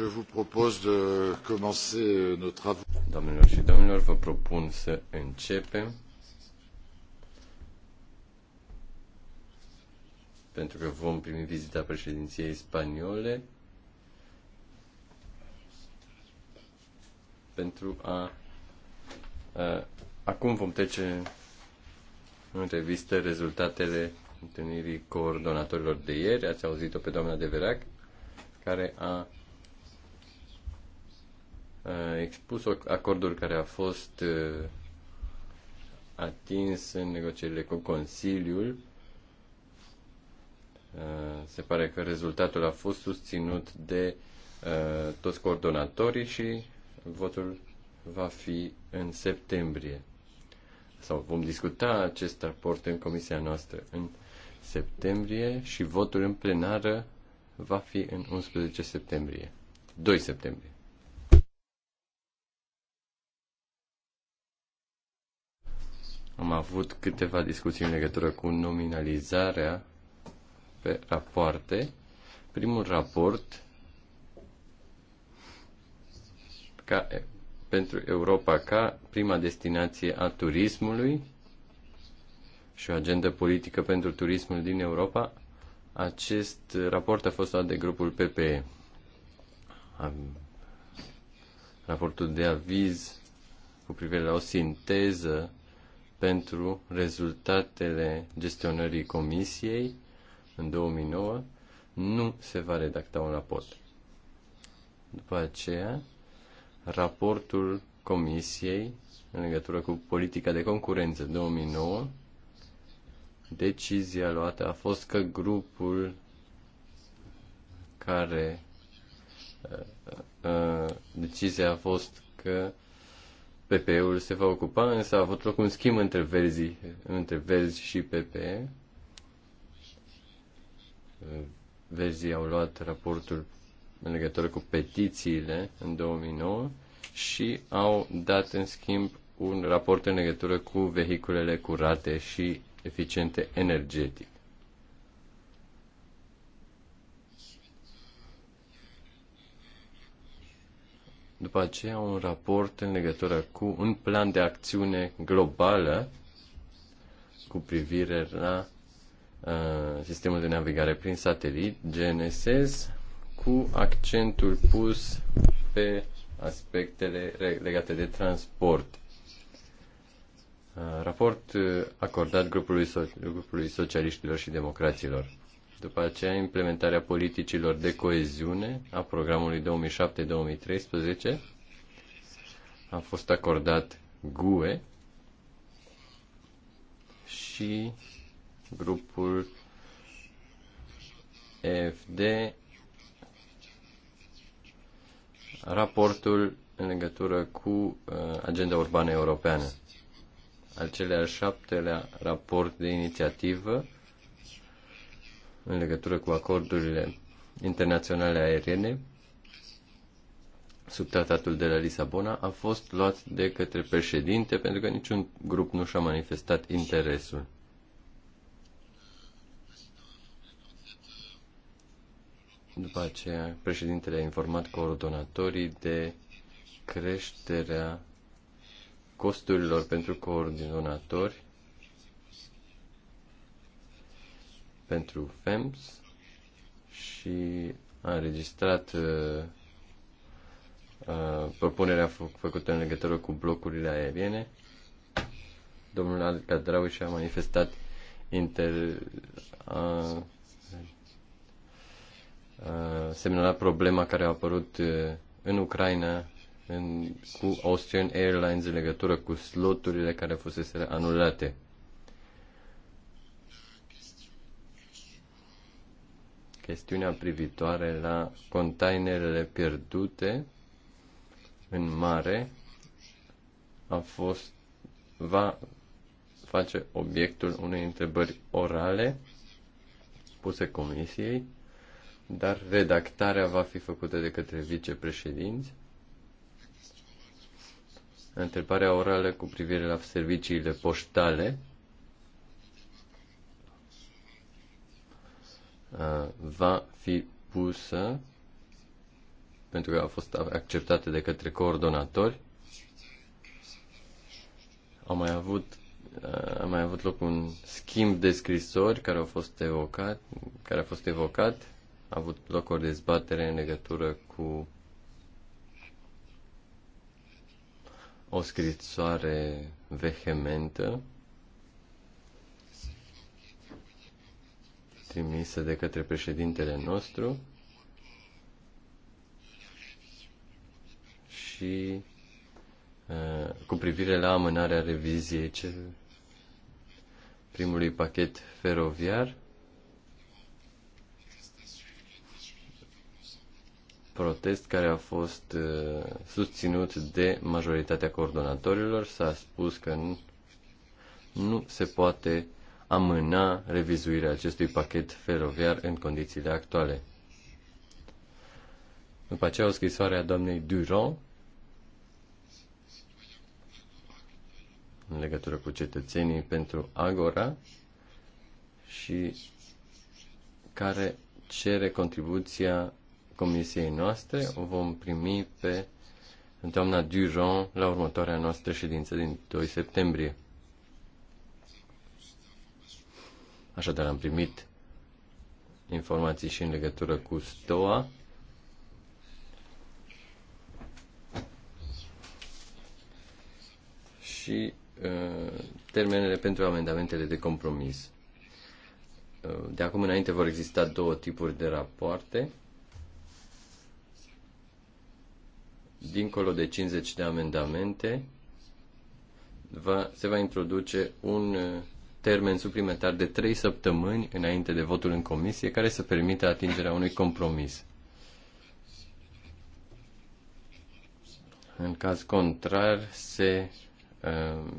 je vous propose de commencer euh, nos travaux. Doamnelor și domnilor, vă propun să începem. Pentru că vom primi vizita președinției spaniole pentru a, a acum vom trece în revistă rezultatele întâlnirii coordonatorilor de ieri. Ați auzit-o pe doamna Deverac, care a expus acordul care a fost uh, atins în negocierile cu Consiliul. Se pare că rezultatul a fost susținut de toți coordonatorii și votul va fi în septembrie. Sau vom discuta acest raport în comisia noastră în septembrie și votul în plenară va fi în 11 septembrie. 2 septembrie. Am avut câteva discuții în legătură cu nominalizarea pe rapoarte. Primul raport ca, pentru Europa ca prima destinație a turismului și o agendă politică pentru turismul din Europa, acest raport a fost dat de grupul PPE. Raportul de aviz cu privire la o sinteză pentru rezultatele gestionării comisiei în 2009 nu se va redacta un raport. După aceea, raportul comisiei în legătură cu politica de concurență 2009, decizia luată a fost că grupul care uh, uh, decizia a fost că pp ul se va ocupa, însă a avut loc un schimb între verzi, între verzi și PP. Verzii au luat raportul în legătură cu petițiile în 2009 și au dat în schimb un raport în legătură cu vehiculele curate și eficiente energetic. după aceea un raport în legătură cu un plan de acțiune globală cu privire la uh, sistemul de navigare prin satelit, GNSS, cu accentul pus pe aspectele legate de transport. Uh, raport uh, acordat grupului, so- grupului socialiștilor și democraților. După aceea, implementarea politicilor de coeziune a programului 2007-2013 a fost acordat GUE și grupul Fd, raportul în legătură cu uh, agenda urbană europeană. Al celea șaptelea raport de inițiativă în legătură cu acordurile internaționale aeriene sub tratatul de la Lisabona a fost luat de către președinte pentru că niciun grup nu și-a manifestat interesul. După aceea, președintele a informat coordonatorii de creșterea costurilor pentru coordonatori pentru FEMS și a înregistrat uh, uh, propunerea fă- făcută în legătură cu blocurile aeriene. Domnul Alcadrau și-a manifestat inter, a, a semnalat problema care a apărut uh, în Ucraina în, cu Austrian Airlines în legătură cu sloturile care fusese anulate. chestiunea privitoare la containerele pierdute în mare a fost va face obiectul unei întrebări orale puse comisiei, dar redactarea va fi făcută de către vicepreședinți. Întrebarea orală cu privire la serviciile poștale Uh, va fi pusă pentru că a fost acceptată de către coordonatori. Am mai avut uh, a mai avut loc un schimb de scrisori care au fost evocat, care a fost evocat. A avut loc o dezbatere în legătură cu o scrisoare vehementă trimisă de către președintele nostru și uh, cu privire la amânarea reviziei ce primului pachet feroviar. Protest care a fost uh, susținut de majoritatea coordonatorilor s-a spus că nu, nu se poate uh, amâna revizuirea acestui pachet feroviar în condițiile actuale. După aceea o scrisoare a doamnei Durand în legătură cu cetățenii pentru Agora și care cere contribuția comisiei noastre. O vom primi pe doamna Durand la următoarea noastră ședință din 2 septembrie. Așadar am primit informații și în legătură cu STOA. Și uh, termenele pentru amendamentele de compromis. Uh, de acum înainte vor exista două tipuri de rapoarte. Dincolo de 50 de amendamente, va, se va introduce un uh, termen suplimentar de trei săptămâni înainte de votul în comisie care să permită atingerea unui compromis. În caz contrar, se uh,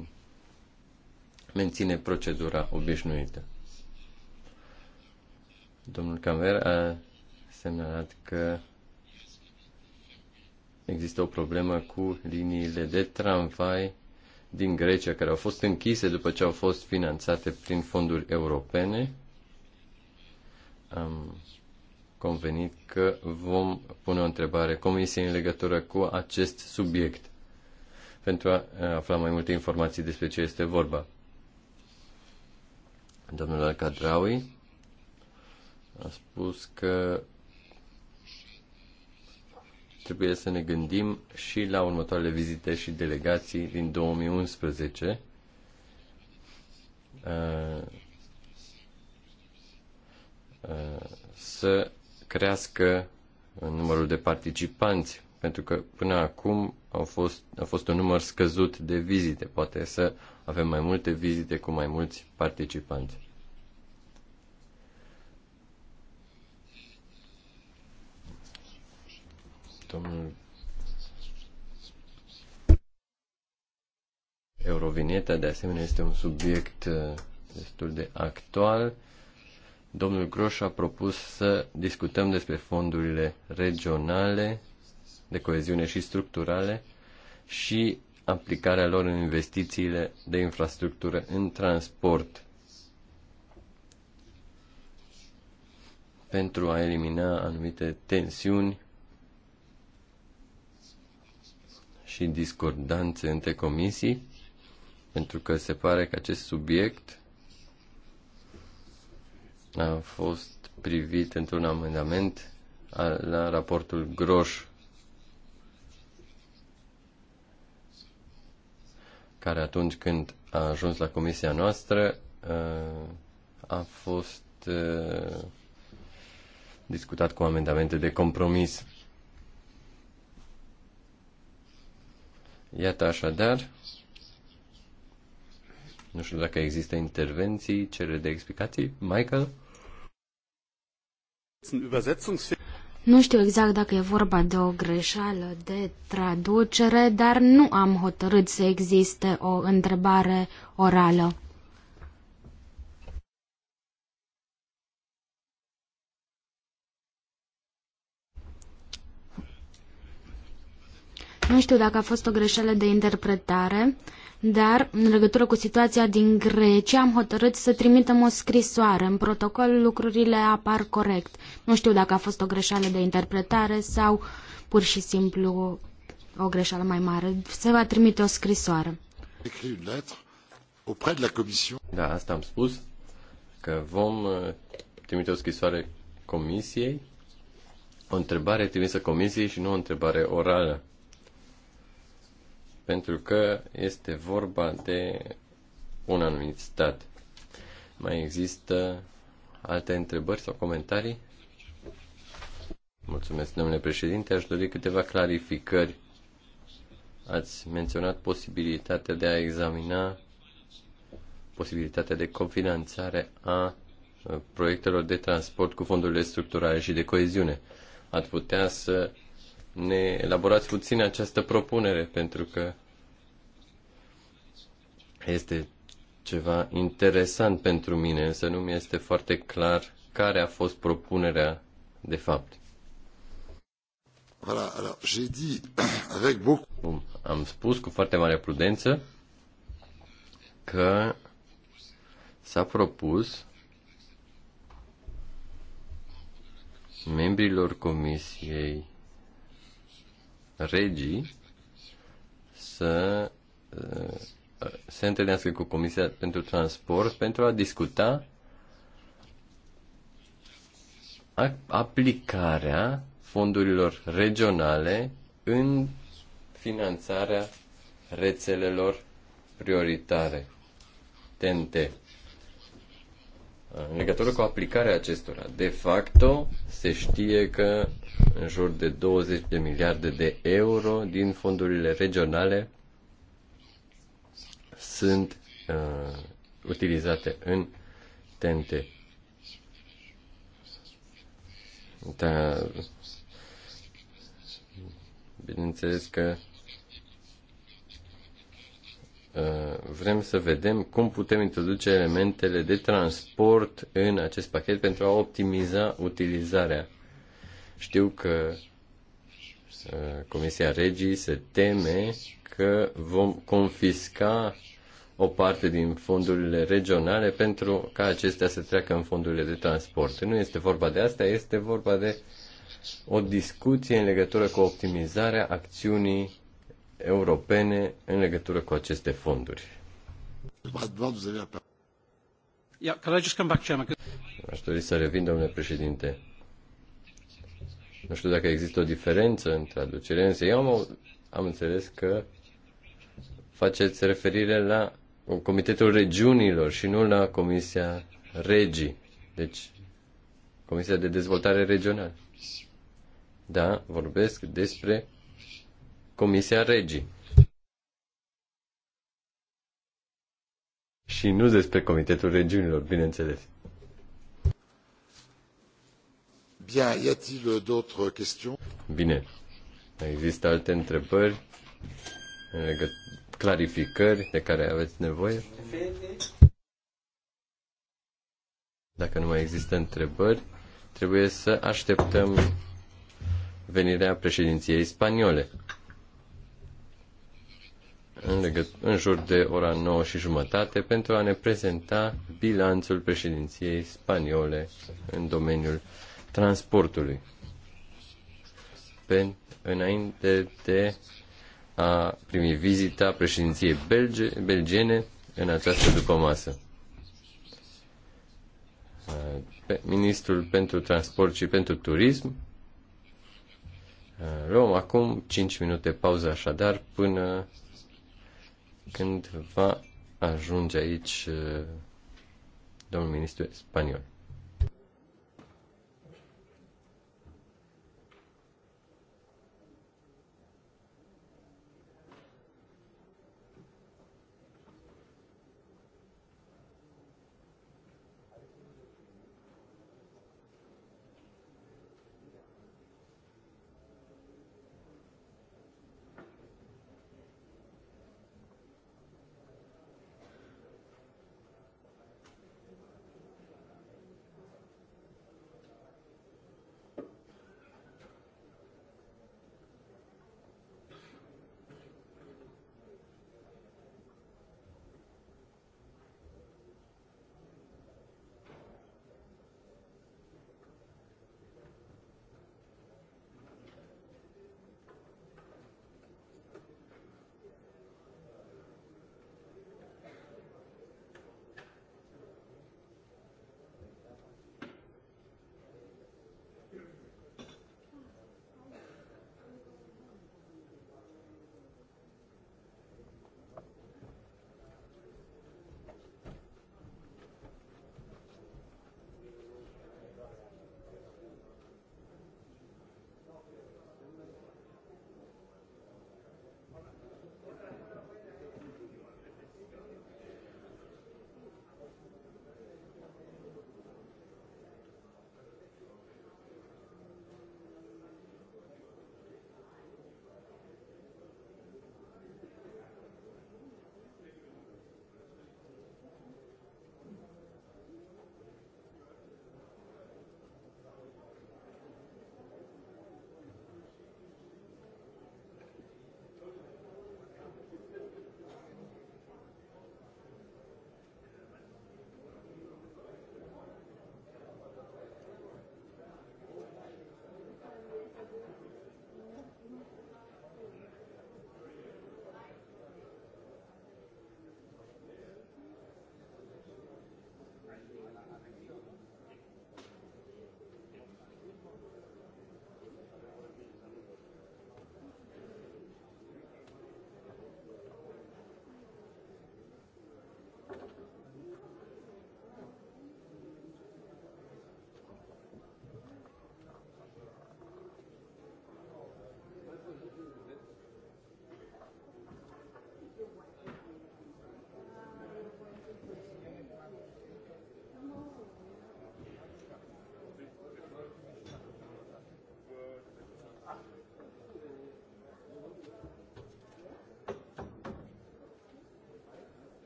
menține procedura obișnuită. Domnul Camer a semnalat că există o problemă cu liniile de tramvai din Grecia care au fost închise după ce au fost finanțate prin fonduri europene. Am convenit că vom pune o întrebare comisiei în legătură cu acest subiect pentru a afla mai multe informații despre ce este vorba. Domnul Al-Kadraui a spus că trebuie să ne gândim și la următoarele vizite și delegații din 2011. Uh, uh, să crească numărul de participanți, pentru că până acum au fost, a fost un număr scăzut de vizite. Poate să avem mai multe vizite cu mai mulți participanți. domnul Eurovineta de asemenea, este un subiect uh, destul de actual. Domnul Groș a propus să discutăm despre fondurile regionale de coeziune și structurale și aplicarea lor în investițiile de infrastructură în transport pentru a elimina anumite tensiuni și discordanțe între comisii, pentru că se pare că acest subiect a fost privit într-un amendament la raportul Groș, care atunci când a ajuns la comisia noastră a fost discutat cu amendamente de compromis. Iată așadar, nu știu dacă există intervenții, cerere de explicații. Michael? Nu știu exact dacă e vorba de o greșeală de traducere, dar nu am hotărât să existe o întrebare orală. Nu știu dacă a fost o greșeală de interpretare, dar în legătură cu situația din Grecia am hotărât să trimitem o scrisoare. În protocol lucrurile apar corect. Nu știu dacă a fost o greșeală de interpretare sau pur și simplu o greșeală mai mare. Se va trimite o scrisoare. Da, asta am spus, că vom uh, trimite o scrisoare comisiei, o întrebare trimisă comisiei și nu o întrebare orală pentru că este vorba de un anumit stat. Mai există alte întrebări sau comentarii? Mulțumesc, domnule președinte. Aș dori câteva clarificări. Ați menționat posibilitatea de a examina posibilitatea de cofinanțare a proiectelor de transport cu fondurile structurale și de coeziune. Ați putea să ne elaborați puțin această propunere, pentru că este ceva interesant pentru mine, însă nu mi este foarte clar care a fost propunerea de fapt. Voilà, alors j'ai dit avec beaucoup... am spus cu foarte mare prudență că s-a propus membrilor comisiei regii să uh, se întâlnească cu Comisia pentru Transport pentru a discuta aplicarea fondurilor regionale în finanțarea rețelelor prioritare, TNT. În legătură cu aplicarea acestora, de facto se știe că în jur de 20 de miliarde de euro din fondurile regionale sunt uh, utilizate în tente. Da, bineînțeles că uh, vrem să vedem cum putem introduce elementele de transport în acest pachet pentru a optimiza utilizarea. Știu că uh, Comisia Regii se teme că vom confisca o parte din fondurile regionale pentru ca acestea să treacă în fondurile de transport. Nu este vorba de asta, este vorba de o discuție în legătură cu optimizarea acțiunii europene în legătură cu aceste fonduri. Aș dori să revin, domnule președinte. Nu știu dacă există o diferență în traducere, însă eu am, am înțeles că faceți referire la Comitetul Regiunilor și nu la Comisia Regii, deci Comisia de Dezvoltare Regională. Da, vorbesc despre Comisia Regii. Și nu despre Comitetul Regiunilor, bineînțeles. Bien, y a-t-il d'autres questions? Bine. Există alte întrebări clarificări de care aveți nevoie. Dacă nu mai există întrebări, trebuie să așteptăm venirea președinției spaniole în, legăt- în jur de ora 9 și jumătate pentru a ne prezenta bilanțul președinției spaniole în domeniul transportului. Pe, înainte de a primi vizita președinției belge, belgiene în această dupămasă. Ministrul pentru Transport și pentru Turism. Luăm acum 5 minute pauză așadar până când va ajunge aici domnul ministru spaniol.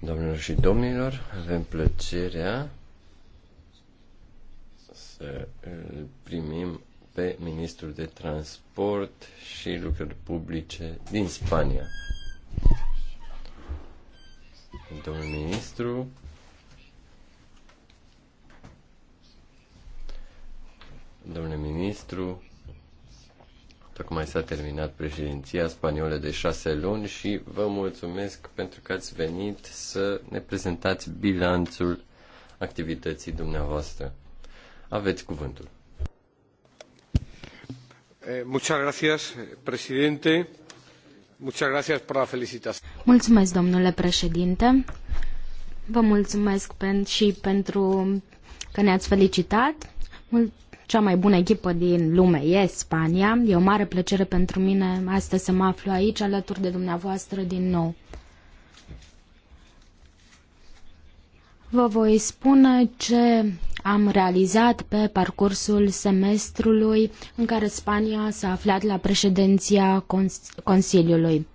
Domnilor și domnilor, avem plăcerea să îl primim pe ministrul de transport și lucrări publice din Spania. Domnul ministru, domnule ministru, Tocmai s-a terminat președinția spaniolă de șase luni și vă mulțumesc pentru că ați venit să ne prezentați bilanțul activității dumneavoastră. Aveți cuvântul. Eh, muchas gracias, presidente. Muchas gracias por la felicitación. Mulțumesc, domnule președinte. Vă mulțumesc și pentru că ne-ați felicitat. Cea mai bună echipă din lume e Spania. E o mare plăcere pentru mine astăzi să mă aflu aici alături de dumneavoastră din nou. Vă voi spune ce am realizat pe parcursul semestrului în care Spania s-a aflat la președinția Consiliului.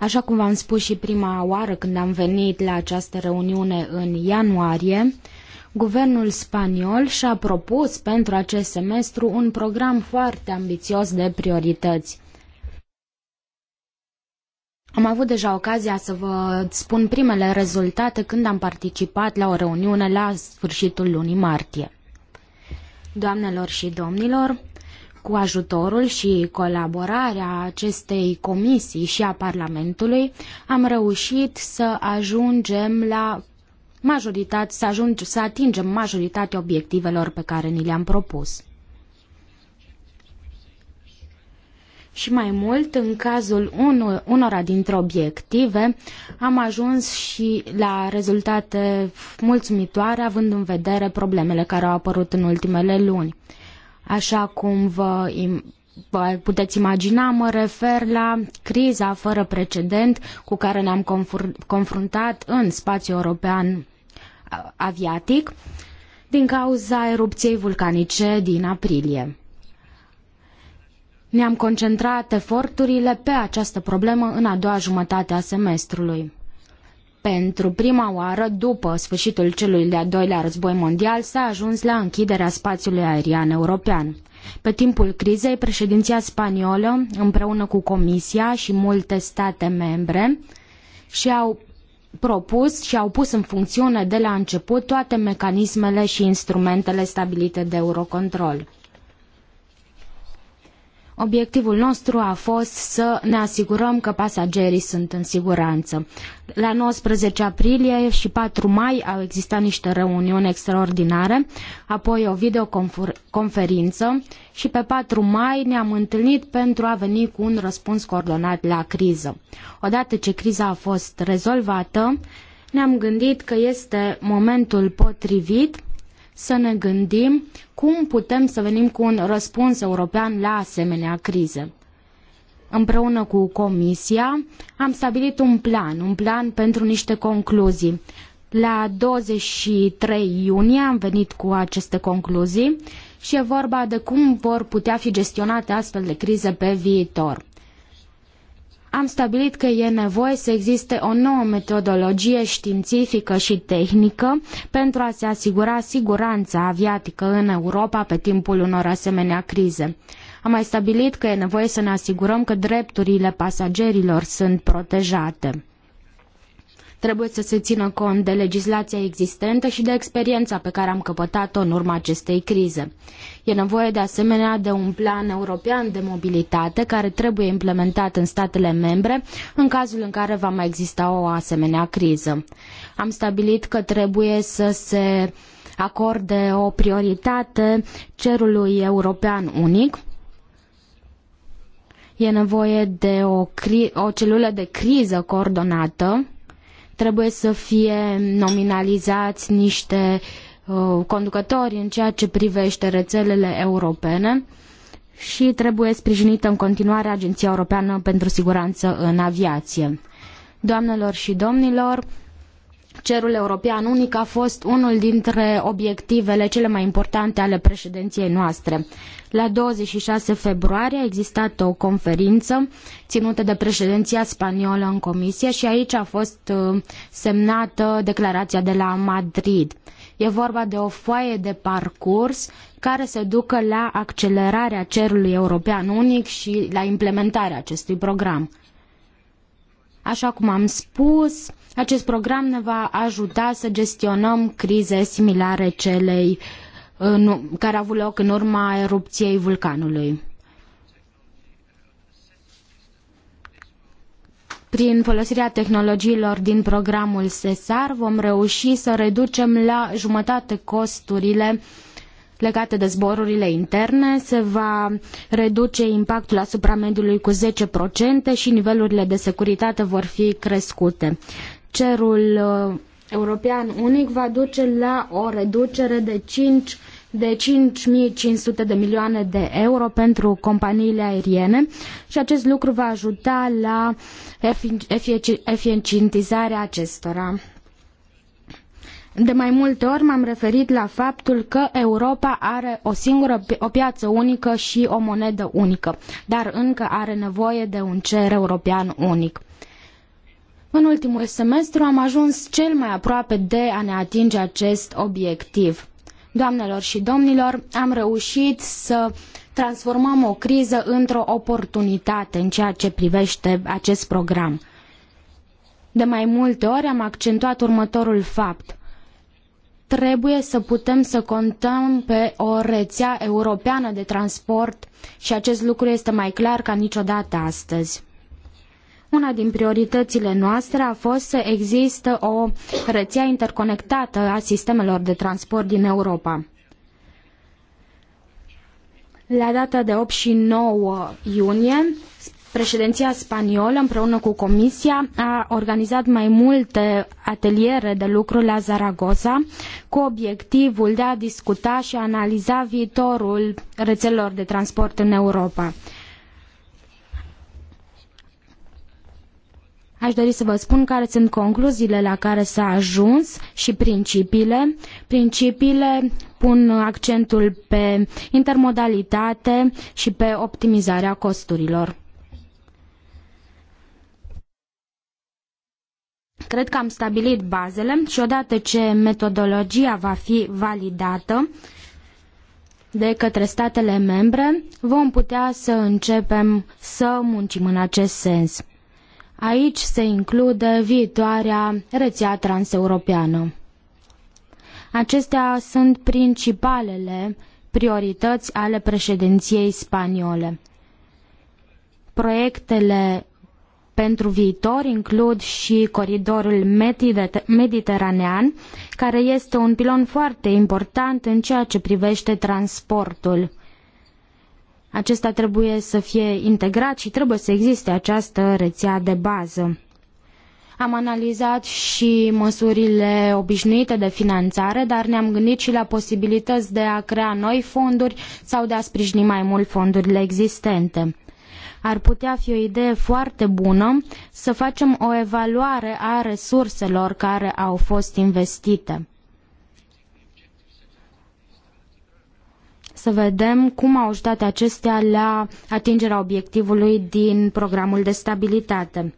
Așa cum v-am spus și prima oară când am venit la această reuniune în ianuarie, Guvernul spaniol și-a propus pentru acest semestru un program foarte ambițios de priorități. Am avut deja ocazia să vă spun primele rezultate când am participat la o reuniune la sfârșitul lunii martie. Doamnelor și domnilor, cu ajutorul și colaborarea acestei comisii și a Parlamentului, am reușit să ajungem la majoritate, să, ajunge, să atingem majoritatea obiectivelor pe care ni le-am propus. Și mai mult, în cazul unora dintre obiective, am ajuns și la rezultate mulțumitoare, având în vedere problemele care au apărut în ultimele luni. Așa cum vă, vă puteți imagina, mă refer la criza fără precedent cu care ne-am confruntat în spațiul european Uh, aviatic din cauza erupției vulcanice din aprilie. Ne-am concentrat eforturile pe această problemă în a doua jumătate a semestrului. Pentru prima oară, după sfârșitul celui de-al doilea război mondial, s-a ajuns la închiderea spațiului aerian european. Pe timpul crizei, președinția spaniolă, împreună cu Comisia și multe state membre, și-au propus și au pus în funcțiune de la început toate mecanismele și instrumentele stabilite de Eurocontrol. Obiectivul nostru a fost să ne asigurăm că pasagerii sunt în siguranță. La 19 aprilie și 4 mai au existat niște reuniuni extraordinare, apoi o videoconferință și pe 4 mai ne-am întâlnit pentru a veni cu un răspuns coordonat la criză. Odată ce criza a fost rezolvată, ne-am gândit că este momentul potrivit să ne gândim cum putem să venim cu un răspuns european la asemenea crize. Împreună cu Comisia am stabilit un plan, un plan pentru niște concluzii. La 23 iunie am venit cu aceste concluzii și e vorba de cum vor putea fi gestionate astfel de crize pe viitor am stabilit că e nevoie să existe o nouă metodologie științifică și tehnică pentru a se asigura siguranța aviatică în Europa pe timpul unor asemenea crize. Am mai stabilit că e nevoie să ne asigurăm că drepturile pasagerilor sunt protejate. Trebuie să se țină cont de legislația existentă și de experiența pe care am căpătat-o în urma acestei crize. E nevoie de asemenea de un plan european de mobilitate care trebuie implementat în statele membre în cazul în care va mai exista o asemenea criză. Am stabilit că trebuie să se acorde o prioritate cerului european unic e nevoie de o, o celulă de criză coordonată trebuie să fie nominalizați niște uh, conducători în ceea ce privește rețelele europene și trebuie sprijinită în continuare Agenția Europeană pentru Siguranță în Aviație. Doamnelor și domnilor, Cerul european unic a fost unul dintre obiectivele cele mai importante ale președinției noastre. La 26 februarie a existat o conferință ținută de președinția spaniolă în comisie și aici a fost uh, semnată declarația de la Madrid. E vorba de o foaie de parcurs care să ducă la accelerarea cerului european unic și la implementarea acestui program. Așa cum am spus, acest program ne va ajuta să gestionăm crize similare celei în, care a avut loc în urma erupției vulcanului. Prin folosirea tehnologiilor din programul SESAR vom reuși să reducem la jumătate costurile uh, legate de zborurile interne, se va reduce impactul asupra mediului cu 10% și nivelurile de securitate vor fi crescute. Cerul uh, european unic va duce la o reducere de 5 de 5.500 de milioane de euro pentru companiile aeriene și acest lucru va ajuta la eficientizarea acestora. De mai multe ori m-am referit la faptul că Europa are o singură o piață unică și o monedă unică, dar încă are nevoie de un cer european unic. În ultimul semestru am ajuns cel mai aproape de a ne atinge acest obiectiv. Doamnelor și domnilor, am reușit să transformăm o criză într-o oportunitate în ceea ce privește acest program. De mai multe ori am accentuat următorul fapt trebuie să putem să contăm pe o rețea europeană de transport și acest lucru este mai clar ca niciodată astăzi. Una din prioritățile noastre a fost să existe o rețea interconectată a sistemelor de transport din Europa. La data de 8 și 9 iunie Președinția spaniolă împreună cu Comisia a organizat mai multe ateliere de lucru la Zaragoza cu obiectivul de a discuta și analiza viitorul rețelor de transport în Europa. Aș dori să vă spun care sunt concluziile la care s-a ajuns și principiile. Principiile pun accentul pe intermodalitate și pe optimizarea costurilor. Cred că am stabilit bazele și odată ce metodologia va fi validată de către statele membre, vom putea să începem să muncim în acest sens. Aici se include viitoarea rețea transeuropeană. Acestea sunt principalele priorități ale președinției spaniole. Proiectele pentru viitor includ și coridorul mediteranean, care este un pilon foarte important în ceea ce privește transportul. Acesta trebuie să fie integrat și trebuie să existe această rețea de bază. Am analizat și măsurile obișnuite de finanțare, dar ne-am gândit și la posibilități de a crea noi fonduri sau de a sprijini mai mult fondurile existente. Ar putea fi o idee foarte bună să facem o evaluare a resurselor care au fost investite. Să vedem cum au ajutat acestea la atingerea obiectivului din programul de stabilitate.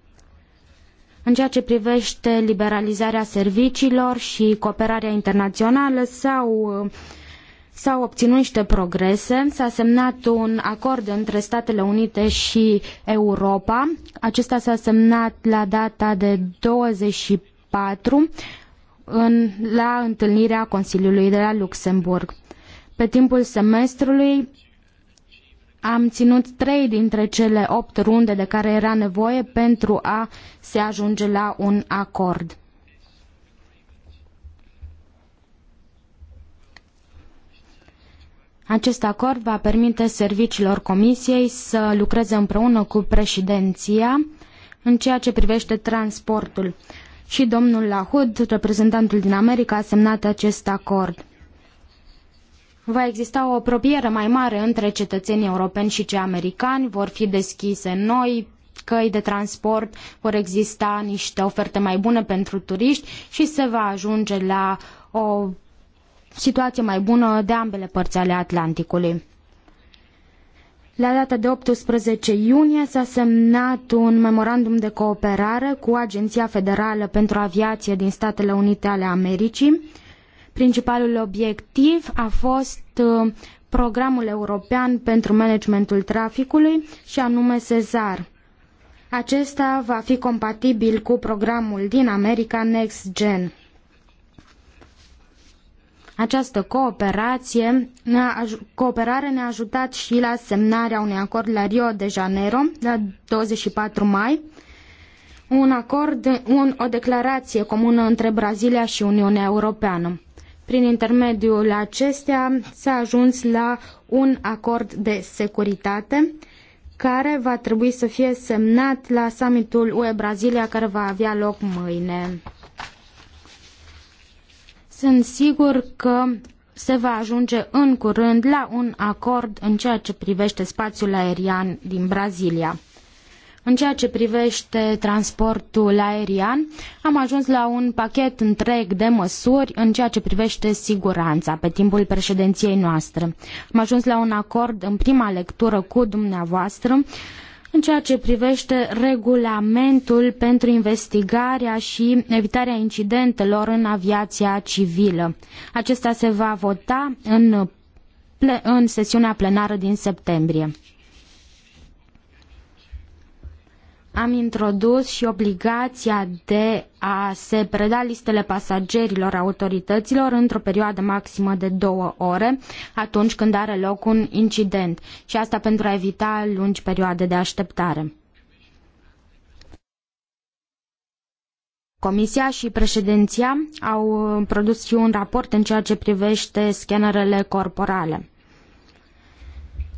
În ceea ce privește liberalizarea serviciilor și cooperarea internațională s-au S-au obținut niște progrese, s-a semnat un acord între Statele Unite și Europa. Acesta s-a semnat la data de 24 în, la întâlnirea Consiliului de la Luxemburg. Pe timpul semestrului am ținut trei dintre cele opt runde de care era nevoie pentru a se ajunge la un acord. Acest acord va permite serviciilor Comisiei să lucreze împreună cu președinția în ceea ce privește transportul. Și domnul Lahud, reprezentantul din America, a semnat acest acord. Va exista o apropiere mai mare între cetățenii europeni și cei americani, vor fi deschise noi căi de transport, vor exista niște oferte mai bune pentru turiști și se va ajunge la o situație mai bună de ambele părți ale Atlanticului. La data de 18 iunie s-a semnat un memorandum de cooperare cu Agenția Federală pentru Aviație din Statele Unite ale Americii. Principalul obiectiv a fost uh, programul european pentru managementul traficului și anume Cezar. Acesta va fi compatibil cu programul din America Next Gen. Această cooperație, cooperare ne-a ajutat și la semnarea unui acord la Rio de Janeiro, la 24 mai, un acord, un, o declarație comună între Brazilia și Uniunea Europeană. Prin intermediul acestea s-a ajuns la un acord de securitate care va trebui să fie semnat la summitul UE Brazilia care va avea loc mâine. Sunt sigur că se va ajunge în curând la un acord în ceea ce privește spațiul aerian din Brazilia. În ceea ce privește transportul aerian, am ajuns la un pachet întreg de măsuri în ceea ce privește siguranța pe timpul președinției noastre. Am ajuns la un acord în prima lectură cu dumneavoastră în ceea ce privește regulamentul pentru investigarea și evitarea incidentelor în aviația civilă. Acesta se va vota în, în sesiunea plenară din septembrie. am introdus și obligația de a se preda listele pasagerilor autorităților într-o perioadă maximă de două ore atunci când are loc un incident și asta pentru a evita lungi perioade de așteptare. Comisia și președinția au produs și un raport în ceea ce privește scanerele corporale.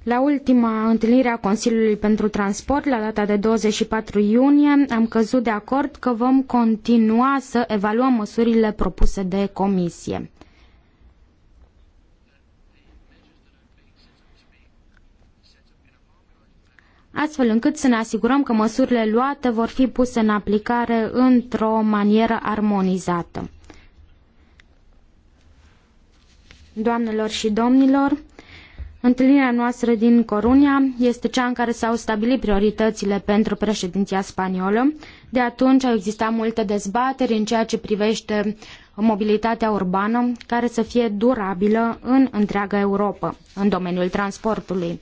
La ultima întâlnire a Consiliului pentru Transport, la data de 24 iunie, am căzut de acord că vom continua să evaluăm măsurile propuse de Comisie. astfel încât să ne asigurăm că măsurile luate vor fi puse în aplicare într-o manieră armonizată. Doamnelor și domnilor, Întâlnirea noastră din Corunia este cea în care s-au stabilit prioritățile pentru președinția spaniolă. De atunci au existat multe dezbateri în ceea ce privește mobilitatea urbană care să fie durabilă în întreaga Europa, în domeniul transportului.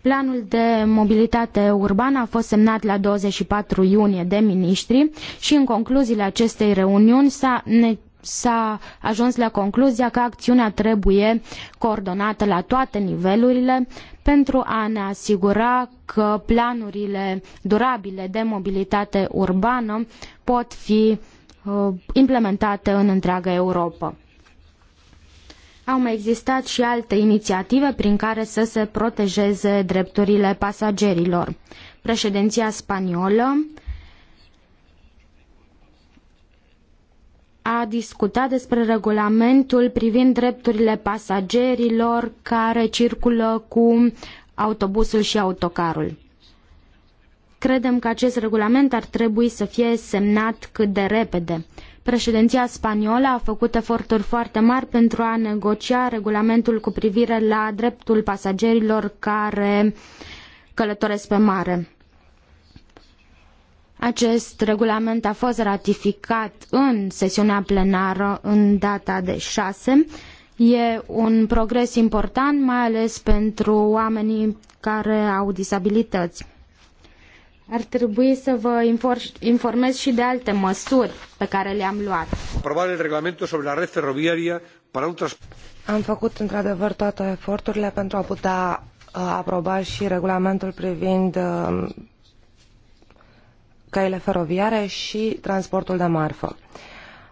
Planul de mobilitate urbană a fost semnat la 24 iunie de miniștri și în concluziile acestei reuniuni s-a ne s-a ajuns la concluzia că acțiunea trebuie coordonată la toate nivelurile pentru a ne asigura că planurile durabile de mobilitate urbană pot fi uh, implementate în întreaga Europa. Au mai existat și alte inițiative prin care să se protejeze drepturile pasagerilor. Președinția spaniolă a discutat despre regulamentul privind drepturile pasagerilor care circulă cu autobuzul și autocarul. Credem că acest regulament ar trebui să fie semnat cât de repede. Președinția spaniolă a făcut eforturi foarte mari pentru a negocia regulamentul cu privire la dreptul pasagerilor care călătoresc pe mare. Acest regulament a fost ratificat în sesiunea plenară în data de 6. E un progres important, mai ales pentru oamenii care au disabilități. Ar trebui să vă informez și de alte măsuri pe care le-am luat. Am făcut într-adevăr toate eforturile pentru a putea uh, aproba și regulamentul privind uh, căile feroviare și transportul de marfă.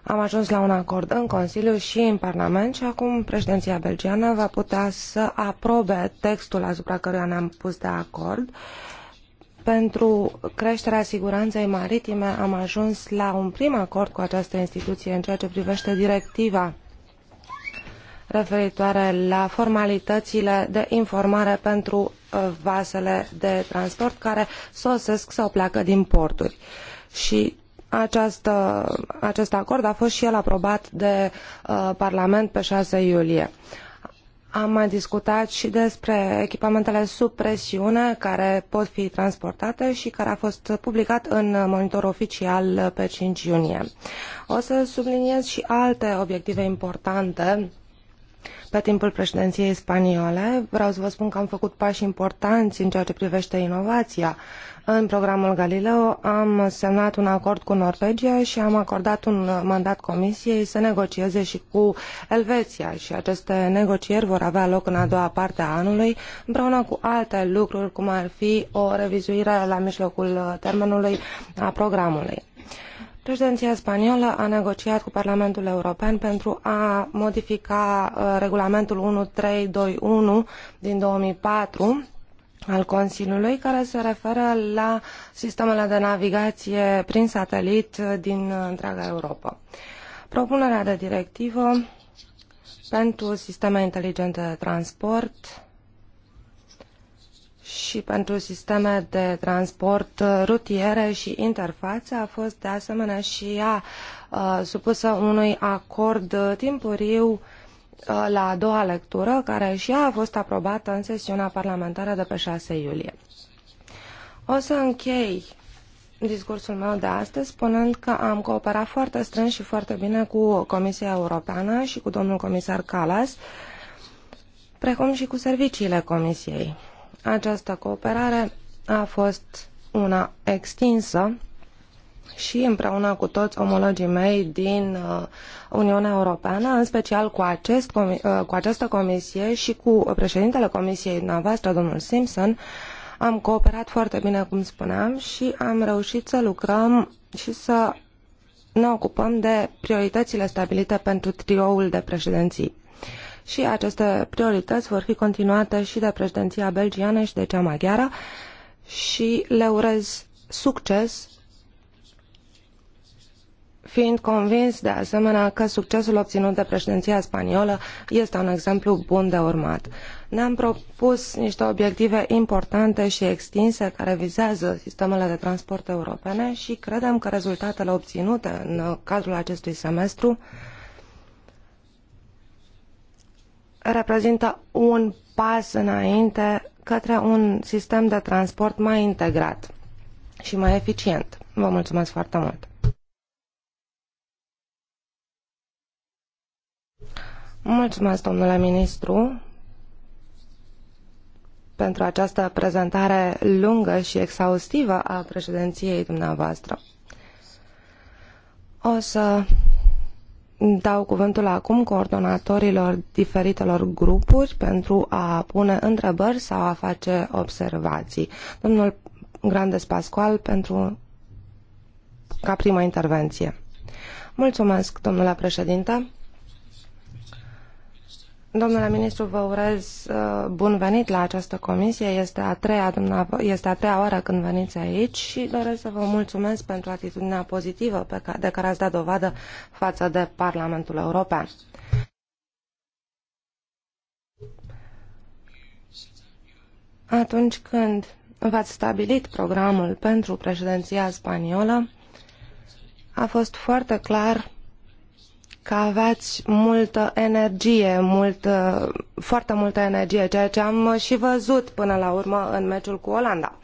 Am ajuns la un acord în Consiliu și în Parlament și acum președinția belgiană va putea să aprobe textul asupra căruia ne-am pus de acord. Pentru creșterea siguranței maritime am ajuns la un prim acord cu această instituție în ceea ce privește directiva referitoare la formalitățile de informare pentru uh, vasele de transport care sosesc sau pleacă din porturi. Și această, acest acord a fost și el aprobat de uh, Parlament pe 6 iulie. Am mai discutat și despre echipamentele sub presiune care pot fi transportate și care a fost publicat în monitor oficial pe 5 iunie. O să subliniez și alte obiective importante pe timpul președinției spaniole. Vreau să vă spun că am făcut pași importanți în ceea ce privește inovația. În programul Galileo am semnat un acord cu Norvegia și am acordat un mandat comisiei să negocieze și cu Elveția și aceste negocieri vor avea loc în a doua parte a anului împreună cu alte lucruri cum ar fi o revizuire la mijlocul termenului a programului preedinia spaniolă a negociat cu Parlamentul European pentru a modifica uh, regulamentul 1321 din 2004 al Consiliului care se referă la sistemele de navigație prin satelit uh, din uh, întreaga Europa. Propunerea de directivă pentru sisteme inteligente de transport și pentru sisteme de transport rutiere și interfață a fost de asemenea și ea uh, supusă unui acord timpuriu uh, la a doua lectură, care și ea a fost aprobată în sesiunea parlamentară de pe 6 iulie. O să închei discursul meu de astăzi spunând că am cooperat foarte strâns și foarte bine cu Comisia Europeană și cu domnul comisar Calas, precum și cu serviciile Comisiei. Această cooperare a fost una extinsă și împreună cu toți omologii mei din uh, Uniunea Europeană, în special cu, acest, uh, cu această comisie și cu președintele comisiei dumneavoastră, domnul Simpson, am cooperat foarte bine, cum spuneam, și am reușit să lucrăm și să ne ocupăm de prioritățile stabilite pentru trioul de președinții și aceste priorități vor fi continuate și de președinția belgiană și de cea maghiară și le urez succes fiind convins de asemenea că succesul obținut de președinția spaniolă este un exemplu bun de urmat. Ne-am propus niște obiective importante și extinse care vizează sistemele de transport europene și credem că rezultatele obținute în cadrul acestui semestru uh, reprezintă un pas înainte către un sistem de transport mai integrat și mai eficient. Vă mulțumesc foarte mult! Mulțumesc, domnule ministru, pentru această prezentare lungă și exhaustivă a președinției dumneavoastră. O să dau cuvântul acum coordonatorilor diferitelor grupuri pentru a pune întrebări sau a face observații. Domnul Grandes Pascual pentru ca prima intervenție. Mulțumesc, domnule președinte. Domnule ministru, vă urez uh, bun venit la această comisie. Este a, treia, este a treia oară când veniți aici și doresc să vă mulțumesc pentru atitudinea pozitivă pe care, de care ați dat dovadă față de Parlamentul European. Atunci când v-ați stabilit programul pentru președinția spaniolă, a fost foarte clar că aveți multă energie, multă, foarte multă energie, ceea ce am și văzut până la urmă în meciul cu Olanda.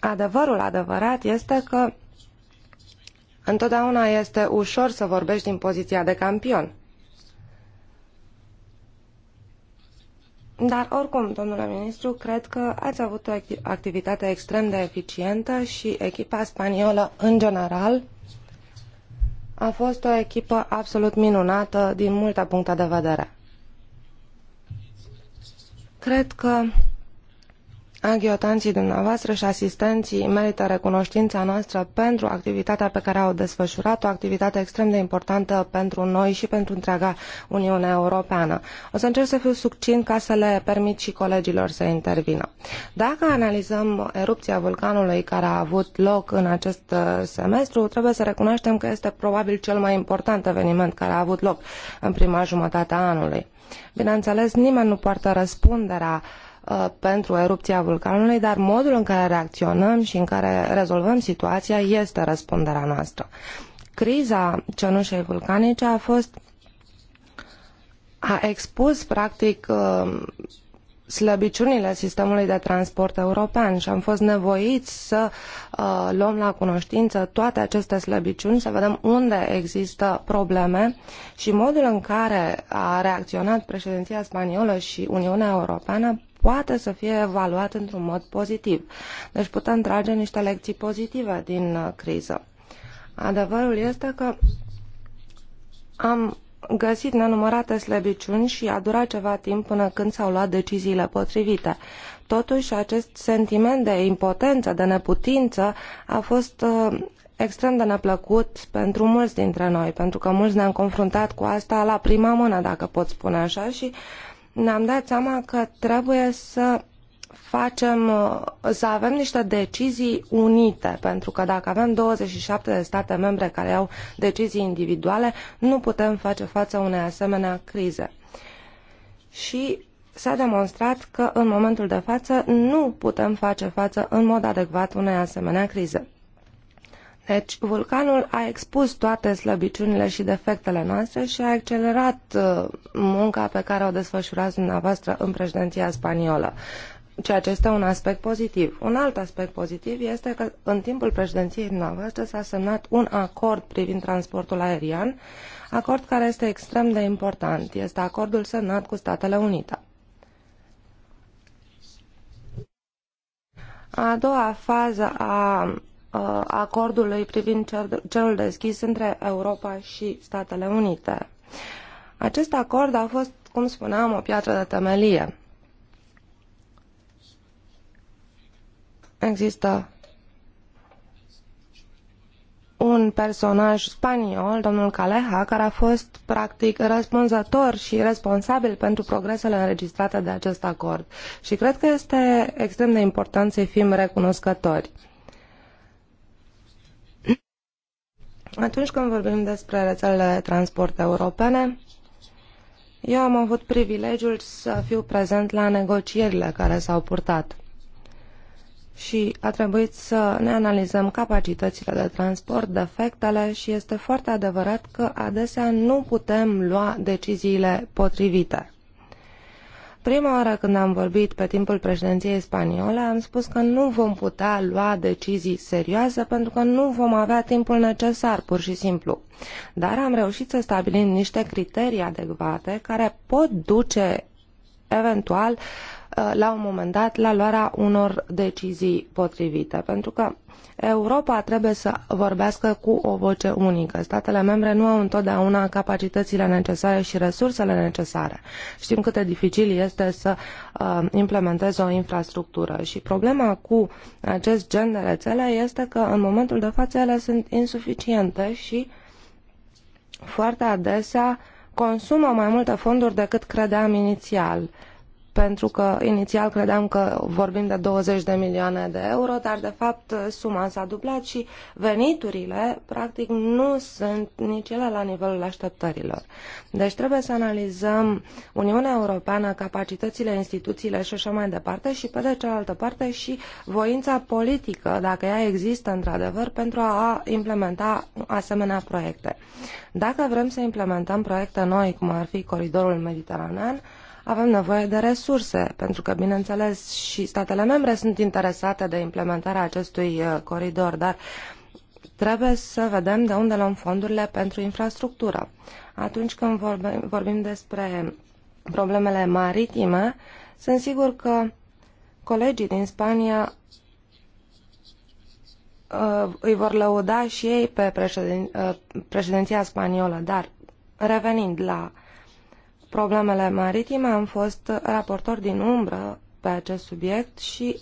Adevărul adevărat este că întotdeauna este ușor să vorbești din poziția de campion. Dar oricum, domnule ministru, cred că ați avut o activitate extrem de eficientă și echipa spaniolă în general a fost o echipă absolut minunată din multe puncte de vedere. Cred că Anghiotanții dumneavoastră și asistenții merită recunoștința noastră pentru activitatea pe care au desfășurat-o, activitate extrem de importantă pentru noi și pentru întreaga Uniune Europeană. O să încerc să fiu succint ca să le permit și colegilor să intervină. Dacă analizăm erupția vulcanului care a avut loc în acest uh, semestru, trebuie să recunoaștem că este probabil cel mai important eveniment care a avut loc în prima jumătate a anului. Bineînțeles, nimeni nu poartă răspunderea uh, Uh, pentru erupția vulcanului, dar modul în care reacționăm și în care rezolvăm situația este răspunderea noastră. Criza cenușei vulcanice a fost a expus practic uh, slăbiciunile sistemului de transport european și am fost nevoiți să uh, luăm la cunoștință toate aceste slăbiciuni, să vedem unde există probleme și modul în care a reacționat președinția spaniolă și Uniunea Europeană poate să fie evaluat într-un mod pozitiv. Deci putem trage niște lecții pozitive din uh, criză. Adevărul este că am găsit nenumărate slăbiciuni și a durat ceva timp până când s-au luat deciziile potrivite. Totuși, acest sentiment de impotență, de neputință, a fost uh, extrem de neplăcut pentru mulți dintre noi, pentru că mulți ne-am confruntat cu asta la prima mână, dacă pot spune așa, și ne-am dat seama că trebuie să facem, să avem niște decizii unite, pentru că dacă avem 27 de state membre care au decizii individuale, nu putem face față unei asemenea crize. Și s-a demonstrat că în momentul de față nu putem face față în mod adecvat unei asemenea crize. Deci, vulcanul a expus toate slăbiciunile și defectele noastre și a accelerat uh, munca pe care o desfășurați dumneavoastră în președinția spaniolă ceea ce este un aspect pozitiv. Un alt aspect pozitiv este că în timpul președinției dumneavoastră s-a semnat un acord privind transportul aerian, acord care este extrem de important. Este acordul semnat cu Statele Unite. A doua fază a Uh, acordului privind cerul deschis între Europa și Statele Unite. Acest acord a fost, cum spuneam, o piatră de temelie. Există un personaj spaniol, domnul Caleja, care a fost practic răspunzător și responsabil pentru progresele înregistrate de acest acord. Și cred că este extrem de important să-i fim recunoscători. Atunci când vorbim despre rețelele transport europene, eu am avut privilegiul să fiu prezent la negocierile care s-au purtat și a trebuit să ne analizăm capacitățile de transport, defectele și este foarte adevărat că adesea nu putem lua deciziile potrivite. Prima oară când am vorbit pe timpul președinției spaniole, am spus că nu vom putea lua decizii serioase pentru că nu vom avea timpul necesar, pur și simplu. Dar am reușit să stabilim niște criterii adecvate care pot duce eventual Uh, la un moment dat la luarea unor decizii potrivite. Pentru că Europa trebuie să vorbească cu o voce unică. Statele membre nu au întotdeauna capacitățile necesare și resursele necesare. Știm cât de dificil este să uh, implementezi o infrastructură și problema cu acest gen de rețele este că în momentul de față ele sunt insuficiente și foarte adesea consumă mai multe fonduri decât credeam inițial. Uh, pentru că inițial credeam că vorbim de 20 de milioane de euro, dar de fapt suma s-a dublat și veniturile practic nu sunt nici ele la nivelul așteptărilor. Deci trebuie să analizăm Uniunea Europeană, capacitățile, instituțiile și așa mai departe și pe de cealaltă parte și voința politică, dacă ea există într-adevăr, pentru a implementa asemenea proiecte. Dacă vrem să implementăm proiecte noi, cum ar fi Coridorul Mediteranean, avem nevoie de resurse, pentru că, bineînțeles, și statele membre sunt interesate de implementarea acestui uh, coridor, dar trebuie să vedem de unde luăm fondurile pentru infrastructură. Atunci când vorbim, vorbim despre problemele maritime, sunt sigur că colegii din Spania uh, îi vor lăuda și ei pe președin, uh, președinția spaniolă, dar revenind la problemele maritime, am fost raportor din umbră pe acest subiect și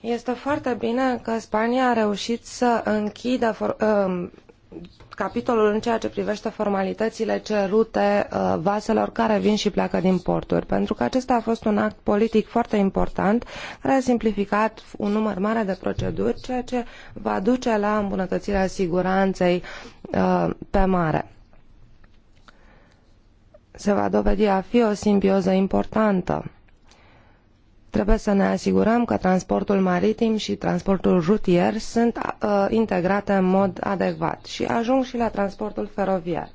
este foarte bine că Spania a reușit să închidă for, uh, capitolul în ceea ce privește formalitățile cerute uh, vaselor care vin și pleacă din porturi, pentru că acesta a fost un act politic foarte important care a simplificat un număr mare de proceduri, ceea ce va duce la îmbunătățirea siguranței uh, pe mare se va dovedi a fi o simbioză importantă. Trebuie să ne asigurăm că transportul maritim și transportul rutier sunt uh, integrate în mod adecvat și ajung și la transportul feroviar.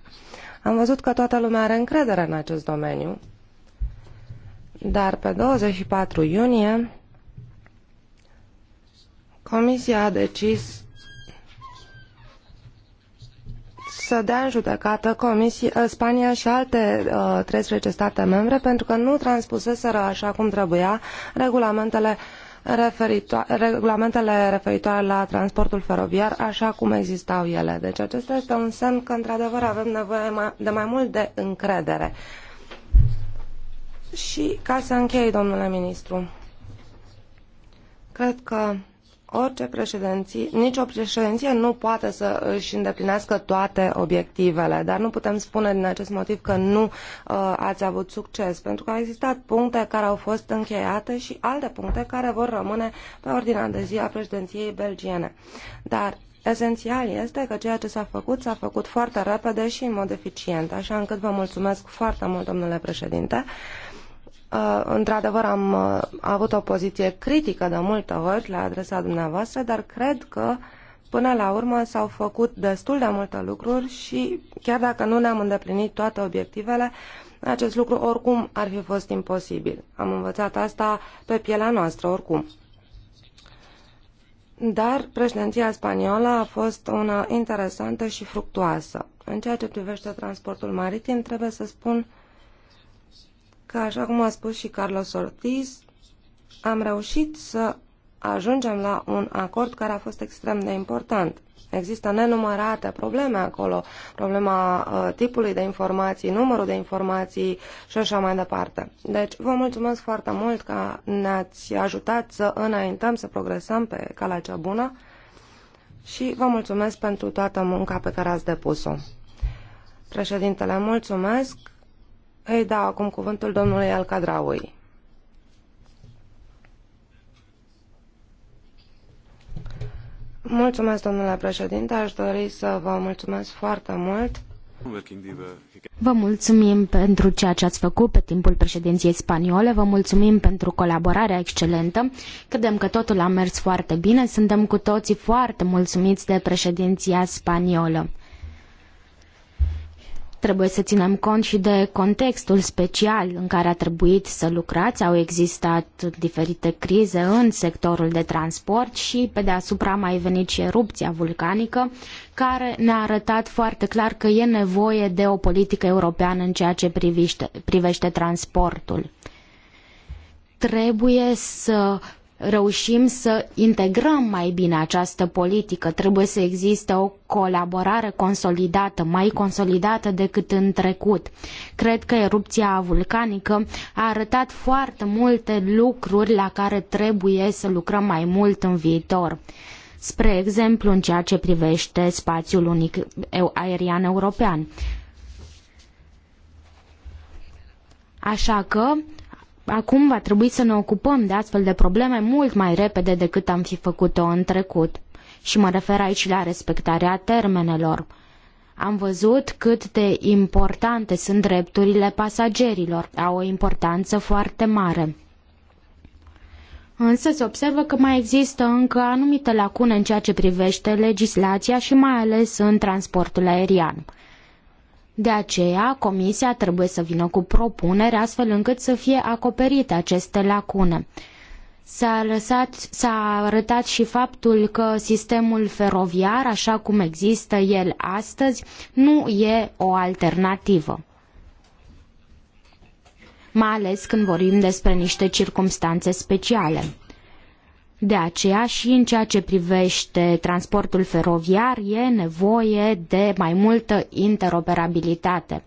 Am văzut că toată lumea are încredere în acest domeniu, dar pe 24 iunie Comisia a decis să dea în judecată Comisia, uh, Spania și alte uh, 13 state membre pentru că nu transpuseseră așa cum trebuia regulamentele referitoare regulamentele referitoare la transportul feroviar așa cum existau ele. Deci acesta este un semn că într-adevăr avem nevoie de mai mult de încredere. Și ca să închei, domnule ministru, cred că orice președinție, nicio președinție nu poate să își îndeplinească toate obiectivele, dar nu putem spune din acest motiv că nu uh, ați avut succes, pentru că au existat puncte care au fost încheiate și alte puncte care vor rămâne pe ordinea de zi a președinției belgiene. Dar Esențial este că ceea ce s-a făcut s-a făcut foarte repede și în mod eficient, așa încât vă mulțumesc foarte mult, domnule președinte. Uh, într-adevăr am uh, avut o poziție critică de multe ori la adresa dumneavoastră, dar cred că până la urmă s-au făcut destul de multe lucruri și chiar dacă nu ne-am îndeplinit toate obiectivele, acest lucru oricum ar fi fost imposibil. Am învățat asta pe pielea noastră oricum. Dar președinția spaniolă a fost una interesantă și fructuoasă. În ceea ce privește transportul maritim, trebuie să spun că, așa cum a spus și Carlos Ortiz, am reușit să ajungem la un acord care a fost extrem de important. Există nenumărate probleme acolo, problema uh, tipului de informații, numărul de informații și așa mai departe. Deci vă mulțumesc foarte mult că ne-ați ajutat să înaintăm, să progresăm pe calea cea bună și vă mulțumesc pentru toată munca pe care ați depus-o. Președintele, mulțumesc. Îi dau acum cuvântul domnului Alcadraui. Mulțumesc, domnule președinte. Aș dori să vă mulțumesc foarte mult. Vă mulțumim pentru ceea ce ați făcut pe timpul președinției spaniole, vă mulțumim pentru colaborarea excelentă. Credem că totul a mers foarte bine, suntem cu toții foarte mulțumiți de președinția spaniolă. Trebuie să ținem cont și de contextul special în care a trebuit să lucrați. Au existat diferite crize în sectorul de transport și pe deasupra a mai venit și erupția vulcanică, care ne-a arătat foarte clar că e nevoie de o politică europeană în ceea ce privește, privește transportul trebuie să reușim să integrăm mai bine această politică. Trebuie să existe o colaborare consolidată, mai consolidată decât în trecut. Cred că erupția vulcanică a arătat foarte multe lucruri la care trebuie să lucrăm mai mult în viitor. Spre exemplu, în ceea ce privește spațiul unic aerian european. Așa că acum va trebui să ne ocupăm de astfel de probleme mult mai repede decât am fi făcut-o în trecut. Și mă refer aici la respectarea termenelor. Am văzut cât de importante sunt drepturile pasagerilor, au o importanță foarte mare. Însă se observă că mai există încă anumite lacune în ceea ce privește legislația și mai ales în transportul aerian. De aceea, Comisia trebuie să vină cu propuneri astfel încât să fie acoperite aceste lacune. S-a, lăsat, s-a arătat și faptul că sistemul feroviar, așa cum există el astăzi, nu e o alternativă mai ales când vorbim despre niște circumstanțe speciale. De aceea și în ceea ce privește transportul feroviar e nevoie de mai multă interoperabilitate.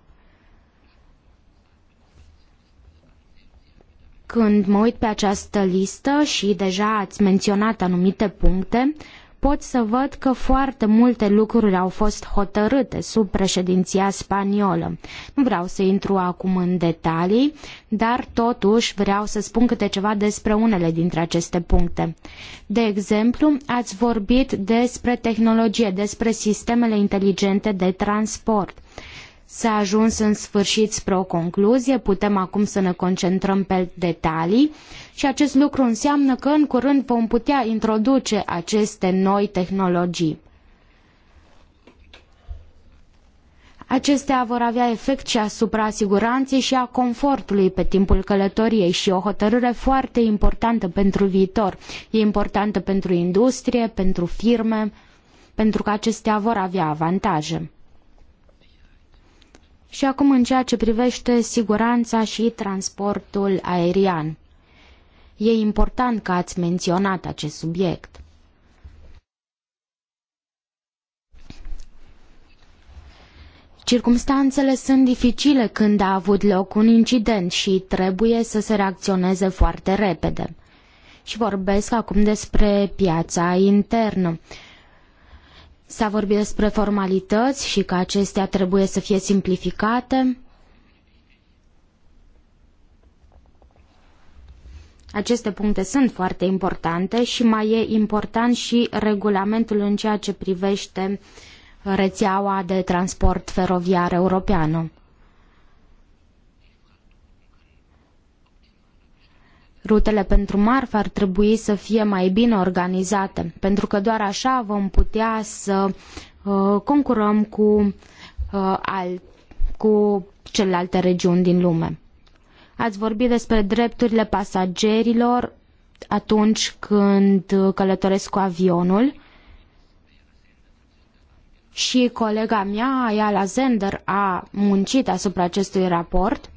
Când mă uit pe această listă și deja ați menționat anumite puncte, pot să văd că foarte multe lucruri au fost hotărâte sub președinția spaniolă. Nu vreau să intru acum în detalii, dar totuși vreau să spun câte ceva despre unele dintre aceste puncte. De exemplu, ați vorbit despre tehnologie, despre sistemele inteligente de transport. S-a ajuns în sfârșit spre o concluzie, putem acum să ne concentrăm pe detalii și acest lucru înseamnă că în curând vom putea introduce aceste noi tehnologii. Acestea vor avea efect și asupra siguranței și a confortului pe timpul călătoriei și o hotărâre foarte importantă pentru viitor. E importantă pentru industrie, pentru firme, pentru că acestea vor avea avantaje. Și acum în ceea ce privește siguranța și transportul aerian. E important că ați menționat acest subiect. Circumstanțele sunt dificile când a avut loc un incident și trebuie să se reacționeze foarte repede. Și vorbesc acum despre piața internă. S-a vorbit despre formalități și că acestea trebuie să fie simplificate. Aceste puncte sunt foarte importante și mai e important și regulamentul în ceea ce privește rețeaua de transport feroviar europeană. Rutele pentru marfă ar trebui să fie mai bine organizate, pentru că doar așa vom putea să uh, concurăm cu, uh, al, cu celelalte regiuni din lume. Ați vorbit despre drepturile pasagerilor atunci când călătoresc cu avionul. Și colega mea, Ayala Zender, a muncit asupra acestui raport.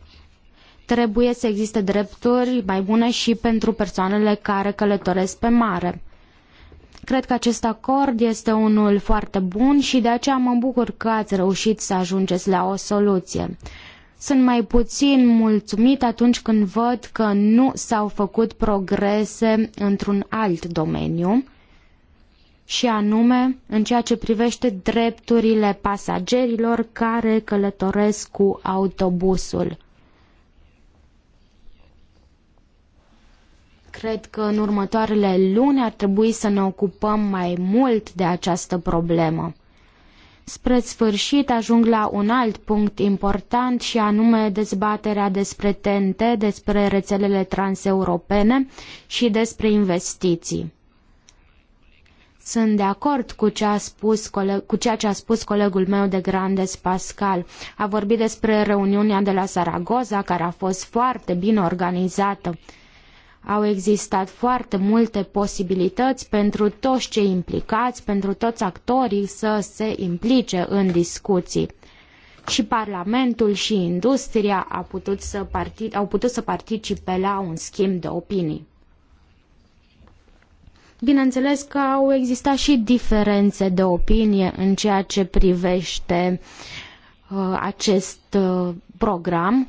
Trebuie să existe drepturi mai bune și pentru persoanele care călătoresc pe mare. Cred că acest acord este unul foarte bun și de aceea mă bucur că ați reușit să ajungeți la o soluție. Sunt mai puțin mulțumit atunci când văd că nu s-au făcut progrese într-un alt domeniu și anume în ceea ce privește drepturile pasagerilor care călătoresc cu autobuzul. Cred că în următoarele luni ar trebui să ne ocupăm mai mult de această problemă. Spre sfârșit ajung la un alt punct important și anume dezbaterea despre TNT, despre rețelele transeuropene și despre investiții. Sunt de acord cu, ce a spus cu ceea ce a spus colegul meu de Grandes Pascal. A vorbit despre reuniunea de la Saragoza, care a fost foarte bine organizată. Au existat foarte multe posibilități pentru toți cei implicați, pentru toți actorii să se implice în discuții. Și Parlamentul și industria au putut să, partic au putut să participe la un schimb de opinii. Bineînțeles că au existat și diferențe de opinie în ceea ce privește uh, acest uh, program,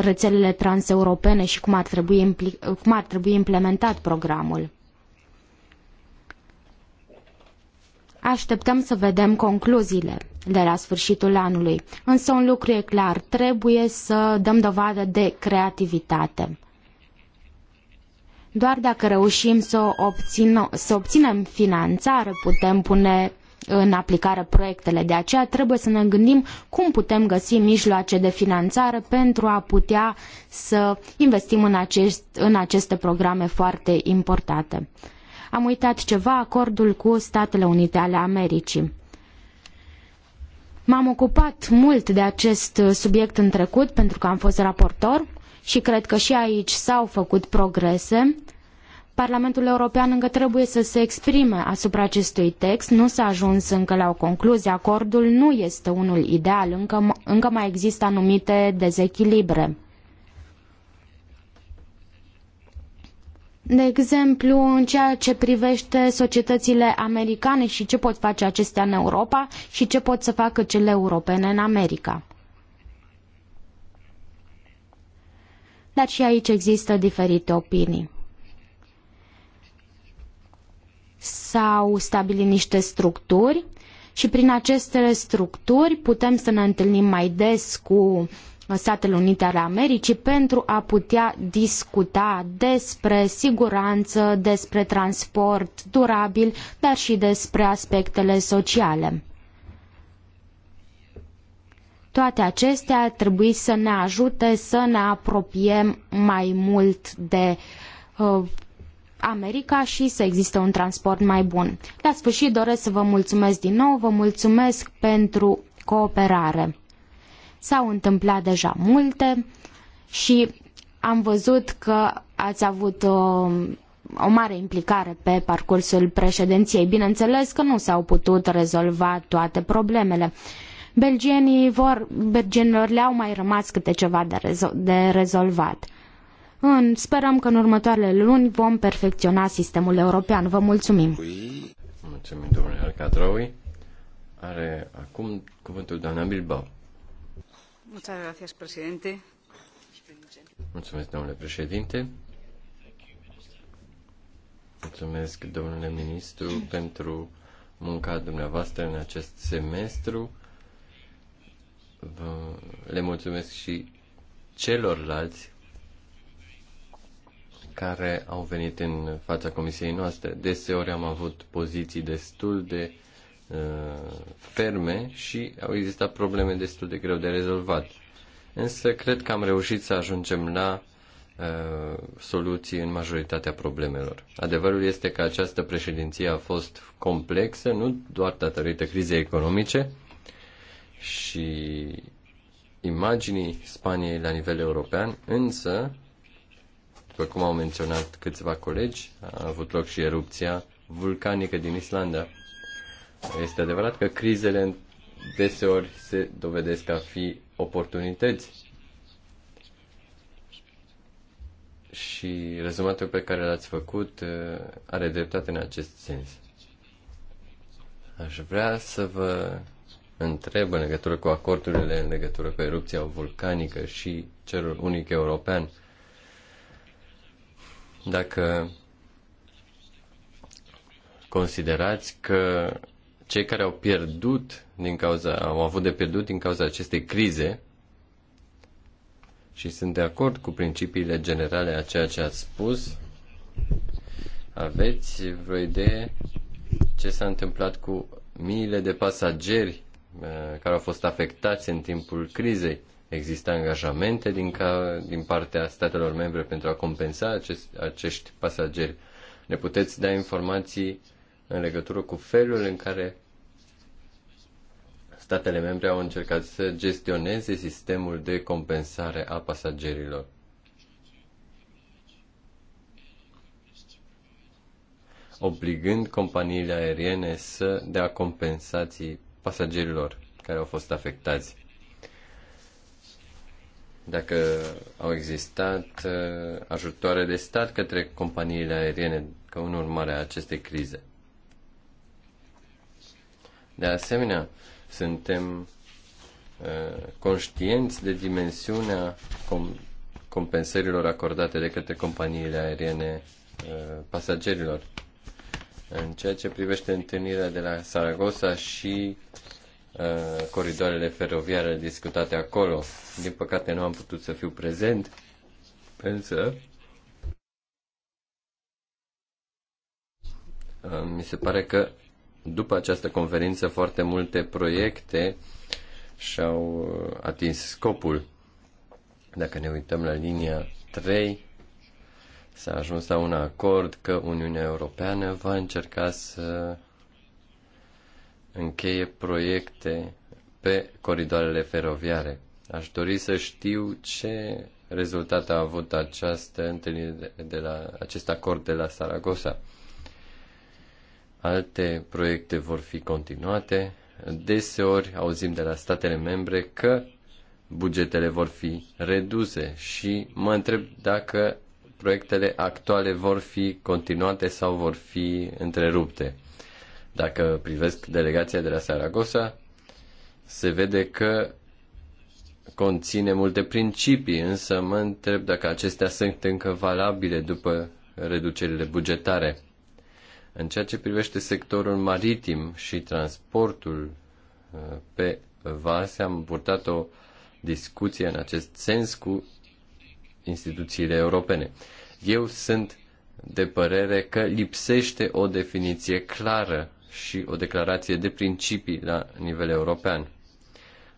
rețelele transeuropene și cum ar trebui, cum ar trebui implementat programul. Așteptăm să vedem concluziile de la sfârșitul anului, însă un lucru e clar, trebuie să dăm dovadă de creativitate. Doar dacă reușim să, obțin, să obținem finanțare, putem pune în aplicare proiectele. De aceea trebuie să ne gândim cum putem găsi mijloace de finanțare pentru a putea să investim în, acest, în aceste programe foarte importante. Am uitat ceva, acordul cu Statele Unite ale Americii. M-am ocupat mult de acest subiect în trecut pentru că am fost raportor și cred că și aici s-au făcut progrese. Parlamentul European încă trebuie să se exprime asupra acestui text. Nu s-a ajuns încă la o concluzie. Acordul nu este unul ideal. Încă, încă mai există anumite dezechilibre. De exemplu, în ceea ce privește societățile americane și ce pot face acestea în Europa și ce pot să facă cele europene în America. Dar și aici există diferite opinii s-au stabilit niște structuri și prin aceste structuri putem să ne întâlnim mai des cu Statele Unite ale Americii pentru a putea discuta despre siguranță, despre transport durabil, dar și despre aspectele sociale. Toate acestea ar trebui să ne ajute să ne apropiem mai mult de uh, America și să existe un transport mai bun. La sfârșit doresc să vă mulțumesc din nou, vă mulțumesc pentru cooperare. S-au întâmplat deja multe și am văzut că ați avut o, um, o mare implicare pe parcursul președinției. Bineînțeles că nu s-au putut rezolva toate problemele. Belgienii vor, belgienilor le-au mai rămas câte ceva de, rezo- de rezolvat. În, sperăm că în următoarele luni vom perfecționa sistemul european. Vă mulțumim! Mulțumim, domnule Alcatraui. Are acum cuvântul doamna Bilbao. Mulțumesc, președinte. Mulțumesc, domnule președinte. Mulțumesc, domnule ministru, pentru munca dumneavoastră în acest semestru. Vă, le mulțumesc și celorlalți care au venit în fața comisiei noastre. Deseori am avut poziții destul de uh, ferme și au existat probleme destul de greu de rezolvat. Însă cred că am reușit să ajungem la uh, soluții în majoritatea problemelor. Adevărul este că această președinție a fost complexă, nu doar datorită crizei economice și imaginii Spaniei la nivel european, însă după cum au menționat câțiva colegi, a avut loc și erupția vulcanică din Islanda. Este adevărat că crizele deseori se dovedesc a fi oportunități. Și rezumatul pe care l-ați făcut are dreptate în acest sens. Aș vrea să vă întreb în legătură cu acordurile în legătură cu erupția vulcanică și cerul unic european – dacă considerați că cei care au pierdut din cauza, au avut de pierdut din cauza acestei crize și sunt de acord cu principiile generale a ceea ce ați spus, aveți vreo idee ce s-a întâmplat cu miile de pasageri uh, care au fost afectați în timpul crizei? exista angajamente din, ca, din partea statelor membre pentru a compensa acest, acești pasageri. Ne puteți da informații în legătură cu felul în care statele membre au încercat să gestioneze sistemul de compensare a pasagerilor. obligând companiile aeriene să dea compensații pasagerilor care au fost afectați dacă au existat uh, ajutoare de stat către companiile aeriene ca în urmare a acestei crize. De asemenea, suntem uh, conștienți de dimensiunea compensărilor acordate de către companiile aeriene uh, pasagerilor. În ceea ce privește întâlnirea de la Saragossa și Uh, coridoarele feroviare discutate acolo. Din păcate nu am putut să fiu prezent, însă uh, mi se pare că după această conferință foarte multe proiecte și-au uh, atins scopul. Dacă ne uităm la linia 3, s-a ajuns la un acord că Uniunea Europeană va încerca să încheie proiecte pe coridoarele feroviare. Aș dori să știu ce rezultat a avut această întâlnire de la acest acord de la Saragossa. Alte proiecte vor fi continuate. Deseori auzim de la statele membre că bugetele vor fi reduse și mă întreb dacă proiectele actuale vor fi continuate sau vor fi întrerupte. Dacă privesc delegația de la Saragossa, se vede că conține multe principii, însă mă întreb dacă acestea sunt încă valabile după reducerile bugetare. În ceea ce privește sectorul maritim și transportul pe vase, am purtat o discuție în acest sens cu instituțiile europene. Eu sunt de părere că lipsește o definiție clară și o declarație de principii la nivel european.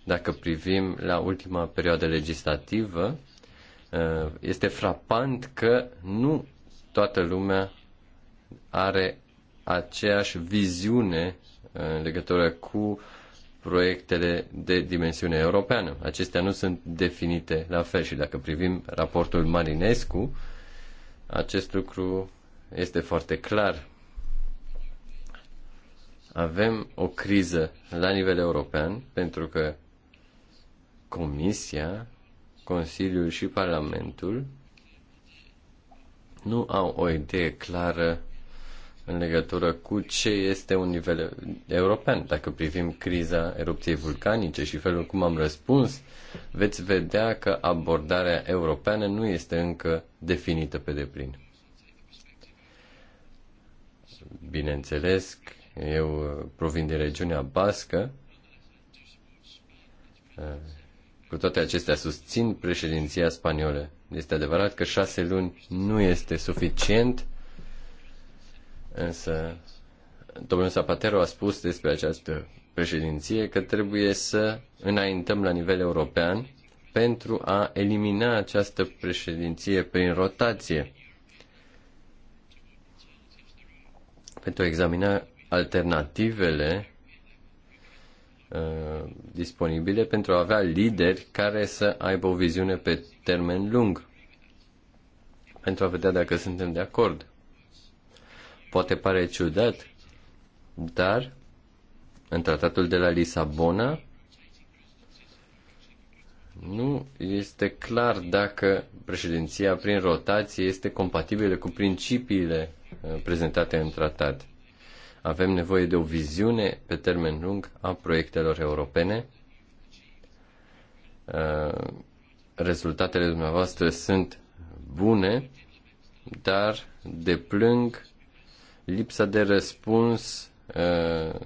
Dacă privim la ultima perioadă legislativă, uh, este frapant că nu toată lumea are aceeași viziune uh, în legătură cu proiectele de dimensiune europeană. Acestea nu sunt definite la fel și dacă privim raportul Marinescu, acest lucru este foarte clar avem o criză la nivel european pentru că Comisia, Consiliul și Parlamentul nu au o idee clară în legătură cu ce este un nivel european. Dacă privim criza erupției vulcanice și felul cum am răspuns, veți vedea că abordarea europeană nu este încă definită pe deplin. Bineînțeles, eu uh, provin din regiunea bască. Uh, cu toate acestea, susțin președinția spaniolă. Este adevărat că șase luni nu este suficient, însă domnul Zapatero a spus despre această președinție că trebuie să înaintăm la nivel european pentru a elimina această președinție prin rotație, pentru a examina alternativele uh, disponibile pentru a avea lideri care să aibă o viziune pe termen lung, pentru a vedea dacă suntem de acord. Poate pare ciudat, dar în tratatul de la Lisabona nu este clar dacă președinția prin rotație este compatibilă cu principiile uh, prezentate în tratat. Avem nevoie de o viziune pe termen lung a proiectelor europene. Uh, rezultatele dumneavoastră sunt bune, dar deplâng lipsa de răspuns uh,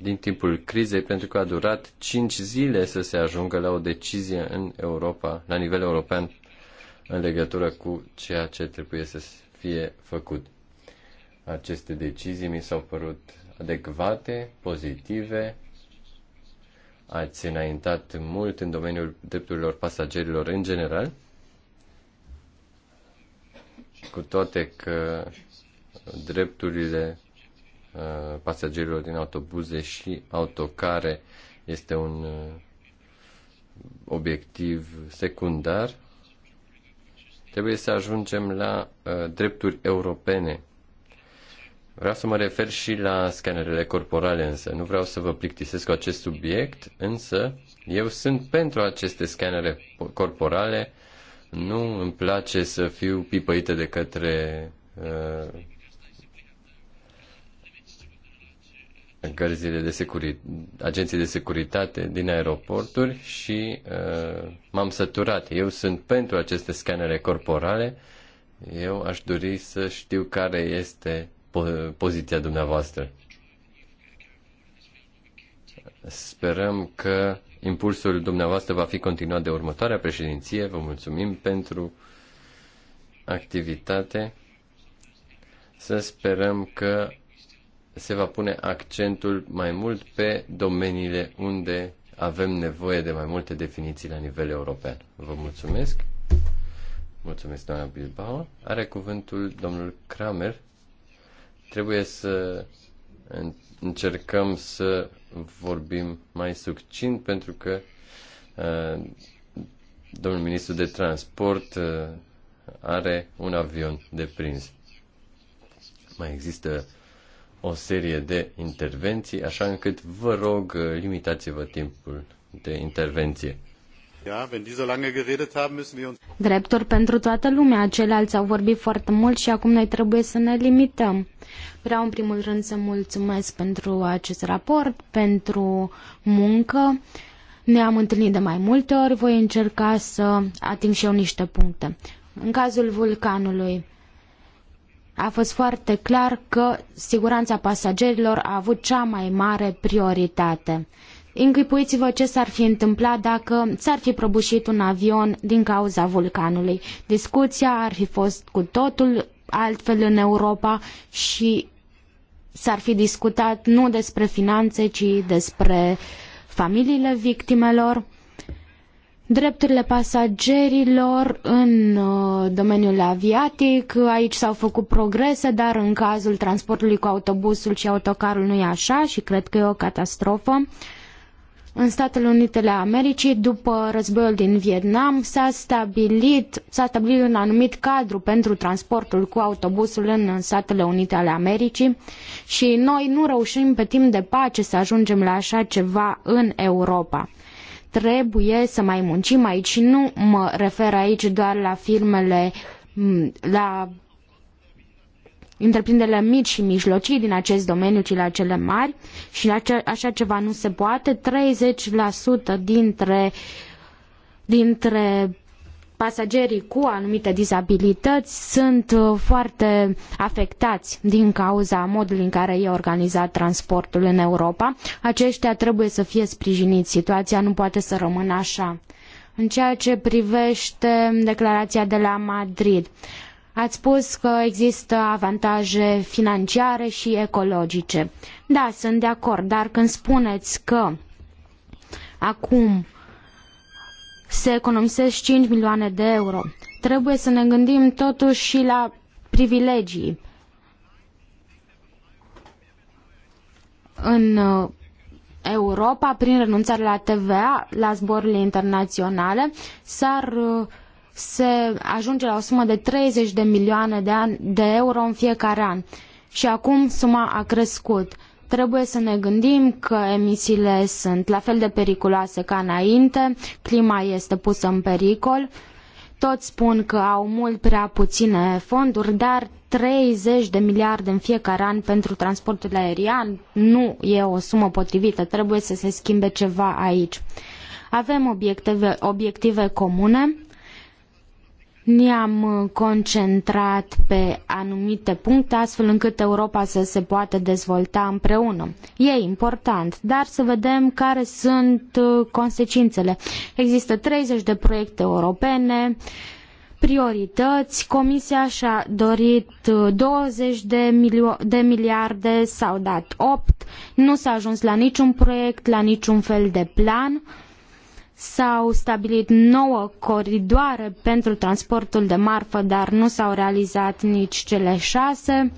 din timpul crizei, pentru că a durat 5 zile să se ajungă la o decizie în Europa, la nivel european, în legătură cu ceea ce trebuie să fie făcut. Aceste decizii mi s-au părut adecvate, pozitive. Ați înaintat mult în domeniul drepturilor pasagerilor în general, cu toate că drepturile uh, pasagerilor din autobuze și autocare este un uh, obiectiv secundar, trebuie să ajungem la uh, drepturi europene. Vreau să mă refer și la scanerele corporale, însă nu vreau să vă plictisesc cu acest subiect, însă eu sunt pentru aceste scanere corporale. Nu îmi place să fiu pipăită de către uh, gărzile de securitate, agenții de securitate din aeroporturi și uh, m-am săturat. Eu sunt pentru aceste scanere corporale. Eu aș dori să știu care este poziția dumneavoastră. Sperăm că impulsul dumneavoastră va fi continuat de următoarea președinție. Vă mulțumim pentru activitate. Să sperăm că se va pune accentul mai mult pe domeniile unde avem nevoie de mai multe definiții la nivel european. Vă mulțumesc. Mulțumesc, doamna Bilbao. Are cuvântul domnul Kramer Trebuie să încercăm să vorbim mai succint pentru că uh, domnul ministru de transport uh, are un avion de prins. Mai există o serie de intervenții, așa încât vă rog uh, limitați-vă timpul de intervenție. Drepturi pentru toată lumea, ceilalți au vorbit foarte mult și acum noi trebuie să ne limităm. Vreau în primul rând să mulțumesc pentru acest raport, pentru muncă. Ne-am întâlnit de mai multe ori, voi încerca să ating și eu niște puncte. În cazul vulcanului, a fost foarte clar că siguranța pasagerilor a avut cea mai mare prioritate. Închipuiți-vă ce s-ar fi întâmplat dacă s-ar fi prăbușit un avion din cauza vulcanului. Discuția ar fi fost cu totul altfel în Europa și s-ar fi discutat nu despre finanțe, ci despre familiile victimelor, drepturile pasagerilor în uh, domeniul aviatic. Aici s-au făcut progrese, dar în cazul transportului cu autobuzul și autocarul nu e așa și cred că e o catastrofă în Statele Unite ale Americii, după războiul din Vietnam, s-a stabilit, s-a stabilit un anumit cadru pentru transportul cu autobusul în Statele Unite ale Americii și noi nu reușim pe timp de pace să ajungem la așa ceva în Europa. Trebuie să mai muncim aici și nu mă refer aici doar la firmele, la întreprinderile mici și mijlocii din acest domeniu, ci la cele mari și așa ceva nu se poate. 30% dintre, dintre pasagerii cu anumite dizabilități sunt uh, foarte afectați din cauza modului în care e organizat transportul în Europa. Aceștia trebuie să fie sprijiniți. Situația nu poate să rămână așa. În ceea ce privește declarația de la Madrid, Ați spus că există avantaje financiare și ecologice. Da, sunt de acord, dar când spuneți că acum se economisesc 5 milioane de euro, trebuie să ne gândim totuși și la privilegii. În uh, Europa, prin renunțarea la TVA, la zborurile internaționale, s-ar uh, se ajunge la o sumă de 30 de milioane de, de euro în fiecare an. Și acum suma a crescut. Trebuie să ne gândim că emisiile sunt la fel de periculoase ca înainte, clima este pusă în pericol, toți spun că au mult prea puține fonduri, dar 30 de miliarde în fiecare an pentru transportul aerian nu e o sumă potrivită, trebuie să se schimbe ceva aici. Avem obiective, obiective comune, ne-am uh, concentrat pe anumite puncte astfel încât Europa să se poată dezvolta împreună. E important, dar să vedem care sunt uh, consecințele. Există 30 de proiecte europene, priorități. Comisia și-a dorit 20 uh, de, de miliarde, s-au dat opt, nu s-a ajuns la niciun proiect, la niciun fel de plan. S-au stabilit nouă coridoare pentru transportul de marfă, dar nu s-au realizat nici cele șase.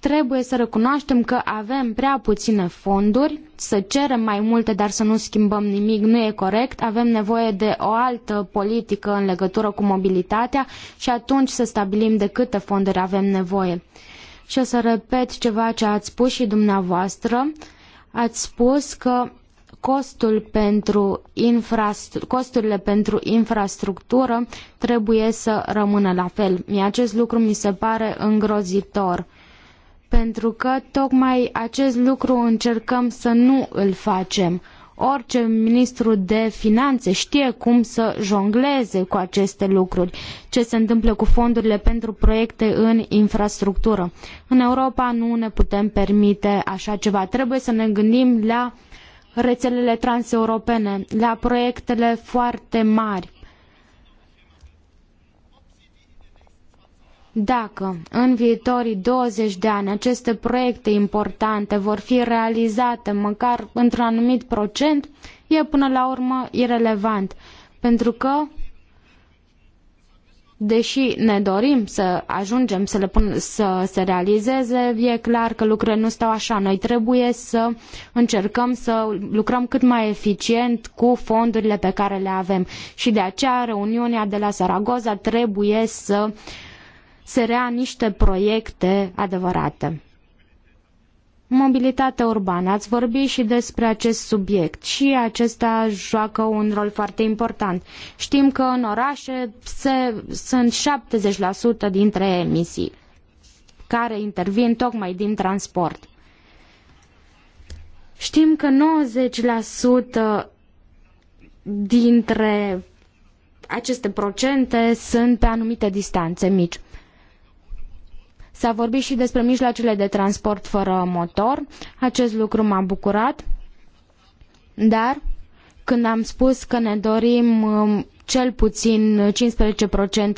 Trebuie să recunoaștem că avem prea puține fonduri, să cerem mai multe, dar să nu schimbăm nimic nu e corect. Avem nevoie de o altă politică în legătură cu mobilitatea și atunci să stabilim de câte fonduri avem nevoie. Și o să repet ceva ce ați spus și dumneavoastră. Ați spus că costul pentru costurile pentru infrastructură trebuie să rămână la fel. Acest lucru mi se pare îngrozitor pentru că tocmai acest lucru încercăm să nu îl facem. Orice ministru de finanțe știe cum să jongleze cu aceste lucruri, ce se întâmplă cu fondurile pentru proiecte în infrastructură. În Europa nu ne putem permite așa ceva. Trebuie să ne gândim la rețelele transeuropene, la proiectele foarte mari. Dacă în viitorii 20 de ani aceste proiecte importante vor fi realizate măcar într-un anumit procent, e până la urmă irelevant, pentru că Deși ne dorim să ajungem să, le pun, să se realizeze, e clar că lucrurile nu stau așa. Noi trebuie să încercăm să lucrăm cât mai eficient cu fondurile pe care le avem. Și de aceea reuniunea de la Saragoza trebuie să se rea niște proiecte adevărate. Mobilitatea urbană, ați vorbit și despre acest subiect și acesta joacă un rol foarte important. Știm că în orașe se, sunt 70% dintre emisii care intervin tocmai din transport. Știm că 90% dintre aceste procente sunt pe anumite distanțe mici. S-a vorbit și despre mijloacele de transport fără motor. Acest lucru m-a bucurat. Dar când am spus că ne dorim um, cel puțin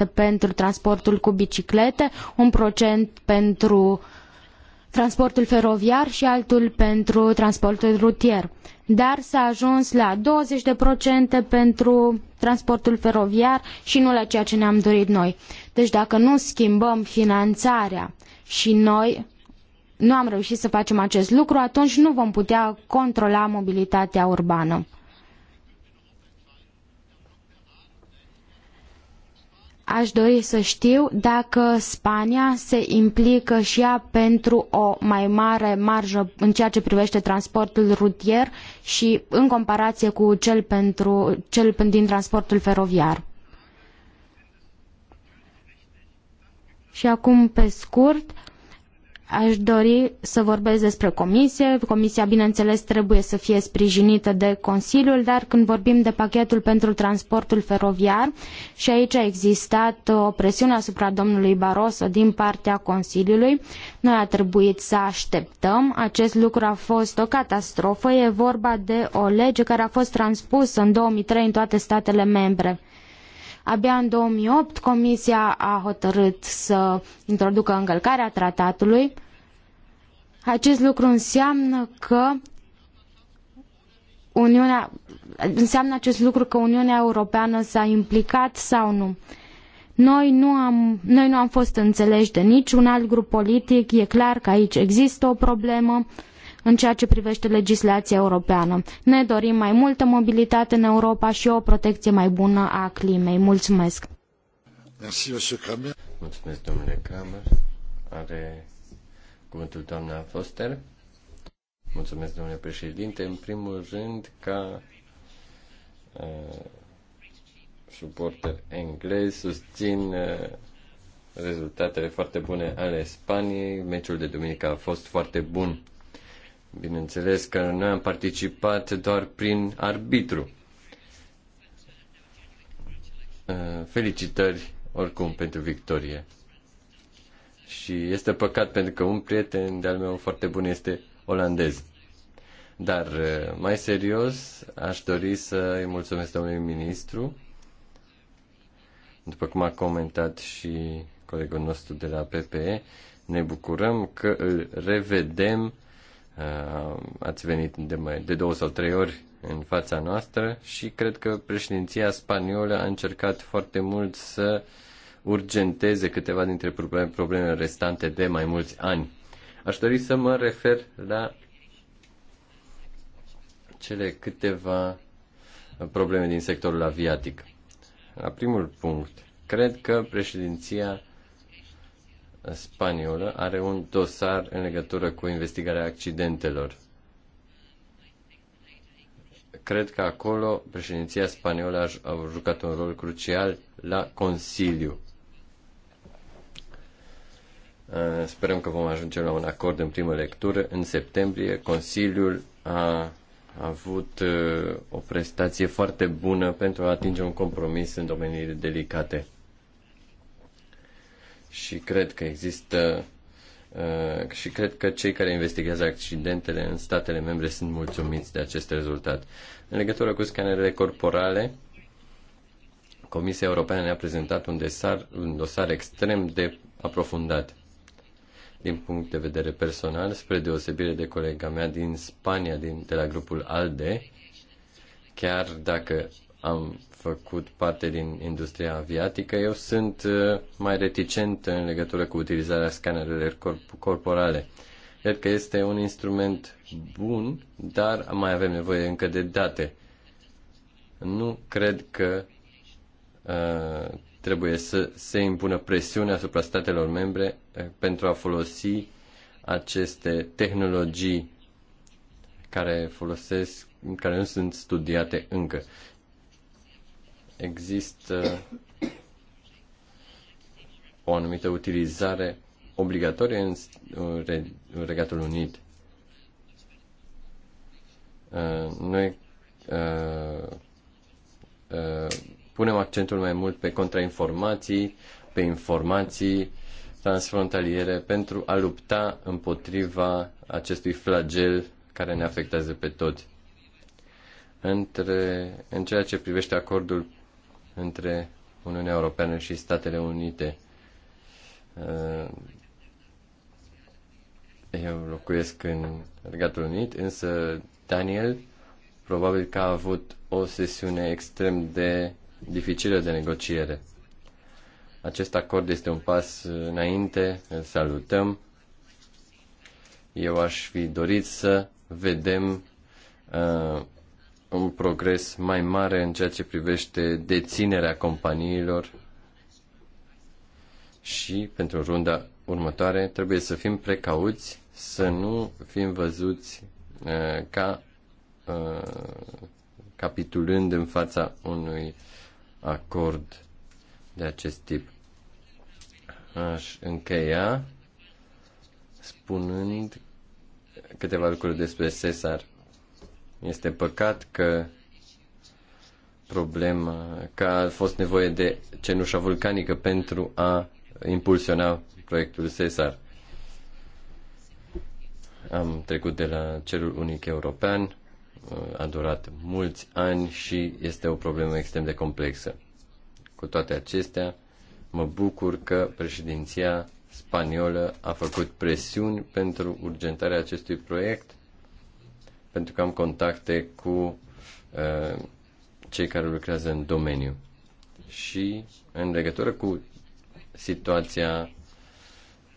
15% pentru transportul cu biciclete, un procent pentru uh, transportul feroviar și altul pentru transportul rutier. Dar s-a ajuns la 20% pentru transportul feroviar și nu la ceea ce ne-am dorit noi. Deci dacă nu schimbăm finanțarea și noi nu am reușit să facem acest lucru, atunci nu vom putea controla mobilitatea urbană. Aș dori să știu dacă Spania se implică și ea pentru o mai mare marjă în ceea ce privește transportul rutier și în comparație cu cel, pentru, cel din transportul feroviar. Și acum, pe scurt, Aș dori să vorbesc despre comisie. Comisia, bineînțeles, trebuie să fie sprijinită de Consiliul, dar când vorbim de pachetul pentru transportul feroviar, și aici a existat o presiune asupra domnului Barroso din partea Consiliului, noi a trebuit să așteptăm. Acest lucru a fost o catastrofă. E vorba de o lege care a fost transpusă în 2003 în toate statele membre. Abia în 2008 Comisia a hotărât să introducă încălcarea tratatului. Acest lucru înseamnă că Uniunea, înseamnă acest lucru că Uniunea Europeană s-a implicat sau nu. Noi nu, am, noi nu am fost înțeleși de niciun alt grup politic, e clar că aici există o problemă în ceea ce privește legislația europeană. Ne dorim mai multă mobilitate în Europa și o protecție mai bună a climei. Mulțumesc! Mulțumesc, domnule Kramer. Are cuvântul doamna Foster. Mulțumesc, domnule președinte. În primul rând, ca uh, suporter englez, susțin uh, rezultatele foarte bune ale Spaniei. Meciul de duminică a fost foarte bun Bineînțeles că noi am participat doar prin arbitru. Uh, felicitări oricum pentru victorie. Și este păcat pentru că un prieten de-al meu foarte bun este olandez. Dar uh, mai serios, aș dori să îi mulțumesc domnului ministru, după cum a comentat și colegul nostru de la PPE, ne bucurăm că îl revedem Uh, ați venit de, mai, de două sau trei ori în fața noastră și cred că președinția spaniolă a încercat foarte mult să urgenteze câteva dintre problemele restante de mai mulți ani. Aș dori să mă refer la cele câteva probleme din sectorul aviatic. La primul punct, cred că președinția spaniolă are un dosar în legătură cu investigarea accidentelor. Cred că acolo președinția spaniolă a jucat un rol crucial la Consiliu. Uh, sperăm că vom ajunge la un acord în primă lectură. În septembrie, Consiliul a avut uh, o prestație foarte bună pentru a atinge un compromis în domenii delicate și cred că există uh, și cred că cei care investigează accidentele în statele membre sunt mulțumiți de acest rezultat. În legătură cu scanerele corporale, Comisia Europeană ne-a prezentat un, desar, un dosar extrem de aprofundat. Din punct de vedere personal, spre deosebire de colega mea din Spania, din, de la grupul ALDE, chiar dacă am făcut parte din industria aviatică, eu sunt uh, mai reticent în legătură cu utilizarea scanerelor corporale. Cred că este un instrument bun, dar mai avem nevoie încă de date. Nu cred că uh, trebuie să se impună presiune asupra statelor membre uh, pentru a folosi aceste tehnologii care folosesc, care nu sunt studiate încă există o anumită utilizare obligatorie în Regatul Unit. Uh, noi uh, uh, punem accentul mai mult pe contrainformații, pe informații transfrontaliere pentru a lupta împotriva acestui flagel care ne afectează pe toți. Între, în ceea ce privește acordul între Uniunea Europeană și Statele Unite. Uh, eu locuiesc în Regatul Unit, însă Daniel probabil că a avut o sesiune extrem de dificilă de negociere. Acest acord este un pas înainte, îl salutăm. Eu aș fi dorit să vedem uh, un progres mai mare în ceea ce privește deținerea companiilor și pentru runda următoare trebuie să fim precauți să nu fim văzuți uh, ca uh, capitulând în fața unui acord de acest tip. Aș încheia spunând câteva lucruri despre Cesar. Este păcat că problema, că a fost nevoie de cenușa vulcanică pentru a impulsiona proiectul Cesar. Am trecut de la cerul unic european, a durat mulți ani și este o problemă extrem de complexă. Cu toate acestea, mă bucur că președinția spaniolă a făcut presiuni pentru urgentarea acestui proiect pentru că am contacte cu uh, cei care lucrează în domeniu. Și în legătură cu situația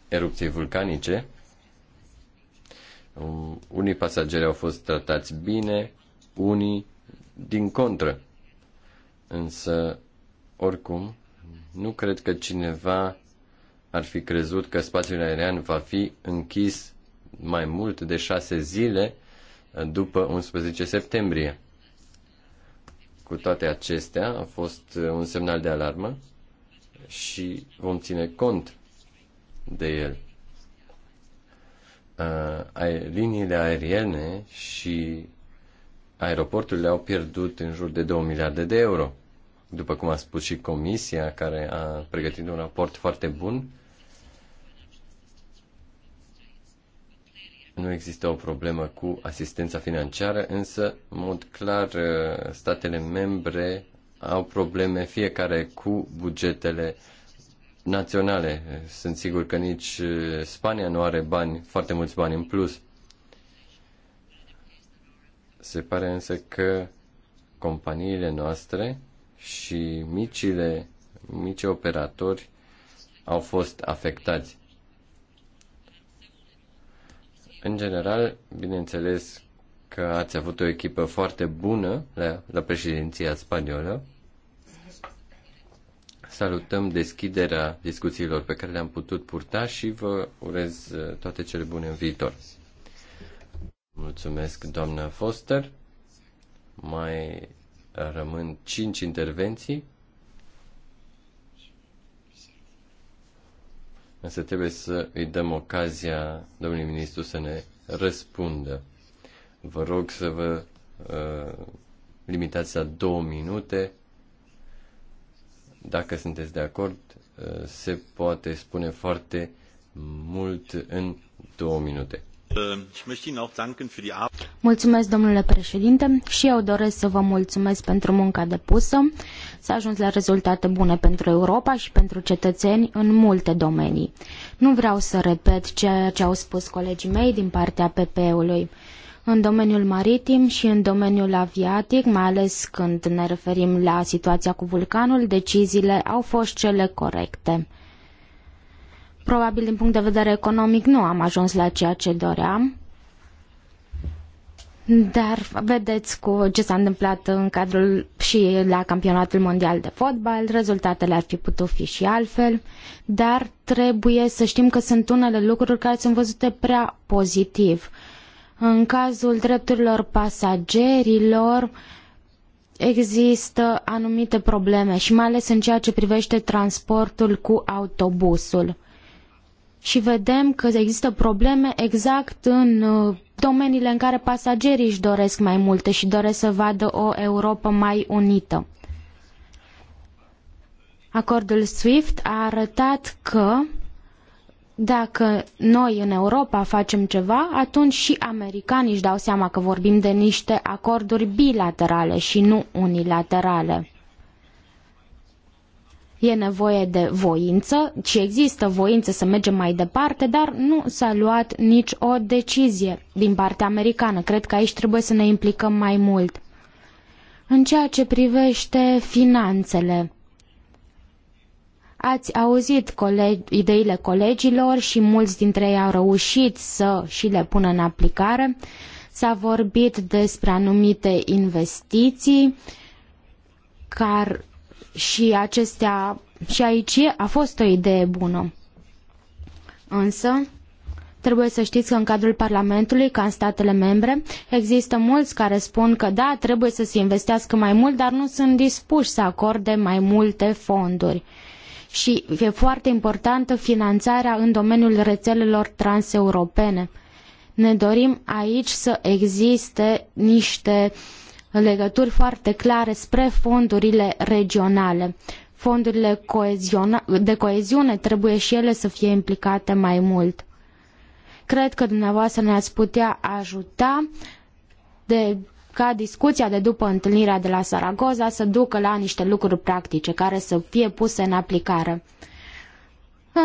erupției vulcanice, um, unii pasageri au fost tratați bine, unii din contră. Însă, oricum, nu cred că cineva ar fi crezut că spațiul aerian va fi închis mai mult de șase zile după 11 septembrie. Cu toate acestea, a fost uh, un semnal de alarmă și vom ține cont de el. Uh, liniile aeriene și aeroporturile au pierdut în jur de 2 miliarde de euro. După cum a spus și comisia, care a pregătit un raport foarte bun, Nu există o problemă cu asistența financiară, însă, în mod clar, uh, statele membre au probleme fiecare cu bugetele naționale. Sunt sigur că nici uh, Spania nu are bani, foarte mulți bani în plus. Se pare însă că companiile noastre și micile, mici operatori au fost afectați. În general, bineînțeles că ați avut o echipă foarte bună la, la președinția spaniolă. Salutăm deschiderea discuțiilor pe care le-am putut purta și vă urez uh, toate cele bune în viitor. Mulțumesc, doamna Foster. Mai rămân cinci intervenții. însă trebuie să îi dăm ocazia domnului ministru să ne răspundă. Vă rog să vă uh, limitați la două minute. Dacă sunteți de acord, uh, se poate spune foarte mult în două minute. Mulțumesc, domnule președinte, și eu doresc să vă mulțumesc pentru munca depusă. S-a ajuns la rezultate bune pentru Europa și pentru cetățeni în multe domenii. Nu vreau să repet ceea ce au spus colegii mei din partea PPE-ului. În domeniul maritim și în domeniul aviatic, mai ales când ne referim la situația cu vulcanul, deciziile au fost cele corecte. Probabil din punct de vedere economic nu am ajuns la ceea ce doream, dar vedeți cu ce s-a întâmplat în cadrul și la campionatul mondial de fotbal, rezultatele ar fi putut fi și altfel, dar trebuie să știm că sunt unele lucruri care sunt văzute prea pozitiv. În cazul drepturilor pasagerilor există anumite probleme și mai ales în ceea ce privește transportul cu autobuzul și vedem că există probleme exact în uh, domeniile în care pasagerii își doresc mai multe și doresc să vadă o Europa mai unită. Acordul SWIFT a arătat că dacă noi în Europa facem ceva, atunci și americanii își dau seama că vorbim de niște acorduri bilaterale și nu unilaterale. E nevoie de voință și există voință să mergem mai departe, dar nu s-a luat nici o decizie din partea americană. Cred că aici trebuie să ne implicăm mai mult. În ceea ce privește finanțele, Ați auzit colegi, ideile colegilor și mulți dintre ei au reușit să și le pună în aplicare. S-a vorbit despre anumite investiții care și acestea și aici a fost o idee bună. Însă, Trebuie să știți că în cadrul Parlamentului, ca în statele membre, există mulți care spun că da, trebuie să se investească mai mult, dar nu sunt dispuși să acorde mai multe fonduri. Și e foarte importantă finanțarea în domeniul rețelelor transeuropene. Ne dorim aici să existe niște uh, legături foarte clare spre fondurile regionale. Fondurile de coeziune trebuie și ele să fie implicate mai mult. Cred că dumneavoastră ne-ați putea ajuta de ca discuția de după întâlnirea de la Saragoza să ducă la niște lucruri practice care să fie puse în aplicare.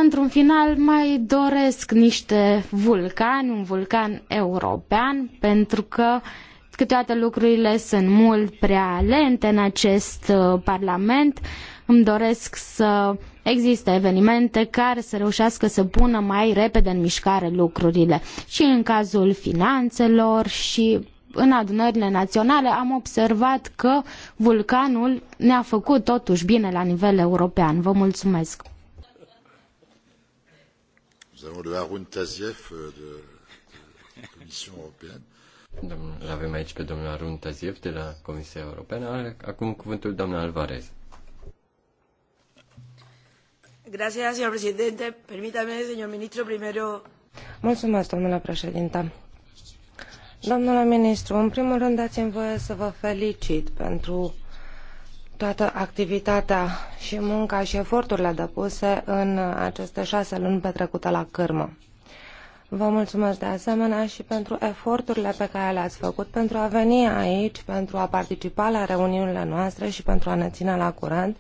Într-un final mai doresc niște vulcani, un vulcan european, pentru că uh, Câteodată lucrurile sunt mult prea lente în acest uh, Parlament. Îmi doresc să existe evenimente care să reușească să pună mai repede în mișcare lucrurile. Și în cazul finanțelor și în adunările naționale am observat că vulcanul ne-a făcut totuși bine la nivel european. Vă mulțumesc! Nous avons le Haroun Taziev euh, de la Commission européenne. Domnul, avem aici pe domnul Arun Taziev de la Comisia Europeană. Are acum cuvântul doamna Alvarez. Gracias, señor presidente. Permítame, señor ministro, primero... Mulțumesc, domnule președinte. Domnule ministru, în primul rând dați în voie să vă felicit pentru toată activitatea și munca și eforturile depuse în aceste șase luni petrecute la cârmă. Vă mulțumesc de asemenea și pentru eforturile pe care le-ați făcut pentru a veni aici, pentru a participa la reuniunile noastre și pentru a ne ține la curent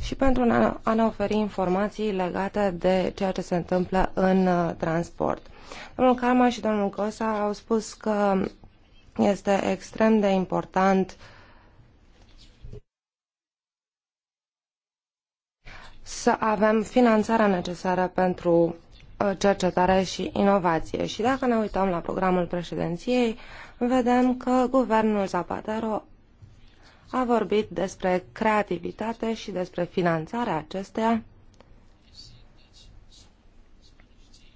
și pentru a ne oferi informații legate de ceea ce se întâmplă în uh, transport. Domnul Calma și domnul Cosa au spus că este extrem de important să avem finanțarea necesară pentru Uh, cercetare și inovație. Și dacă ne uităm la programul președinției, vedem că guvernul Zapatero a vorbit despre creativitate și despre finanțarea acesteia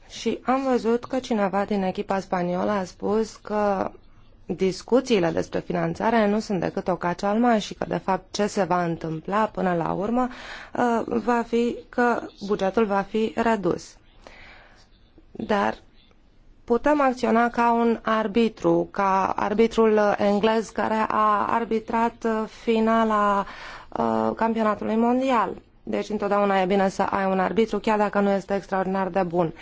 și am văzut că cineva din echipa spaniolă a spus că discuțiile despre finanțare nu sunt decât o cacealma și că, de fapt, ce se va întâmpla până la urmă uh, va fi că bugetul va fi redus. Dar putem acționa ca un arbitru, ca arbitrul englez care a arbitrat finala uh, campionatului mondial. Deci întotdeauna e bine să ai un arbitru, chiar dacă nu este extraordinar de bun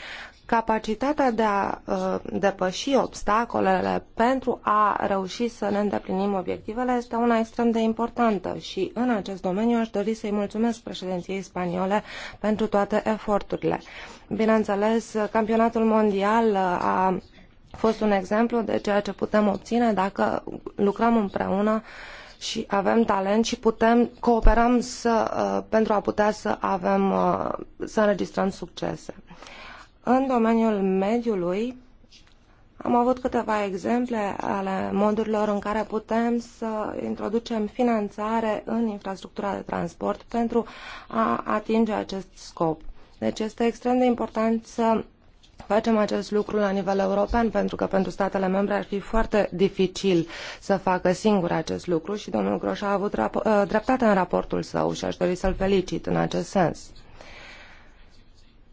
capacitatea de a uh, depăși obstacolele pentru a reuși să ne îndeplinim obiectivele este una extrem de importantă și în acest domeniu aș dori să-i mulțumesc președinției spaniole pentru toate eforturile. Bineînțeles, campionatul mondial uh, a fost un exemplu de ceea ce putem obține dacă lucrăm împreună și avem talent și putem cooperăm să, uh, pentru a putea să avem să înregistrăm succese. În domeniul mediului am avut câteva exemple ale modurilor în care putem să introducem finanțare în infrastructura de transport pentru a atinge acest scop. Deci este extrem de important să facem acest lucru la nivel european, pentru că pentru statele membre ar fi foarte dificil să facă singur acest lucru și domnul Groș a avut ă, dreptate în raportul său și aș dori să-l felicit în acest sens.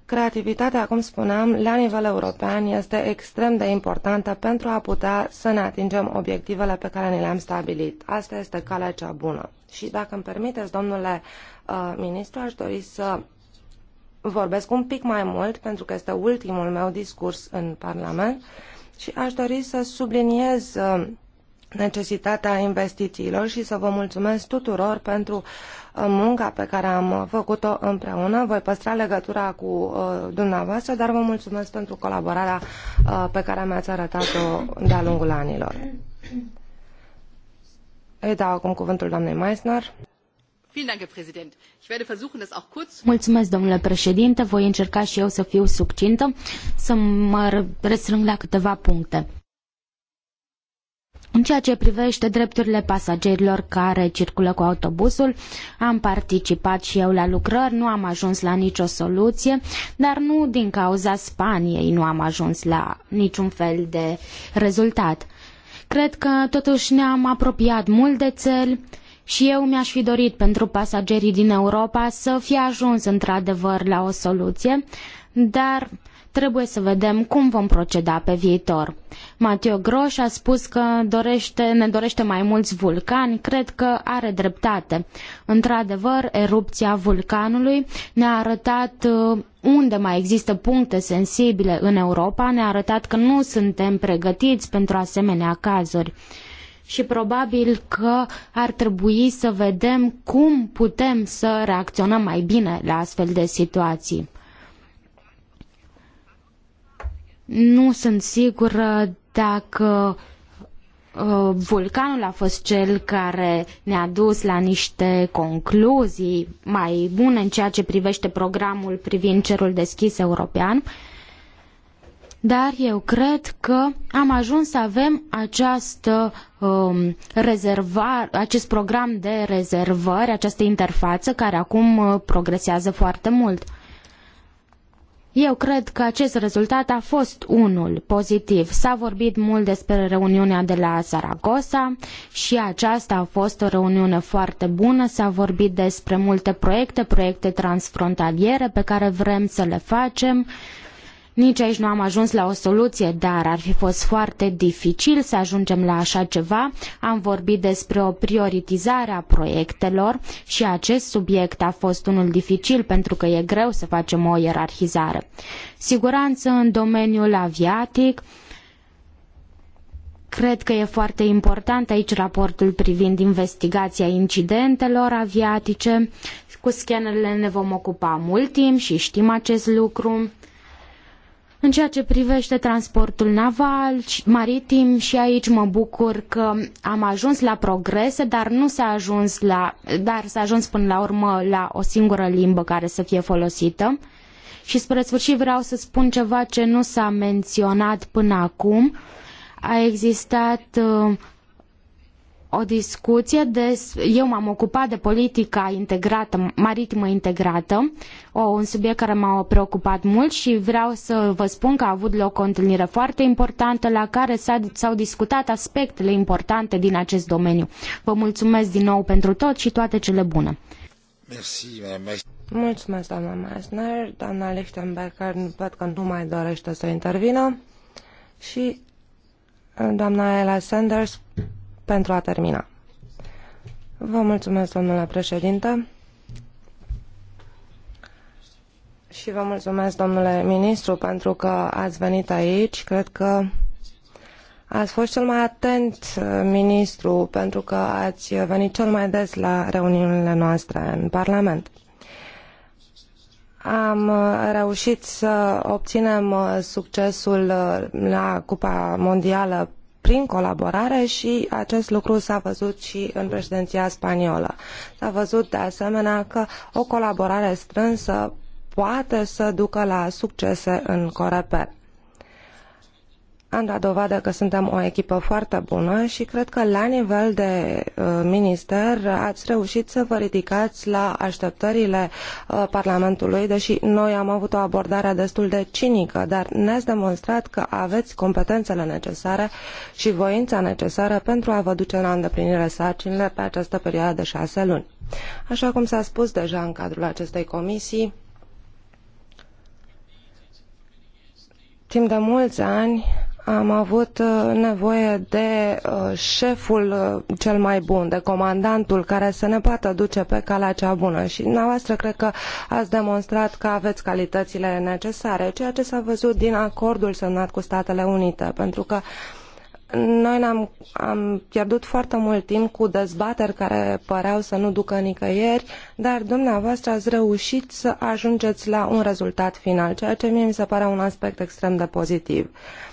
Creativitatea, cum spuneam, la nivel european este extrem de importantă pentru a putea să ne atingem obiectivele pe care ne le-am stabilit. Asta este calea cea bună. Și dacă îmi permiteți, domnule uh, ministru, aș dori să vorbesc un pic mai mult, pentru că este ultimul meu discurs în Parlament, și aș dori să subliniez uh, necesitatea investițiilor și să vă mulțumesc tuturor pentru munca pe care am făcut-o împreună. Voi păstra legătura cu uh, dumneavoastră, dar vă mulțumesc pentru colaborarea uh, pe care mi-ați arătat-o de-a lungul anilor. Îi dau acum cuvântul doamnei Meissner. Mulțumesc, domnule președinte. Voi încerca și eu să fiu succintă, să mă restrâng la câteva puncte. În ceea ce privește drepturile pasagerilor care circulă cu autobuzul, am participat și eu la lucrări, nu am ajuns la nicio soluție, dar nu din cauza Spaniei nu am ajuns la niciun fel de rezultat. Cred că totuși ne-am apropiat mult de țel și eu mi-aș fi dorit pentru pasagerii din Europa să fie ajuns într-adevăr la o soluție, dar Trebuie să vedem cum vom proceda pe viitor. Matteo Groș a spus că dorește, ne dorește mai mulți vulcani. Cred că are dreptate. Într-adevăr, erupția vulcanului ne-a arătat uh, unde mai există puncte sensibile în Europa, ne-a arătat că nu suntem pregătiți pentru asemenea cazuri și probabil că ar trebui să vedem cum putem să reacționăm mai bine la astfel de situații. Nu sunt sigură dacă uh, vulcanul a fost cel care ne-a dus la niște concluzii mai bune în ceea ce privește programul privind cerul deschis european, dar eu cred că am ajuns să avem această um, rezervar, acest program de rezervări, această interfață care acum uh, progresează foarte mult. Uh, eu cred că acest rezultat a fost unul pozitiv. S-a vorbit mult despre reuniunea de la Zaragoza și aceasta a fost o reuniune foarte bună. S-a vorbit despre multe proiecte, proiecte transfrontaliere pe care vrem să le facem. Nici aici nu am ajuns la o soluție, dar ar fi fost foarte dificil să ajungem la așa ceva. Am vorbit despre o prioritizare a proiectelor și acest subiect a fost unul dificil pentru că e greu să facem o ierarhizare. Siguranță în domeniul aviatic, Cred că e foarte important aici raportul privind investigația incidentelor aviatice. Cu scanerele ne vom ocupa mult timp și știm acest lucru. În ceea ce privește transportul naval, maritim și aici mă bucur că am ajuns la progrese, dar nu s-a ajuns la, dar s-a ajuns până la urmă la o singură limbă care să fie folosită. Și spre sfârșit vreau să spun ceva ce nu s-a menționat până acum. A existat uh, o discuție des, eu m-am ocupat de politica integrată, maritimă integrată, o, un subiect care m-a preocupat mult și vreau să vă spun că a avut loc o întâlnire foarte importantă la care s-au discutat aspectele importante din acest domeniu. Vă mulțumesc din nou pentru tot și toate cele bune. Merci, mulțumesc, doamna Meissner. Doamna Lichtenberger, văd că nu mai dorește să intervină. Și doamna Ella Sanders pentru a termina. Vă mulțumesc, domnule președinte. Și vă mulțumesc, domnule ministru, pentru că ați venit aici. Cred că ați fost cel mai atent uh, ministru pentru că ați venit cel mai des la reuniunile noastre în Parlament. Am uh, reușit să obținem uh, succesul la Cupa Mondială prin colaborare și acest lucru s-a văzut și în președinția spaniolă. S-a văzut de asemenea că o colaborare strânsă poate să ducă la succese în Coreper am dat dovadă că suntem o echipă foarte bună și cred că la nivel de uh, minister ați reușit să vă ridicați la așteptările uh, Parlamentului, deși noi am avut o abordare destul de cinică, dar ne-ați demonstrat că aveți competențele necesare și voința necesară pentru a vă duce la îndeplinire sarcinile pe această perioadă de șase luni. Așa cum s-a spus deja în cadrul acestei comisii, timp de mulți ani am avut uh, nevoie de uh, șeful uh, cel mai bun, de comandantul care să ne poată duce pe calea cea bună și dumneavoastră cred că ați demonstrat că aveți calitățile necesare, ceea ce s-a văzut din acordul semnat cu Statele Unite, pentru că noi am am pierdut foarte mult timp cu dezbateri care păreau să nu ducă nicăieri, dar dumneavoastră ați reușit să ajungeți la un rezultat final, ceea ce mie mi se pare un aspect extrem de pozitiv. Uh,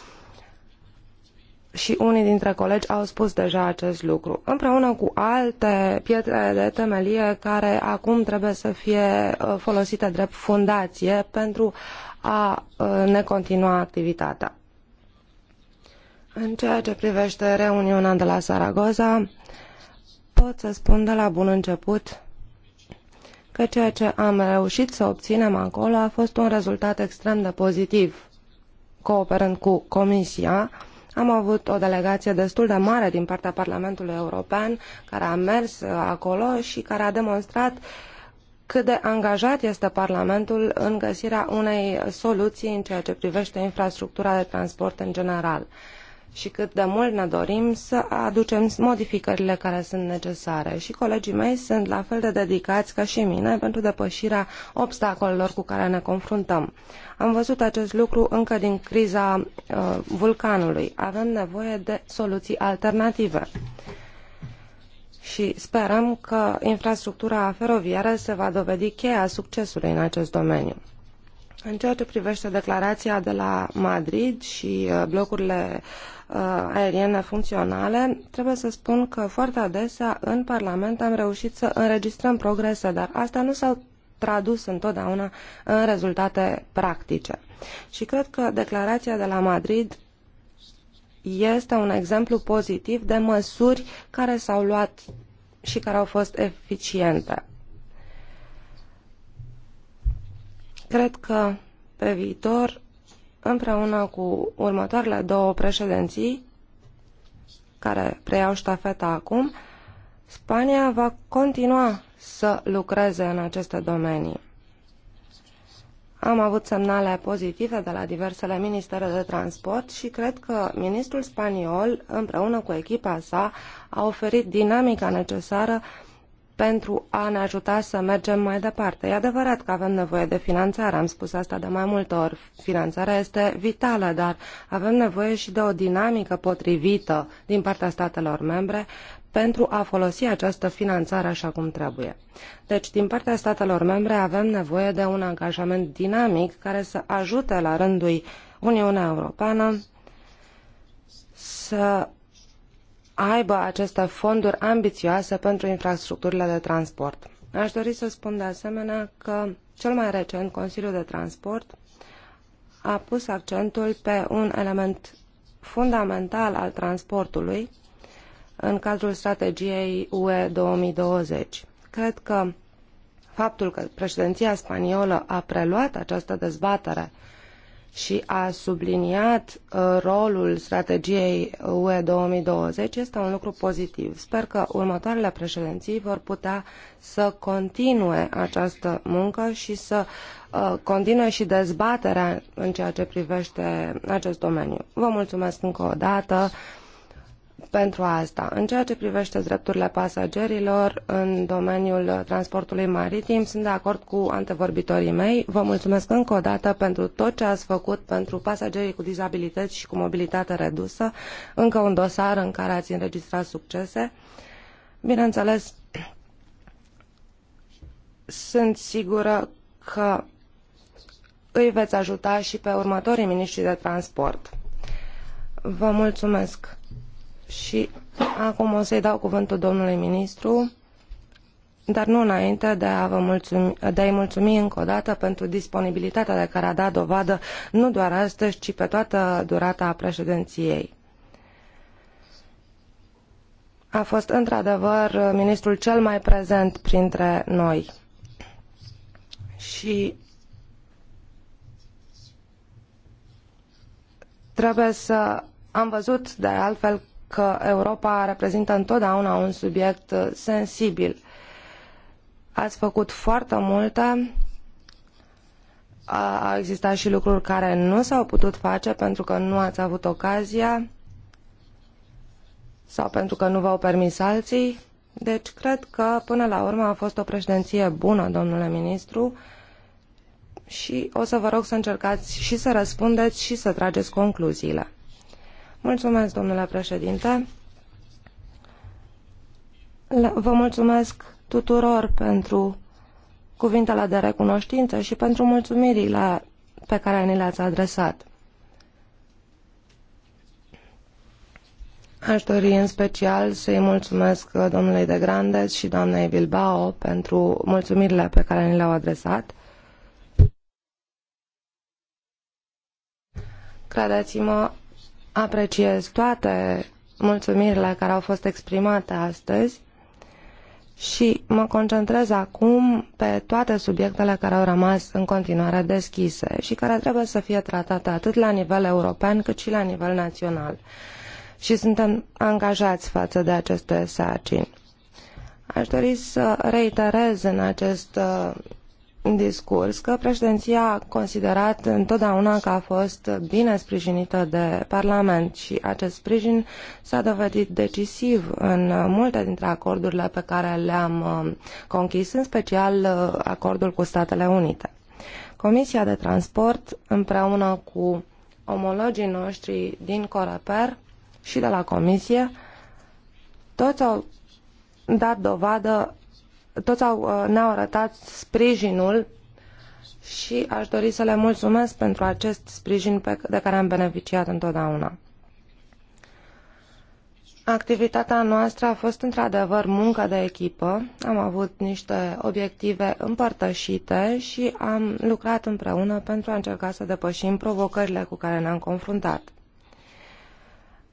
și unii dintre colegi au spus deja acest lucru, împreună cu alte pietre de temelie care acum trebuie să fie uh, folosite drept fundație pentru a uh, ne continua activitatea. În ceea ce privește reuniunea de la Saragoza, pot să spun de la bun început că ceea ce am reușit să obținem acolo a fost un rezultat extrem de pozitiv, cooperând cu Comisia, am avut o delegație destul de mare din partea Parlamentului European care a mers uh, acolo și care a demonstrat cât de angajat este Parlamentul în găsirea unei soluții în ceea ce privește infrastructura de transport în general. Uh, și cât de mult ne dorim să aducem modificările care sunt necesare. Și colegii mei sunt la fel de dedicați ca și mine pentru depășirea obstacolelor cu care ne confruntăm. Am văzut acest lucru încă din criza uh, vulcanului. Avem nevoie de soluții alternative și sperăm că infrastructura feroviară se va dovedi cheia succesului în acest domeniu. În ceea ce privește declarația de la Madrid și uh, blocurile Uh, aeriene funcționale, trebuie să spun că foarte adesea în Parlament am reușit să înregistrăm progrese, dar asta nu s-au tradus întotdeauna în rezultate practice. Și cred că declarația de la Madrid este un exemplu pozitiv de măsuri care s-au luat și care au fost eficiente. Cred că pe viitor împreună cu următoarele două președinții, care preiau ștafeta acum, Spania va continua să lucreze în aceste domenii. Am avut semnale pozitive de la diversele ministere de transport și cred că ministrul spaniol, împreună cu echipa sa, a oferit dinamica necesară pentru a ne ajuta să mergem mai departe. E adevărat că avem nevoie de finanțare, am spus asta de mai multe ori. Finanțarea este vitală, dar avem nevoie și de o dinamică potrivită din partea statelor membre pentru a folosi această finanțare așa cum trebuie. Deci, din partea statelor membre avem nevoie de un angajament dinamic care să ajute la rândul Uniunea Europeană să aibă aceste fonduri ambițioase pentru infrastructurile de transport. Aș dori să spun de asemenea că cel mai recent Consiliu de Transport a pus accentul pe un element fundamental al transportului în cadrul strategiei UE 2020. Cred că faptul că președinția spaniolă a preluat această dezbatere și a subliniat uh, rolul strategiei UE 2020 este un lucru pozitiv. Sper că următoarele președinții vor putea să continue această muncă și să uh, continue și dezbaterea în ceea ce privește acest domeniu. Vă mulțumesc încă o dată. Uh, pentru asta. În ceea ce privește drepturile pasagerilor în domeniul transportului maritim, sunt de acord cu antevorbitorii mei. Vă mulțumesc încă o dată pentru tot ce ați făcut pentru pasagerii cu dizabilități și cu mobilitate redusă, încă un dosar în care ați înregistrat succese. Bineînțeles, sunt sigură că îi veți ajuta și pe următorii miniștri de transport. Vă mulțumesc! Și acum o să-i dau cuvântul domnului ministru, dar nu înainte de, a vă mulțumi, de a-i mulțumi încă o dată pentru disponibilitatea de care a dat dovadă nu doar astăzi, ci pe toată durata președinției. A fost într-adevăr ministrul cel mai prezent printre noi. Și trebuie să am văzut de altfel că Europa reprezintă întotdeauna un subiect uh, sensibil. Ați făcut foarte multe, au existat și lucruri care nu s-au putut face pentru că nu ați avut ocazia sau pentru că nu v-au permis alții. Deci cred că până la urmă a fost o președinție bună, domnule ministru, și o să vă rog să încercați și să răspundeți și să trageți concluziile. Mulțumesc, domnule președinte. Vă mulțumesc tuturor pentru cuvintele de recunoștință și pentru mulțumirile pe care ni le-ați adresat. Aș dori în special să-i mulțumesc domnului de Grandes și doamnei Bilbao pentru mulțumirile pe care ni le-au adresat. Credeți-mă, apreciez toate mulțumirile care au fost exprimate astăzi și mă concentrez acum pe toate subiectele care au rămas în continuare deschise și care trebuie să fie tratate atât la nivel european cât și la nivel național. Și suntem angajați față de aceste sarcini. Aș dori să reiterez în acest discurs că președinția a considerat întotdeauna că a fost bine sprijinită de Parlament și acest sprijin s-a dovedit decisiv în multe dintre acordurile pe care le-am uh, conchis, în special uh, acordul cu Statele Unite. Comisia de Transport, împreună cu omologii noștri din Coreper și de la Comisie, toți au dat dovadă toți au, uh, ne-au arătat sprijinul și aș dori să le mulțumesc pentru acest sprijin pe, de care am beneficiat întotdeauna. Activitatea noastră a fost într-adevăr muncă de echipă, am avut niște obiective împărtășite și am lucrat împreună pentru a încerca să depășim provocările cu care ne-am confruntat.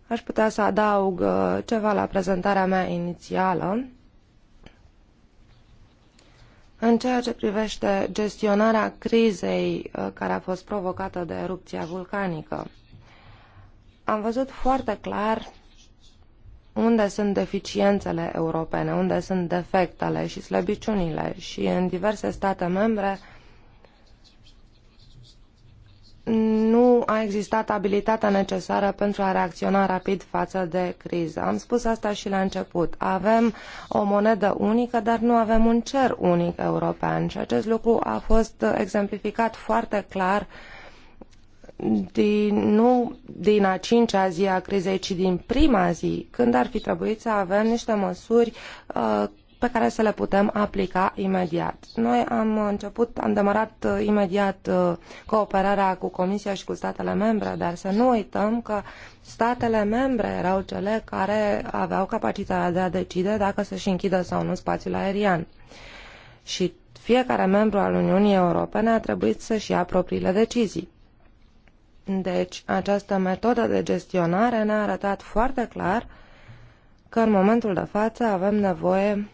Aș putea să adaug uh, ceva la prezentarea mea inițială. În ceea ce privește gestionarea crizei uh, care a fost provocată de erupția vulcanică, am văzut foarte clar unde sunt deficiențele europene, unde sunt defectele și slăbiciunile și în diverse state membre nu a existat abilitatea necesară pentru a reacționa rapid față de criză. Am spus asta și la început. Avem o monedă unică, dar nu avem un cer unic european și acest lucru a fost exemplificat foarte clar din, nu din a cincea zi a crizei, ci din prima zi, când ar fi trebuit să avem niște măsuri uh, pe care să le putem aplica imediat. Noi am început, am demarat uh, imediat uh, cooperarea cu Comisia și cu statele membre, dar să nu uităm că statele membre erau cele care aveau capacitatea de a decide dacă să-și închidă sau nu spațiul aerian. Și fiecare membru al Uniunii Europene a trebuit să-și ia propriile decizii. Deci, această metodă de gestionare ne-a arătat foarte clar că în momentul de față avem nevoie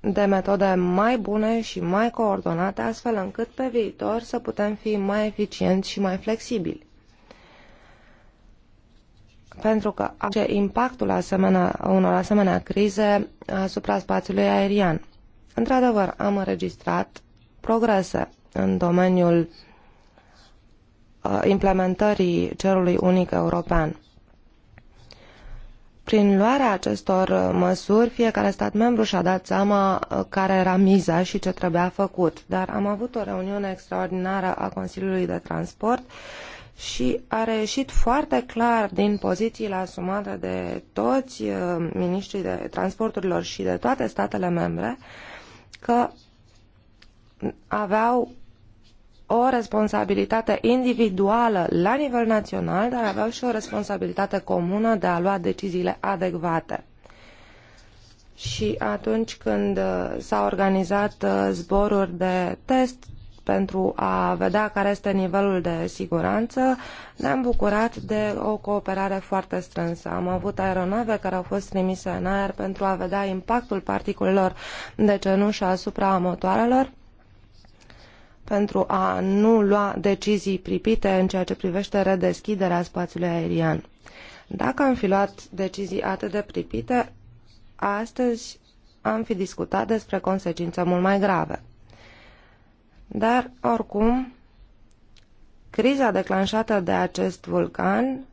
de metode mai bune și mai coordonate, astfel încât pe viitor să putem fi mai eficienți și mai flexibili. Pentru că impactul asemenea, unor asemenea crize asupra spațiului aerian. Într-adevăr, am înregistrat progrese în domeniul uh, implementării cerului unic european. Prin luarea acestor uh, măsuri, fiecare stat membru și-a dat seama uh, care era miza și ce trebuia făcut. Dar am avut o reuniune extraordinară a Consiliului de Transport și a reieșit foarte clar din pozițiile asumate de toți uh, ministrii de transporturilor și de toate statele membre că aveau o responsabilitate individuală la nivel național, dar aveau și o responsabilitate comună de a lua deciziile adecvate. Și atunci când uh, s-au organizat uh, zboruri de test pentru a vedea care este nivelul de siguranță, ne-am bucurat de o cooperare foarte strânsă. Am avut aeronave care au fost trimise în aer pentru a vedea impactul particulelor de cenușă asupra motoarelor pentru a nu lua decizii pripite în ceea ce privește redeschiderea spațiului aerian. Dacă am fi luat decizii atât de pripite, astăzi am fi discutat despre consecințe mult mai grave. Dar, oricum, criza declanșată de acest vulcan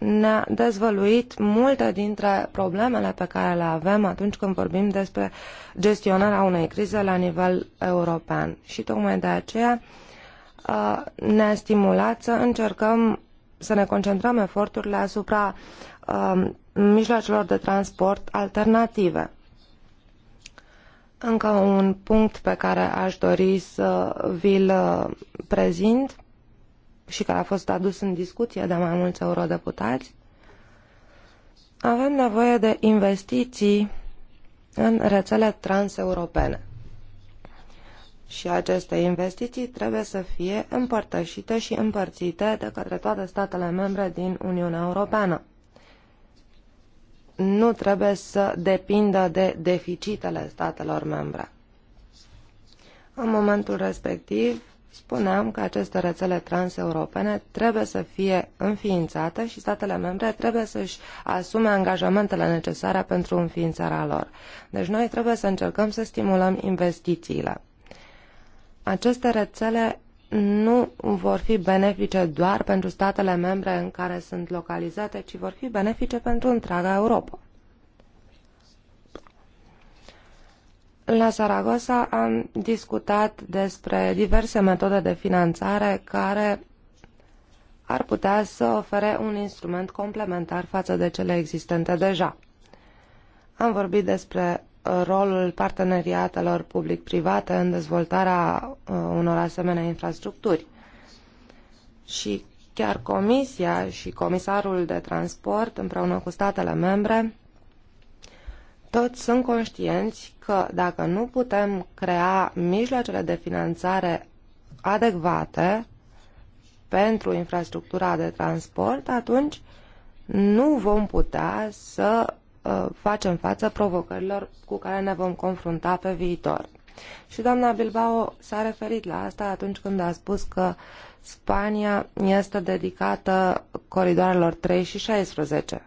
ne-a dezvăluit multe dintre problemele pe care le avem atunci când vorbim despre gestionarea unei crize la nivel european. Și tocmai de aceea uh, ne-a stimulat să încercăm să ne concentrăm eforturile asupra uh, mijloacelor de transport alternative. Încă un punct pe care aș dori să vi-l uh, prezint și care a fost adus în discuție de mai mulți eurodeputați, avem nevoie de investiții în rețele transeuropene. Și aceste investiții trebuie să fie împărtășite și împărțite de către toate statele membre din Uniunea Europeană. Nu trebuie să depindă de deficitele statelor membre. În momentul respectiv, spuneam că aceste rețele transeuropene trebuie să fie înființate și statele membre trebuie să-și asume angajamentele necesare pentru înființarea lor. Deci noi trebuie să încercăm să stimulăm investițiile. Aceste rețele nu vor fi benefice doar pentru statele membre în care sunt localizate, ci vor fi benefice pentru întreaga Europa. La Saragossa am discutat despre diverse metode de finanțare care ar putea să ofere un instrument complementar față de cele existente deja. Am vorbit despre uh, rolul parteneriatelor public-private în dezvoltarea uh, unor asemenea infrastructuri. Și chiar Comisia și Comisarul de Transport, împreună cu statele membre, toți sunt conștienți că dacă nu putem crea mijloacele de finanțare adecvate pentru infrastructura de transport, atunci nu vom putea să uh, facem față provocărilor cu care ne vom confrunta pe viitor. Și doamna Bilbao s-a referit la asta atunci când a spus că Spania este dedicată coridoarelor 3 și 16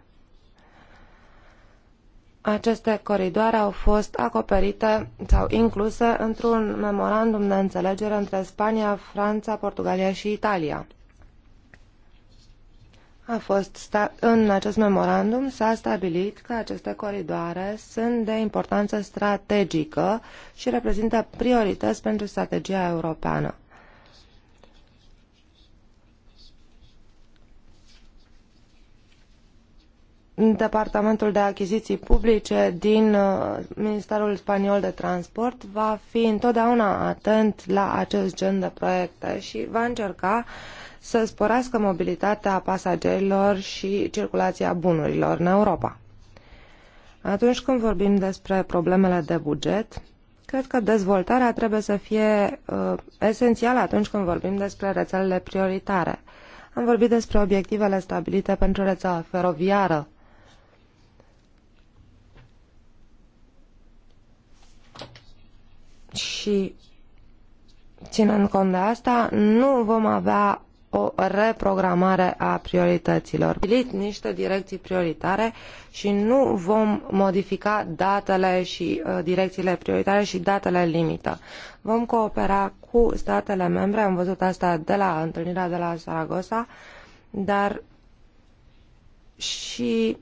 aceste coridoare au fost acoperite sau incluse într-un memorandum de înelegere între Spania, Franța, Portugalia și Italia. A fost în acest memorandum s-a stabilit că aceste coridoare sunt de importanță strategică și reprezintă priorități pentru strategia europeană. Departamentul de Achiziții Publice din uh, Ministerul Spaniol de Transport va fi întotdeauna atent la acest gen de proiecte și va încerca să sporească mobilitatea pasagerilor și circulația bunurilor în Europa. Atunci când vorbim despre problemele de buget, cred că dezvoltarea trebuie să fie uh, esențială atunci când vorbim despre rețelele prioritare. Am vorbit despre obiectivele stabilite pentru rețeaua feroviară și ținând cont de asta, nu vom avea o reprogramare a priorităților. Pilit niște direcții prioritare și nu vom modifica datele și uh, direcțiile prioritare și datele limită. Vom coopera cu statele membre, am văzut asta de la întâlnirea de la Saragossa, dar și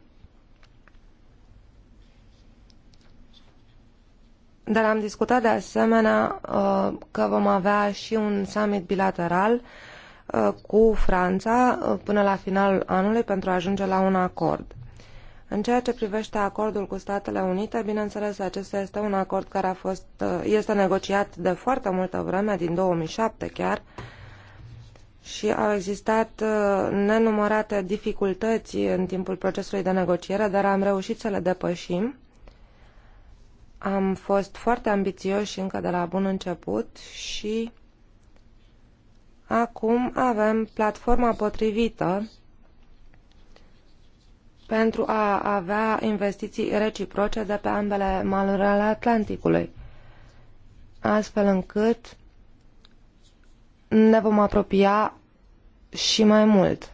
Dar am discutat de asemenea uh, că vom avea și un summit bilateral uh, cu Franța uh, până la finalul anului pentru a ajunge la un acord. În ceea ce privește acordul cu Statele Unite, bineînțeles, acesta este un acord care a fost, este negociat de foarte multă vreme, din 2007 chiar, și au existat nenumărate dificultăți în timpul procesului de negociere, dar am reușit să le depășim am fost foarte ambițioși încă de la bun început și acum avem platforma potrivită pentru a avea investiții reciproce de pe ambele maluri ale Atlanticului, astfel încât ne vom apropia și mai mult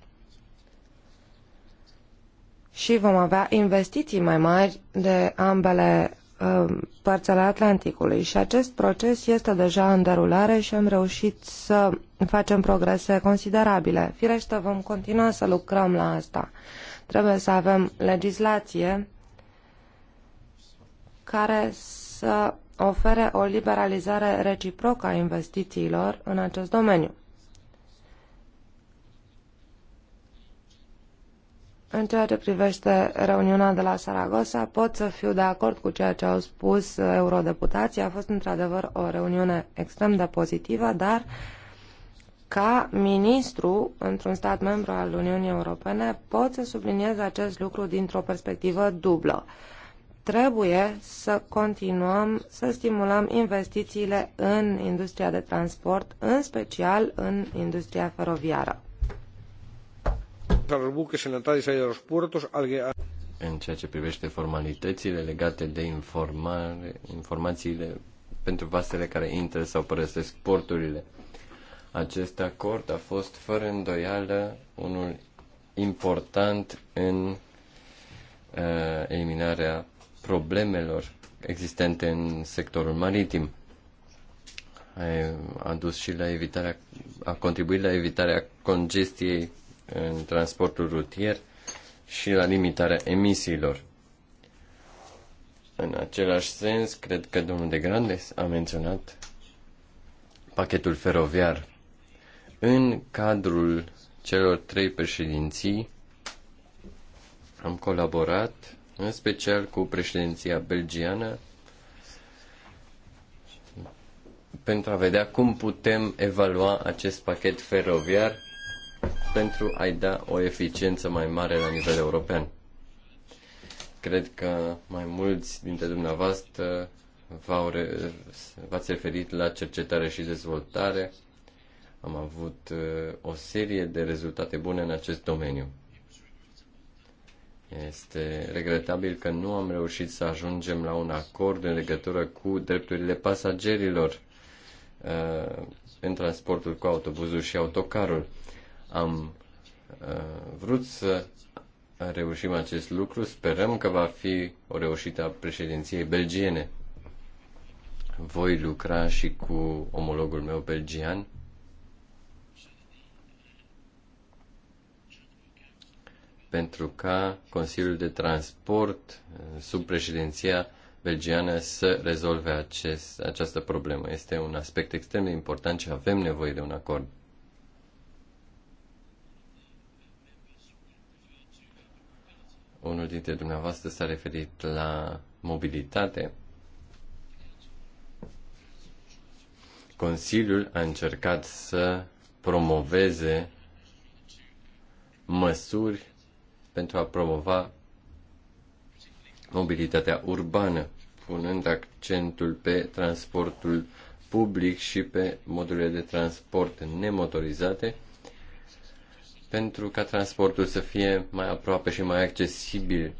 și vom avea investiții mai mari de ambele Uh, părți ale Atlanticului și acest proces este deja în derulare și am reușit să facem progrese considerabile. Firește, vom continua să lucrăm la asta. Trebuie să avem legislație care să ofere o liberalizare reciprocă a investițiilor în acest domeniu. În ceea ce privește reuniunea de la Saragossa, pot să fiu de acord cu ceea ce au spus eurodeputații. A fost într-adevăr o reuniune extrem de pozitivă, dar ca ministru într-un stat membru al Uniunii Europene pot să subliniez acest lucru dintr-o perspectivă dublă. Trebuie să continuăm să stimulăm investițiile în industria de transport, în special în industria feroviară. În ceea ce privește formalitățile legate de informare, informațiile pentru vasele care intră sau părăsesc porturile. Acest acord a fost fără îndoială unul important în uh, eliminarea problemelor existente în sectorul maritim. A dus și la evitarea, a contribuit la evitarea congestiei în transportul rutier și la limitarea emisiilor. În același sens, cred că domnul de Grandes a menționat pachetul feroviar. În cadrul celor trei președinții am colaborat în special cu președinția belgiană pentru a vedea cum putem evalua acest pachet feroviar pentru a-i da o eficiență mai mare la nivel european. Cred că mai mulți dintre dumneavoastră v-ați referit la cercetare și dezvoltare. Am avut uh, o serie de rezultate bune în acest domeniu. Este regretabil că nu am reușit să ajungem la un acord în legătură cu drepturile pasagerilor uh, în transportul cu autobuzul și autocarul. Am uh, vrut să reușim acest lucru. Sperăm că va fi o reușită a președinției belgiene. Voi lucra și cu omologul meu belgian. pentru ca Consiliul de Transport uh, sub președinția belgiană să rezolve acest, această problemă. Este un aspect extrem de important și avem nevoie de un acord. Unul dintre dumneavoastră s-a referit la mobilitate. Consiliul a încercat să promoveze măsuri pentru a promova mobilitatea urbană, punând accentul pe transportul public și pe modurile de transport nemotorizate pentru ca transportul să fie mai aproape și mai accesibil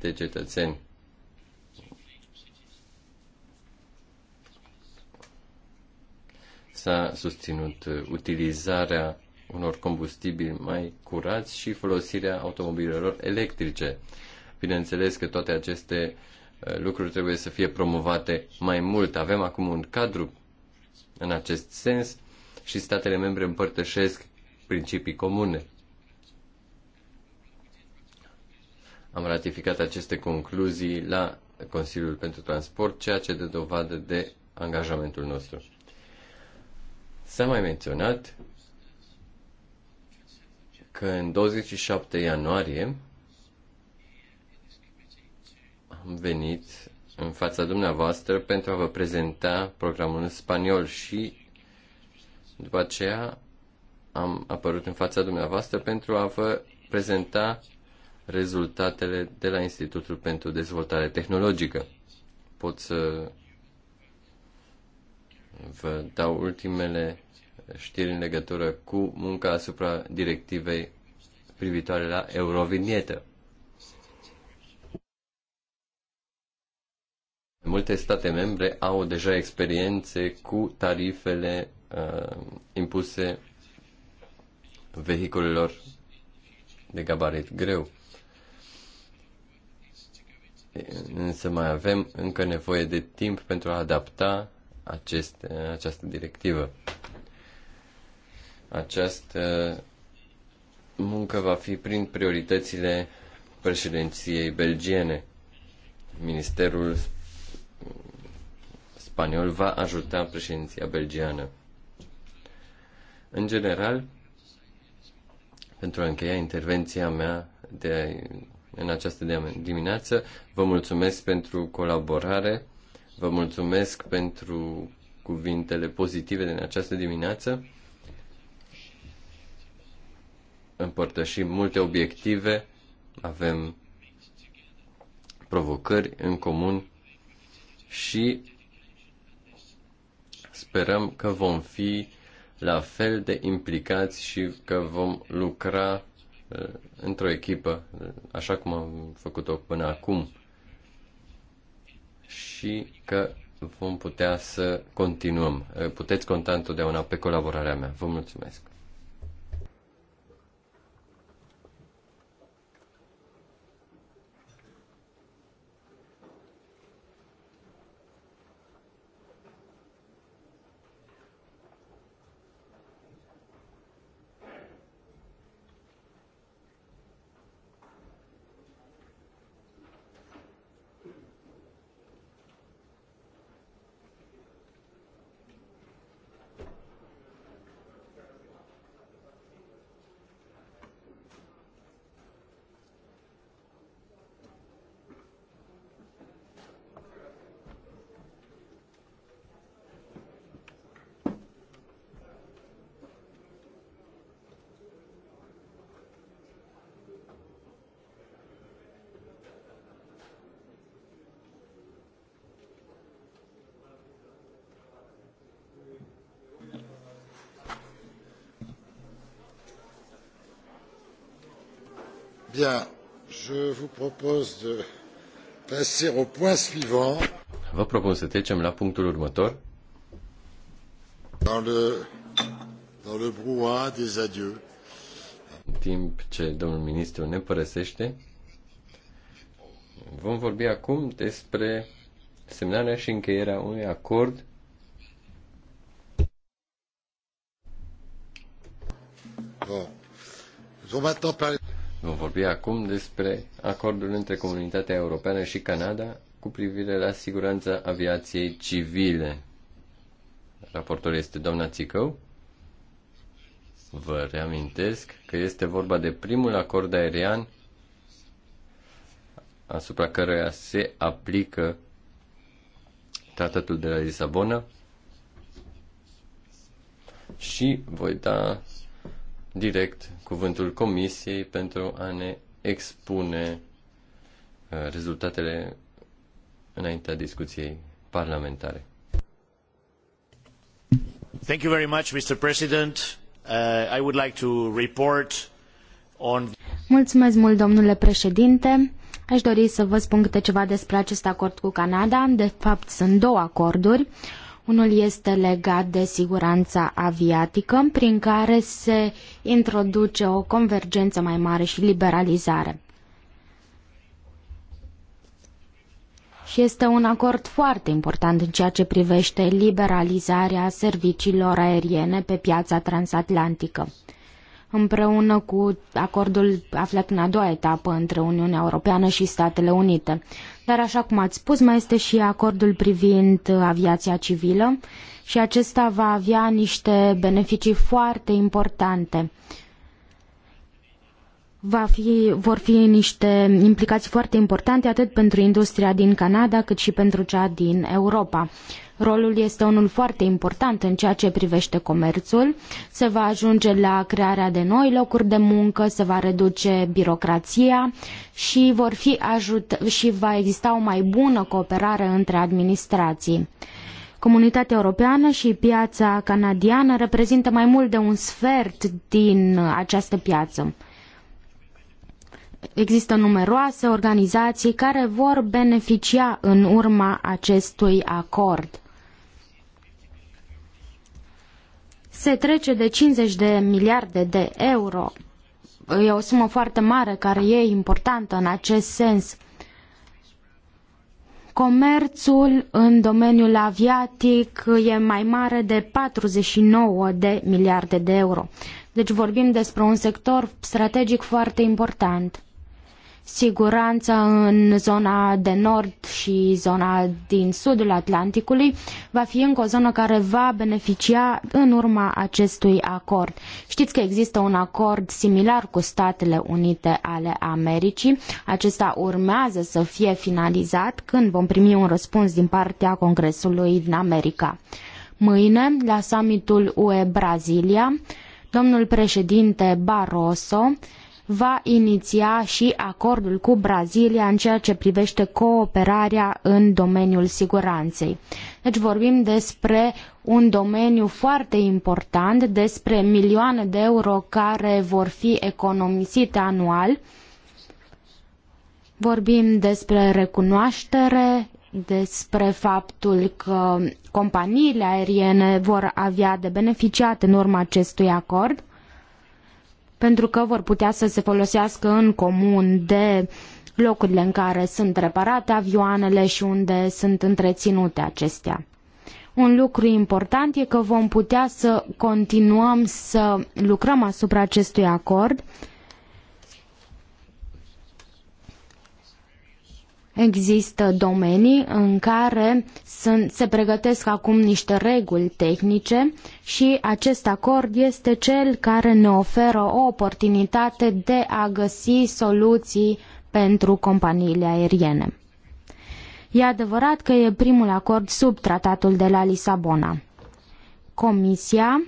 de cetățeni. S-a susținut utilizarea unor combustibili mai curați și folosirea automobilelor electrice. Bineînțeles că toate aceste uh, lucruri trebuie să fie promovate mai mult. Avem acum un cadru în acest sens și statele membre împărtășesc principii comune. Am ratificat aceste concluzii la Consiliul pentru Transport, ceea ce dă dovadă de angajamentul nostru. S-a mai menționat că în 27 ianuarie am venit în fața dumneavoastră pentru a vă prezenta programul în spaniol și după aceea am apărut în fața dumneavoastră pentru a vă prezenta rezultatele de la Institutul pentru Dezvoltare Tehnologică. Pot să vă dau ultimele știri în legătură cu munca asupra directivei privitoare la Eurovinietă. Multe state membre au deja experiențe cu tarifele uh, impuse vehiculelor de gabarit greu. Însă mai avem încă nevoie de timp pentru a adapta acest, această directivă. Această muncă va fi prin prioritățile președinției belgiene. Ministerul spaniol va ajuta președinția belgiană. În general, pentru a încheia intervenția mea de, în această dimineață. Vă mulțumesc pentru colaborare, vă mulțumesc pentru cuvintele pozitive din această dimineață. Împărtășim multe obiective, avem provocări în comun și sperăm că vom fi la fel de implicați și că vom lucra uh, într-o echipă, uh, așa cum am făcut-o până acum, și că vom putea să continuăm. Uh, puteți conta întotdeauna pe colaborarea mea. Vă mulțumesc! Vă propun să trecem la punctul următor. Dans le, dans le des adieux. În timp ce domnul ministru ne părăsește, vom vorbi acum despre semnarea și încheierea unui acord Bon. Nous allons maintenant parler vorbi acum despre acordul între Comunitatea Europeană și Canada cu privire la siguranța aviației civile. Raportul este doamna Țicău. Vă reamintesc că este vorba de primul acord aerian asupra căruia se aplică tratatul de la Lisabona și voi da direct cuvântul Comisiei pentru a ne expune uh, rezultatele înaintea discuției parlamentare. Thank you very much, Mr. President. Uh, I would like to report on... Mulțumesc mult, domnule președinte. Aș dori să vă spun câte ceva despre acest acord cu Canada. De fapt, sunt două acorduri. Uh, unul este legat de siguranța aviatică, prin care se introduce o convergență mai mare și liberalizare. Și este un acord foarte important în ceea ce privește liberalizarea serviciilor aeriene pe piața transatlantică împreună cu acordul aflat în a doua etapă între Uniunea Europeană și Statele Unite. Dar așa cum ați spus, mai este și acordul privind uh, aviația civilă și acesta va avea niște beneficii foarte importante va fi, vor fi niște implicații foarte importante atât pentru industria din Canada cât și pentru cea din Europa. Rolul este unul foarte important în ceea ce privește comerțul. Se va ajunge la crearea de noi locuri de muncă, se va reduce birocrația și, vor fi ajut- și va exista o mai bună cooperare între administrații. Comunitatea europeană și piața canadiană reprezintă mai mult de un sfert din această piață Există numeroase organizații care vor beneficia în urma acestui acord. Se trece de 50 de miliarde de euro. E o sumă foarte mare care e importantă în acest sens. Comerțul în domeniul aviatic e mai mare de 49 de miliarde de euro. Deci vorbim despre un sector strategic foarte important. Siguranța în zona de nord și zona din sudul Atlanticului va fi încă o zonă care va beneficia în urma acestui acord. Știți că există un acord similar cu Statele Unite ale Americii. Acesta urmează să fie finalizat când vom primi un răspuns din partea Congresului din America. Mâine, la summitul UE Brazilia, domnul președinte Barroso va iniția și acordul cu Brazilia în ceea ce privește cooperarea în domeniul siguranței. Deci vorbim despre un domeniu foarte important, despre milioane de euro care vor fi economisite anual. Vorbim despre recunoaștere, despre faptul că companiile aeriene vor avea de beneficiat în urma acestui acord pentru că vor putea să se folosească în comun de locurile în care sunt reparate avioanele și unde sunt întreținute acestea. Un lucru important e că vom putea să continuăm să lucrăm asupra acestui acord Există domenii în care sunt, se pregătesc acum niște reguli tehnice și acest acord este cel care ne oferă o oportunitate de a găsi soluții pentru companiile aeriene. E adevărat că e primul acord sub tratatul de la Lisabona. Comisia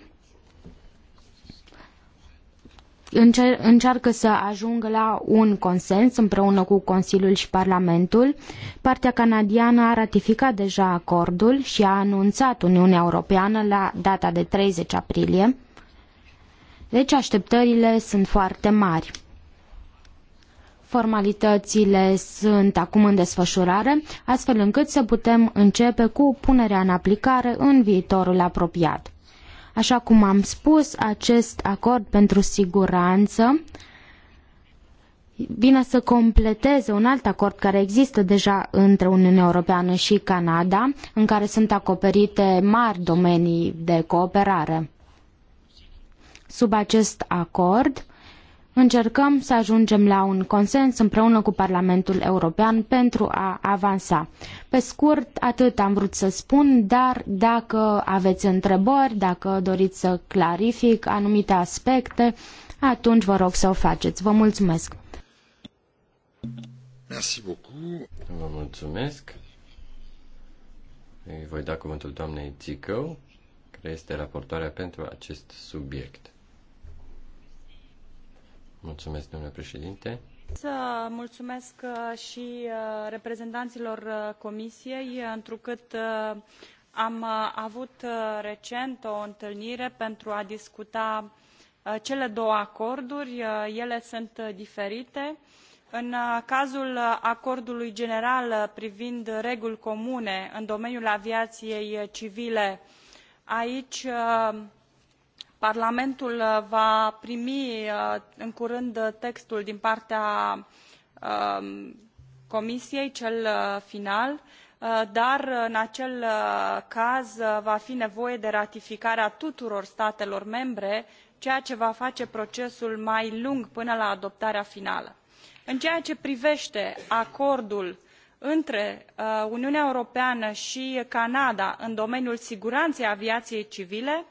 încearcă să ajungă la un consens împreună cu Consiliul și Parlamentul. Partea canadiană a ratificat deja acordul și a anunțat Uniunea Europeană la data de 30 aprilie. Deci așteptările sunt foarte mari. Formalitățile sunt acum în desfășurare, astfel încât să putem începe cu punerea în aplicare în viitorul apropiat. Așa cum am spus, acest acord pentru siguranță vine să completeze un alt acord care există deja între Uniunea Europeană și Canada, în care sunt acoperite mari domenii de cooperare. Sub acest acord, Încercăm să ajungem la un consens împreună cu Parlamentul European pentru a avansa. Pe scurt, atât am vrut să spun, dar dacă aveți întrebări, dacă doriți să clarific anumite aspecte, atunci vă rog să o faceți. Vă mulțumesc! Merci beaucoup. Vă mulțumesc. Îi voi da cuvântul doamnei Țicău, care este raportoarea pentru acest subiect. Mulțumesc, domnule președinte. Să mulțumesc uh, și uh, reprezentanților uh, comisiei, întrucât am avut recent o întâlnire pentru a discuta cele două acorduri. Ele sunt diferite. În cazul acordului general privind reguli comune în domeniul aviației civile, aici Parlamentul uh, va primi uh, în curând uh, textul din partea um, Comisiei, cel final, dar în acel caz va fi nevoie de ratificarea tuturor statelor membre, ceea ce va face procesul mai lung până la adoptarea finală. În ceea ce privește acordul între Uniunea Europeană și Canada în domeniul siguranței aviației civile,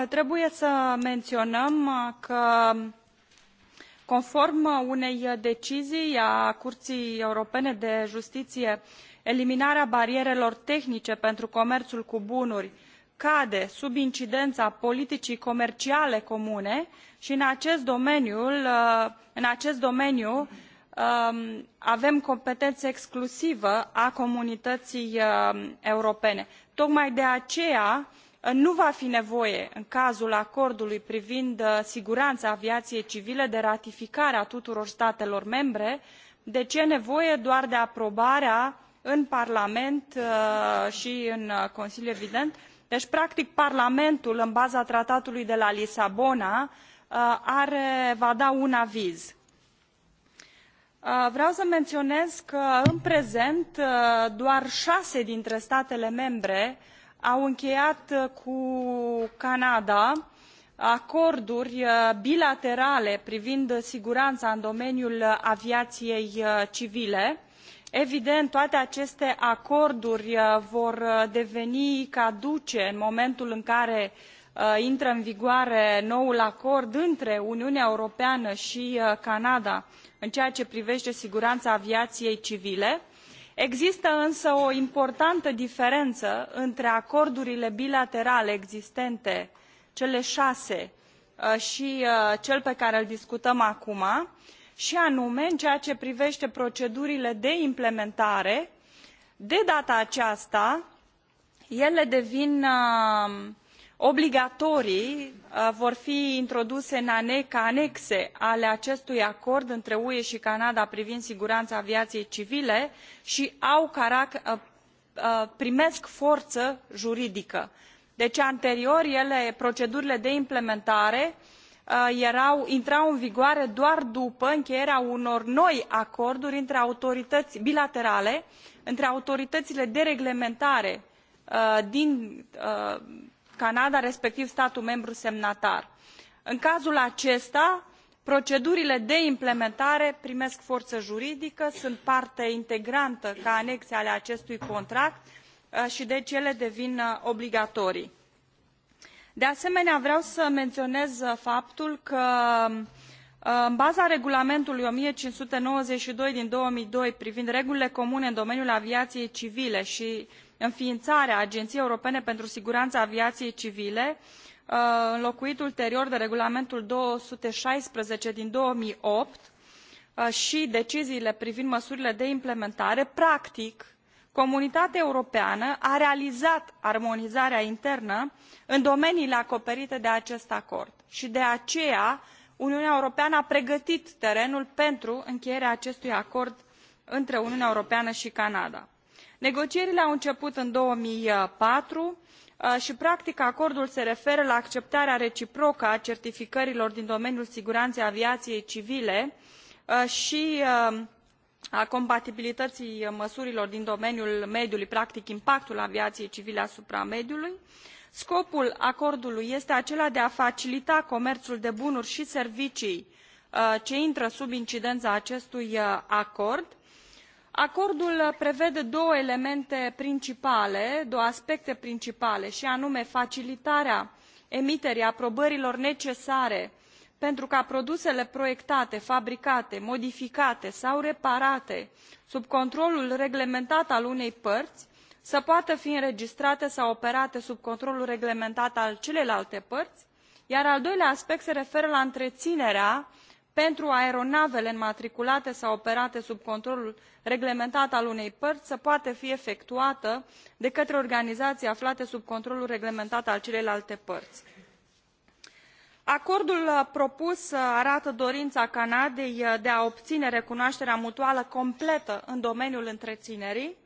Uh, trebuie să menionăm uh, că conform uh, unei decizii a curii europene de justiie eliminarea barierelor tehnice pentru comerul cu bunuri cade sub incidena politicii comerciale comune i în acest domeniu um, avem competenă exclusivă a comunităii europene. tocmai de aceea nu va fi nevoie în cazul acordului privind uh, sigurana aviaiei civile de ratificarea tuturor statelor membre deci e nevoie doar de aprobarea în parlament uh, i în uh, consiliu evident deci practic parlamentul în baza tratatului de la lisabona are, va da un aviz. vreau să menionez că în prezent doar ase dintre statele membre au încheiat uh, cu canada acorduri uh, bilaterale privind sigurana în domeniul uh, aviaiei civile evident toate aceste acorduri vor deveni caduce în momentul în care intră în vigoare noul acord între uniunea europeană i canada în ceea ce privete sigurana aviaiei civile i există însă o importantă diferenă între acordurile bilaterale existente cele ase uh, i uh, cel pe care îl discutăm acum i anume în ceea ce privete procedurile de implementare de data aceasta ele devin uh, obligatorii uh, vor fi introduse în ca anexe ale acestui acord între ue i canada privind sigurana aviaiei civile i uh, uh, primesc foră juridică deci anterior procedurile de implementare intrau în vigoare doar după încheierea unor noi acorduri bilaterale între autorităile de reglementare din canada respectiv statul membru semnatar. în cazul acesta procedurile de implementare primesc foră juridică sunt parte integrantă ca anexe ale acestui contract uh, i deci ele devin uh, obligatorii. de asemenea vreau să menionez uh, faptul că um, în baza regulamentului o mie cinci sute nouăzeci și doi două mii doi privind regulile comune în domeniul aviaiei civile i înfiinarea ageniei europene pentru sigurana aviaiei civile uh, înlocuit ulterior de regulamentul două sute șaisprezece două mii opt uh, i deciziile privind măsurile de implementare practic comunitatea europeană a realizat armonizarea internă în domeniile acoperite de acest acord i de aceea uniunea europeană a pregătit terenul pentru încheierea acestui acord între uniunea europeană i canada negocierile au început în două mii patru uh, i practic acordul se referă la acceptarea reciprocă a certificărilor din domeniul siguranei aviaiei civile uh, i uh, a compatibilităii măsurilor din domeniul mediului practic impactul aviaiei civile asupra mediului. scopul acordului este acela de a facilita comerul de bunuri i servicii ce intră sub incidena acestui acord acordul prevede două elemente principale două aspecte principale i anume facilitarea emiterii aprobărilor necesare pentru ca produsele proiectate fabricate modificate sau reparate sub controlul reglementat al unei pări să poată fi înregistrate sau operate sub controlul reglementat al celelalte pări iar al doilea aspect se referă la întreinerea pentru aeronavele înmatriculate sau operate sub controlul reglementat al unei pări să poată fi efectuată de către organizaii aflate sub controlul reglementat al celelalte pări. acordul uh, propus uh, arată dorina canadei uh, de a obine recunoaterea mutuală completă în domeniul întreinerii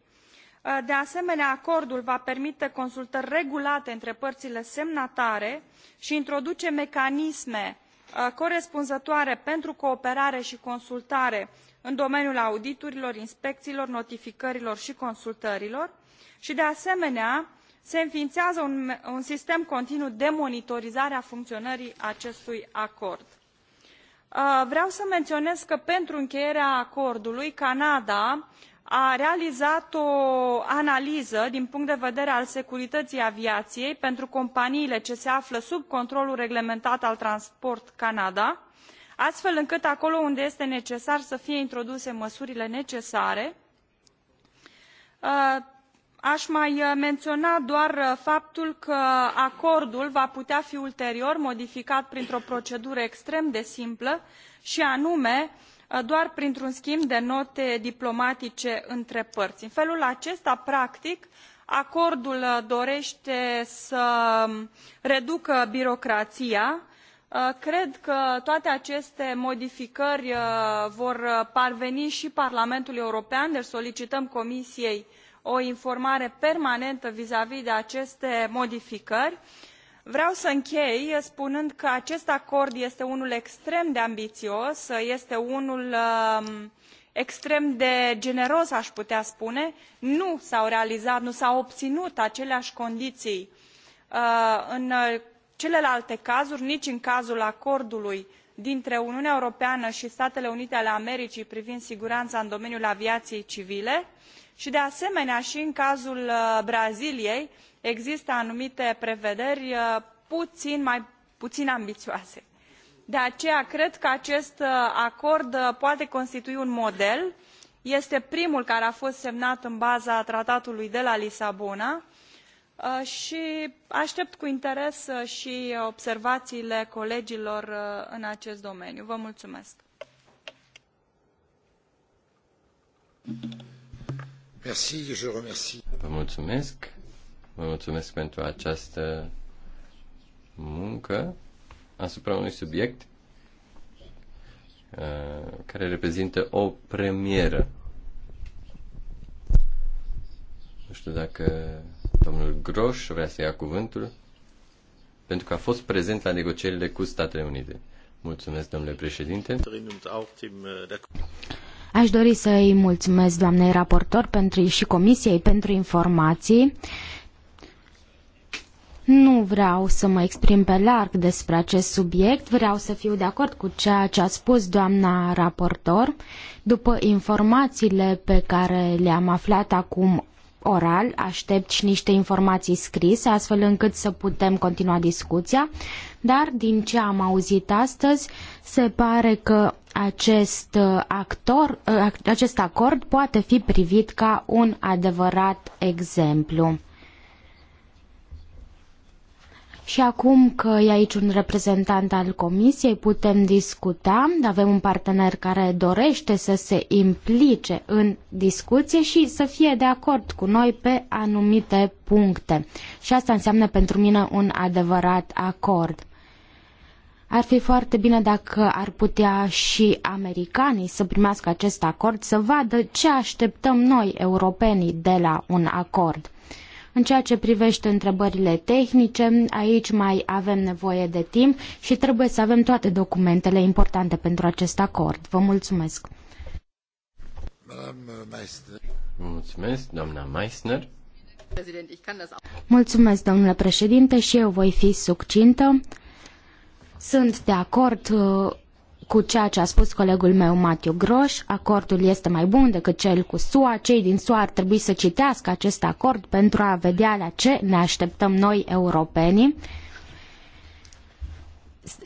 de asemenea acordul va permite consultări regulate între pările semnatare i introduce mecanisme Uh, corespunzătoare pentru cooperare i consultare în domeniul auditurilor inspeciilor notificărilor i consultărilor i de asemenea se înfiinează un sistem continuu de monitorizare a funcionării acestui acord. Uh, vreau să menionez că pentru încheierea acordului canada a realizat o analiză din punct de vedere al securității aviației pentru companiile ce se află sub controlul reglementat al transport canada astfel încât acolo unde este necesar să fie introduse măsurile necesare uh, a mai uh, menționa doar uh, faptul că acordul va putea fi ulterior modificat printr o procedură extrem de simplă și anume prin Uh, doar printr un schimb de note diplomatice între pări. în felul acesta practic acordul uh, dorete să um, reducă birocraia uh, cred că toate aceste modificări vor parveni i parlamentului european deci solicităm comisiei o informare permanentă vizavi de aceste modificări i vreau să închei spunând că acest acord este unul extrem de ambiios este unul um, extrem de generos a putea spune nu s au realizat nu s au obinut aceleai condiii uh, în uh, celelalte cazuri nici în cazul acordului dintre uniunea europeană i statele unite ale americii privind sigurana în domeniul aviaiei civile i de asemenea i în cazul uh, braziliei există anumite prevederi uh, puin ambiioase. de aceea cred că acest uh, acord poate constitui un model este primul care a fost semnat în baza tratatului de la lisabona Uh, și aștept cu interes uh, și uh, observațiile colegilor în acest domeniu. Vă mulțumesc. Vă mulțumesc. Vă mulțumesc pentru această muncă asupra unui subiect care reprezintă o premieră. Nu știu dacă Domnul Groș vrea să ia cuvântul pentru că a fost prezent la negocierile cu Statele Unite. Mulțumesc, domnule președinte. Aș dori să îi mulțumesc doamnei raportor pentru, și comisiei pentru informații. Nu vreau să mă exprim pe larg despre acest subiect, vreau să fiu de acord cu ceea ce a spus doamna raportor. După informațiile pe care le-am aflat acum oral, aștept și niște informații scrise, astfel încât să putem continua discuția, dar din ce am auzit astăzi, se pare că acest, uh, actor, uh, acest acord poate fi privit ca un adevărat exemplu. Și acum că e aici un reprezentant al comisiei, putem discuta, avem un partener care dorește să se implice în discuție și să fie de acord cu noi pe anumite puncte. Și asta înseamnă pentru mine un adevărat acord. Ar fi foarte bine dacă ar putea și americanii să primească acest acord, să vadă ce așteptăm noi, europenii, de la un acord. În ceea ce privește întrebările tehnice, aici mai avem nevoie de timp și trebuie să avem toate documentele importante pentru acest acord. Vă mulțumesc! Mulțumesc, doamna Meissner. Mulțumesc, domnule președinte, și eu voi fi succintă. Sunt de acord uh, cu ceea ce a spus colegul meu Matiu Groș, acordul este mai bun decât cel cu SUA. Cei din SUA ar trebui să citească acest acord pentru a vedea la ce ne așteptăm noi europenii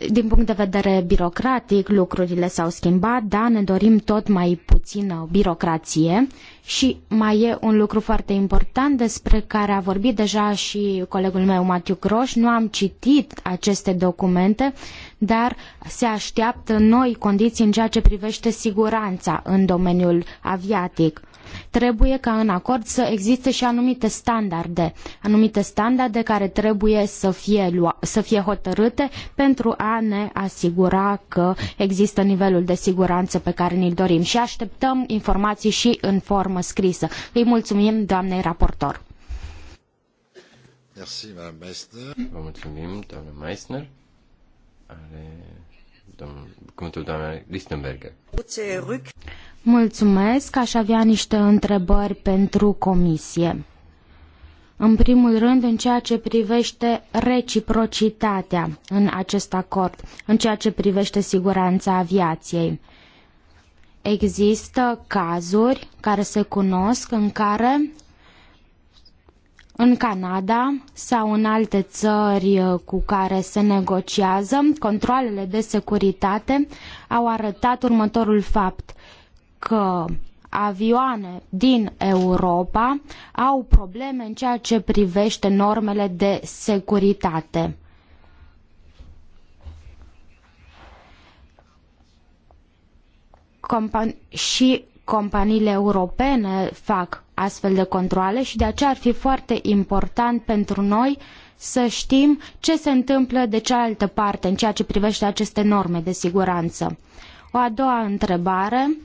din punct de vedere birocratic, lucrurile s-au schimbat, dar ne dorim tot mai puțină birocrație și mai e un lucru foarte important despre care a vorbit deja și colegul meu Matiu Croș. Nu am citit aceste documente, dar se așteaptă noi condiții în ceea ce privește siguranța în domeniul aviatic. Trebuie ca în acord să existe și anumite standarde, anumite standarde care trebuie să fie, lua, să fie hotărâte pentru a ne asigura că există nivelul de siguranță pe care ni-l dorim și așteptăm informații și în formă scrisă. Îi mulțumim doamnei raportor. Merci, Vă mulțumim, doamna Meissner. Are cuvântul doamna Lichtenberger. Mulțumesc, aș avea niște întrebări pentru comisie. În primul rând, în ceea ce privește reciprocitatea în acest acord, în ceea ce privește siguranța aviației. Există cazuri care se cunosc în care în Canada sau în alte țări uh, cu care se negociază, controlele de securitate au arătat următorul fapt, că avioane din Europa au probleme în ceea ce privește normele de securitate. Compan- și companiile europene fac astfel de controle și de aceea ar fi foarte important pentru noi să știm ce se întâmplă de cealaltă parte în ceea ce privește aceste norme de siguranță. O a doua întrebare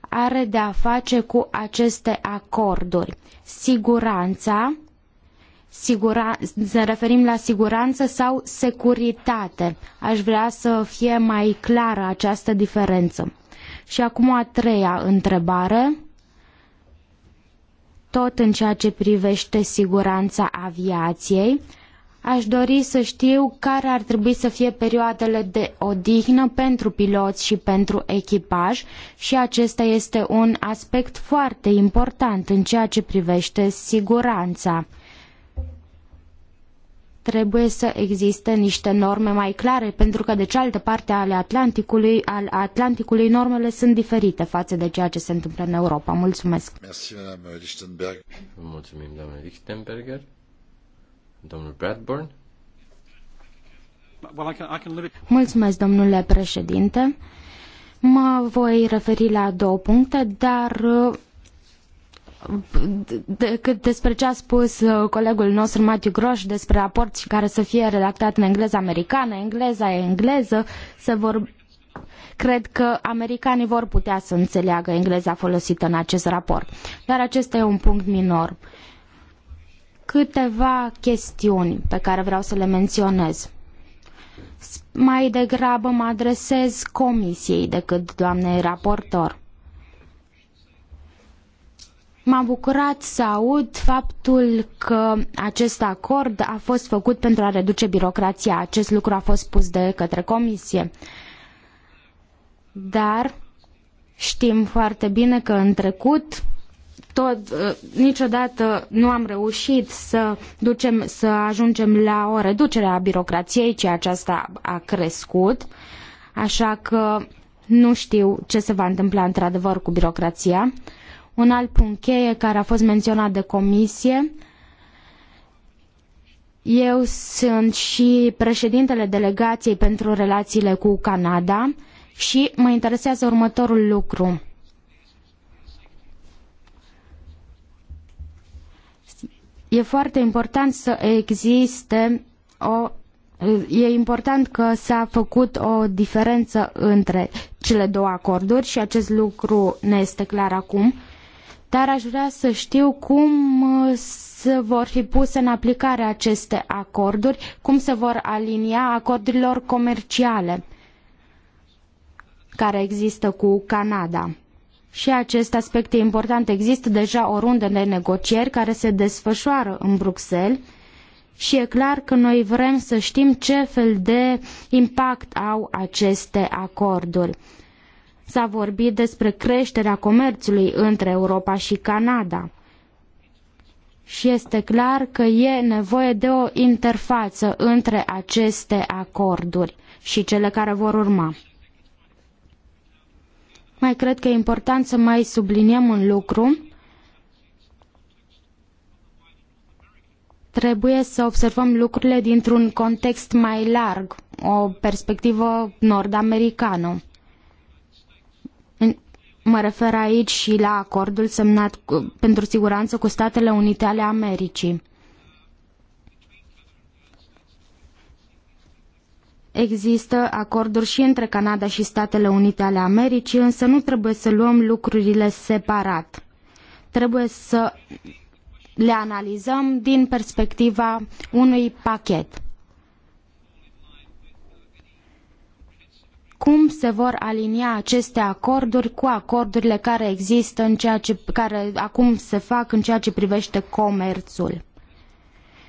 are de a face cu aceste acorduri. Siguranța, sigura, ne referim la siguranță sau securitate. Aș vrea să fie mai clară această diferență. Și acum a treia întrebare tot în ceea ce privește siguranța aviației. Aș dori să știu care ar trebui să fie perioadele de odihnă pentru piloți și pentru echipaj și acesta este un aspect foarte important în ceea ce privește siguranța trebuie să existe niște norme mai clare, pentru că de cealaltă parte ale Atlanticului, al Atlanticului normele sunt diferite față de ceea ce se întâmplă în Europa. Mulțumesc! Mulțumim, doamne Lichtenberger. Domnul Bradburn. Mulțumesc, domnule președinte. Mă voi referi la două puncte, dar decât despre ce a spus uh, colegul nostru Matthew Groș despre raport și care să fie redactat în engleză americană, engleza e engleză, să vor... Cred că americanii vor putea să înțeleagă engleza folosită în acest raport. Dar acesta e un punct minor. Câteva chestiuni pe care vreau să le menționez. Mai degrabă mă adresez comisiei decât doamnei raportor M-a bucurat să aud faptul că acest acord a fost făcut pentru a reduce birocrația. Acest lucru a fost spus de către comisie. Dar știm foarte bine că în trecut tot, ă, niciodată nu am reușit să, ducem, să ajungem la o reducere a birocrației, ci aceasta a crescut. Așa că nu știu ce se va întâmpla într-adevăr cu birocrația. Un alt punct cheie care a fost menționat de comisie eu sunt și președintele delegației pentru relațiile cu Canada și mă interesează următorul lucru. E foarte important să existe o e important că s-a făcut o diferență între cele două acorduri și acest lucru ne este clar acum dar aș vrea să știu cum uh, se vor fi puse în aplicare aceste acorduri, cum se vor alinia acordurilor comerciale care există cu Canada. Și acest aspect e important. Există deja o rundă de negocieri care se desfășoară în Bruxelles și e clar că noi vrem să știm ce fel de impact au aceste acorduri. S-a vorbit despre creșterea comerțului între Europa și Canada. Și este clar că e nevoie de o interfață între aceste acorduri și cele care vor urma. Mai cred că e important să mai subliniem un lucru. Trebuie să observăm lucrurile dintr-un context mai larg, o perspectivă nord-americană. Mă refer aici și la acordul semnat cu, pentru siguranță cu Statele Unite ale Americii. Există acorduri și între Canada și Statele Unite ale Americii, însă nu trebuie să luăm lucrurile separat. Trebuie să le analizăm din perspectiva unui pachet. cum se vor alinia aceste acorduri cu acordurile care există în ceea ce, care acum se fac în ceea ce privește comerțul.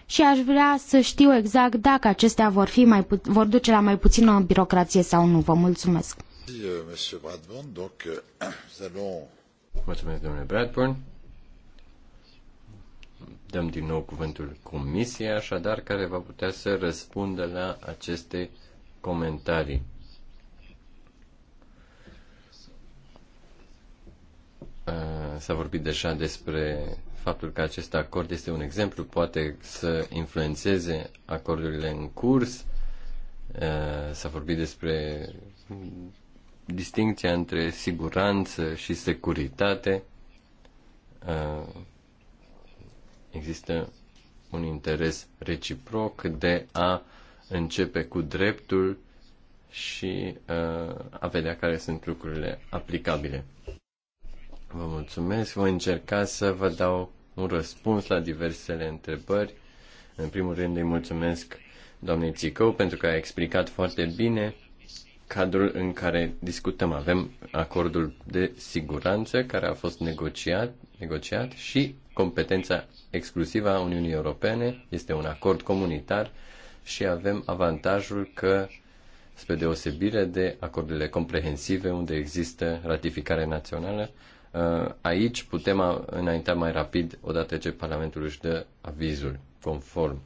Și aș vrea să știu exact dacă acestea vor, fi mai vor duce la mai puțină birocrație sau nu. Vă mulțumesc. Mulțumesc, domnule Bradburn. Dăm din nou cuvântul comisiei, așadar, care va putea să răspundă la aceste comentarii. S-a vorbit deja despre faptul că acest acord este un exemplu, poate să influențeze acordurile în curs. S-a vorbit despre distinția între siguranță și securitate. Există un interes reciproc de a începe cu dreptul și a vedea care sunt lucrurile aplicabile. Vă mulțumesc. Voi încerca să vă dau un răspuns la diversele întrebări. În primul rând îi mulțumesc doamnei Țicău pentru că a explicat foarte bine cadrul în care discutăm. Avem acordul de siguranță care a fost negociat, negociat și competența exclusivă a Uniunii Europene. Este un acord comunitar și avem avantajul că, spre deosebire de acordurile comprehensive unde există ratificare națională, Uh, aici putem înainta mai rapid odată ce Parlamentul își dă avizul conform.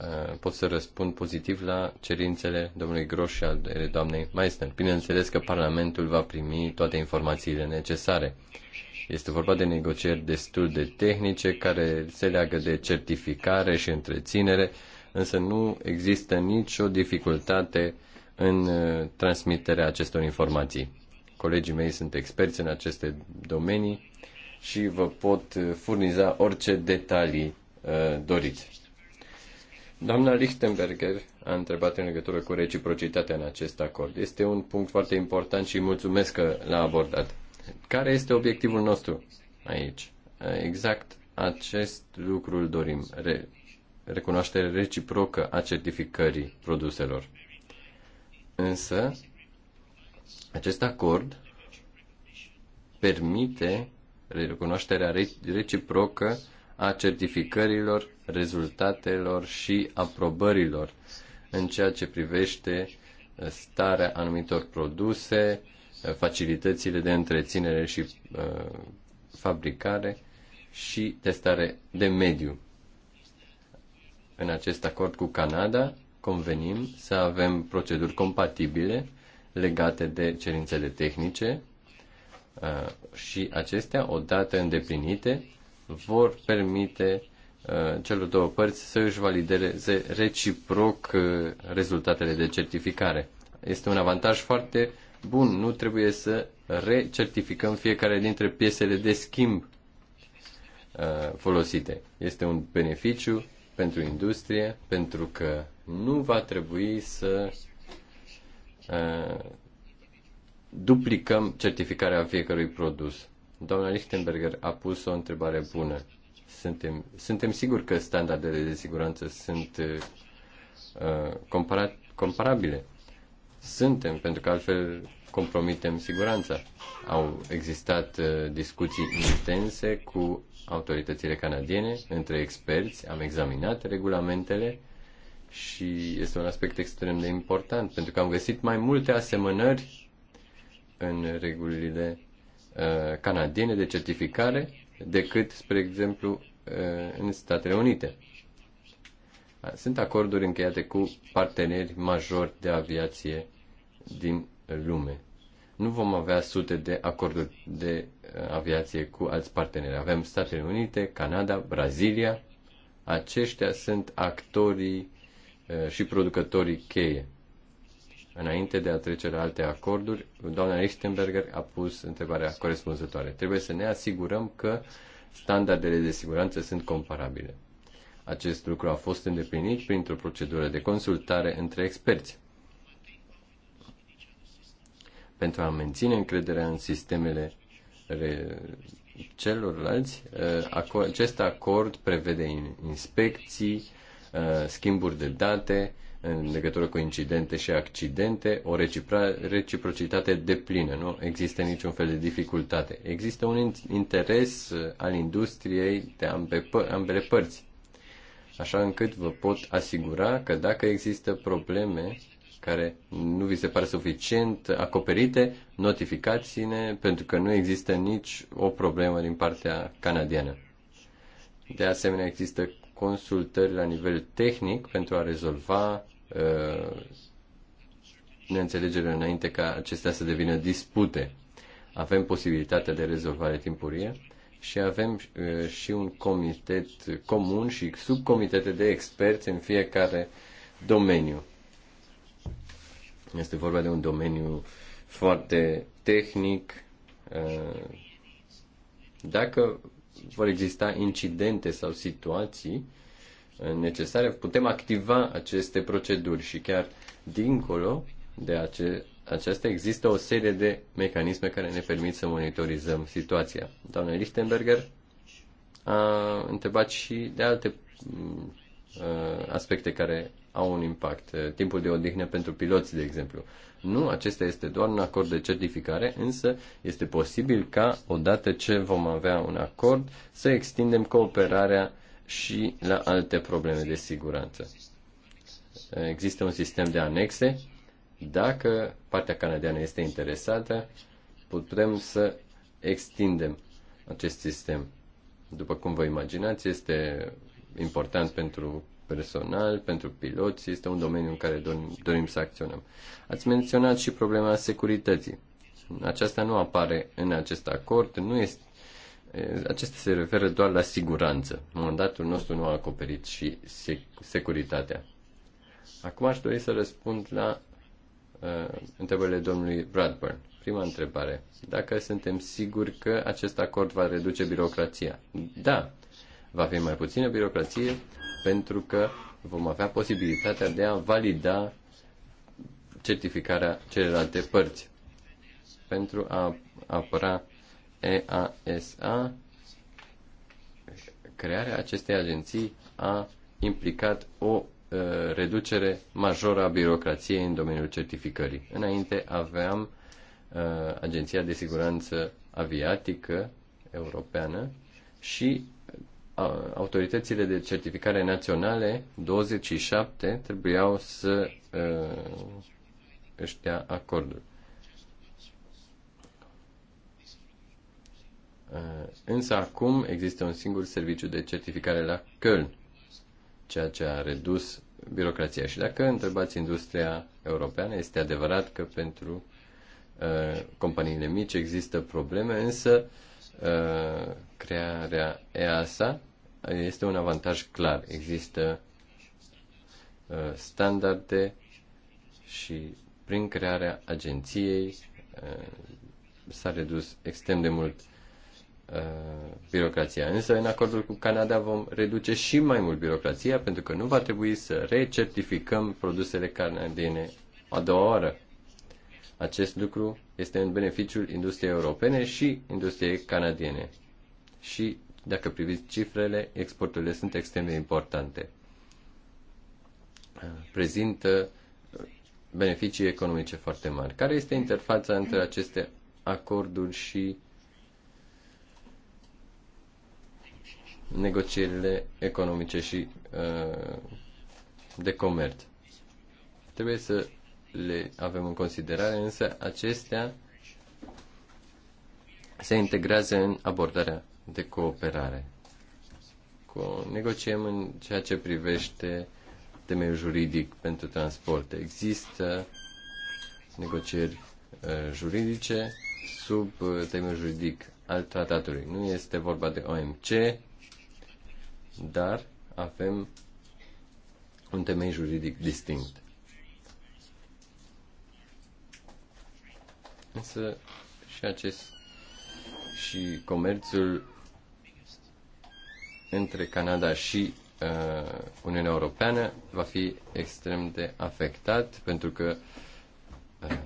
Uh, pot să răspund pozitiv la cerințele domnului Groș și ale doamnei Meissner. Bineînțeles că Parlamentul va primi toate informațiile necesare. Este vorba de negocieri destul de tehnice care se leagă de certificare și întreținere, însă nu există nicio dificultate uh, în uh, transmiterea acestor informații. Colegii mei sunt experți în aceste domenii și vă pot uh, furniza orice detalii uh, doriți. Doamna Lichtenberger a întrebat în legătură cu reciprocitatea în acest acord. Este un punct foarte important și mulțumesc că l-a abordat. Care este obiectivul nostru aici? Exact acest lucru îl dorim. Re- recunoaștere reciprocă a certificării produselor. Însă, acest acord permite recunoașterea reciprocă a certificărilor, rezultatelor și aprobărilor în ceea ce privește uh, starea anumitor produse, uh, facilitățile de întreținere și uh, fabricare și testare de mediu. În acest acord cu Canada convenim să avem proceduri compatibile legate de cerințele tehnice uh, și acestea, odată îndeplinite, vor permite uh, celor două părți să își valideze reciproc uh, rezultatele de certificare. Este un avantaj foarte bun, nu trebuie să recertificăm fiecare dintre piesele de schimb folosite. Este un beneficiu pentru industrie, pentru că nu va trebui să uh, duplicăm certificarea fiecărui produs. Doamna Lichtenberger a pus o întrebare bună. Suntem, suntem siguri că standardele de siguranță sunt uh, comparat, comparabile. Suntem, pentru că altfel compromitem siguranța. Au existat uh, discuții intense cu autoritățile canadiene, între experți, am examinat regulamentele și este un aspect extrem de important, pentru că am găsit mai multe asemănări în regulile uh, canadiene de certificare decât, spre exemplu, uh, în Statele Unite. Uh, sunt acorduri încheiate cu parteneri majori de aviație din lume. Nu vom avea sute de acorduri de uh, aviație cu alți parteneri. Avem Statele Unite, Canada, Brazilia. Aceștia sunt actorii și producătorii cheie. Înainte de a trece la alte acorduri, doamna Lichtenberger a pus întrebarea corespunzătoare. Trebuie să ne asigurăm că standardele de siguranță sunt comparabile. Acest lucru a fost îndeplinit printr-o procedură de consultare între experți. Pentru a menține încrederea în sistemele celorlalți, acest acord prevede inspecții, Uh, schimburi de date în legătură cu incidente și accidente, o reciprocitate deplină. Nu există niciun fel de dificultate. Există un interes uh, al industriei de ambe, ambele părți. Așa încât vă pot asigura că dacă există probleme care nu vi se par suficient acoperite, notificați-ne pentru că nu există nici o problemă din partea canadiană. De asemenea, există consultări la nivel tehnic pentru a rezolva uh, neînțelegerile înainte ca acestea să devină dispute. Avem posibilitatea de rezolvare timpurie și avem uh, și un comitet comun și subcomitete de experți în fiecare domeniu. Este vorba de un domeniu foarte tehnic. Uh, dacă vor exista incidente sau situații uh, necesare, putem activa aceste proceduri și chiar dincolo de ace- aceasta există o serie de mecanisme care ne permit să monitorizăm situația. Doamna Lichtenberger a întrebat și de alte mm, uh, aspecte care au un impact. Timpul de odihnă pentru piloți, de exemplu. Nu, acesta este doar un acord de certificare, însă este posibil ca, odată ce vom avea un acord, să extindem cooperarea și la alte probleme de siguranță. Există un sistem de anexe. Dacă partea canadiană este interesată, putem să extindem acest sistem. După cum vă imaginați, este important pentru personal, pentru piloți, este un domeniu în care dorim să acționăm. Ați menționat și problema securității. Aceasta nu apare în acest acord, nu este acesta se referă doar la siguranță. Mandatul nostru nu a acoperit și securitatea. Acum aș dori să răspund la uh, întrebările domnului Bradburn. Prima întrebare. Dacă suntem siguri că acest acord va reduce birocrația? Da. Va fi mai puțină birocrație, pentru că vom avea posibilitatea de a valida certificarea celelalte părți. Pentru a apăra EASA, crearea acestei agenții a implicat o uh, reducere majoră a birocrației în domeniul certificării. Înainte aveam uh, Agenția de Siguranță Aviatică Europeană și autoritățile de certificare naționale, 27, trebuiau să uh, își dea acordul. Însă acum există un singur serviciu de certificare la Köln, ceea ce a redus birocrația. Și dacă întrebați industria europeană, este adevărat că pentru uh, companiile mici există probleme, însă uh, Uh, crearea EASA este un avantaj clar. Există uh, standarde și prin crearea agenției uh, s-a redus extrem de mult birocrația. Însă, în acordul cu Canada vom reduce și mai mult birocrația pentru că nu va trebui să recertificăm produsele canadiene a doua oară. Acest lucru este în beneficiul industriei europene și industriei canadiene. Și, dacă priviți cifrele, exporturile sunt extrem de importante. Prezintă beneficii economice foarte mari. Care este interfața între aceste acorduri și negocierile economice și uh, de comerț? Trebuie să le avem în considerare, însă acestea se integrează în abordarea de cooperare. Cu, negociem în ceea ce privește temeiul juridic pentru transport. Există negocieri uh, juridice sub uh, temeiul juridic al tratatului. Nu este vorba de OMC, dar avem un temei juridic distinct. Însă și acest și comerțul între Canada și uh, Uniunea Europeană va fi extrem de afectat pentru că uh,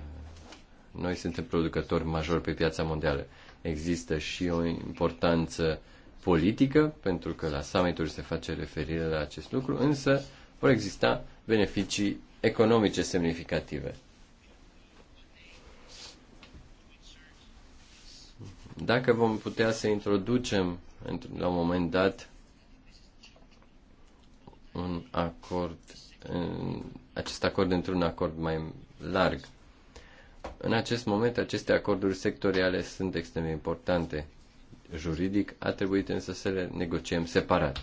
noi suntem producători majori pe piața mondială. Există și o importanță politică, pentru că la summituri se face referire la acest lucru, însă vor exista beneficii economice semnificative. Dacă vom putea să introducem la un moment dat un acord, acest acord într-un acord mai larg. În acest moment, aceste acorduri sectoriale sunt extrem de importante. Juridic, a trebuit însă să le negociem separat.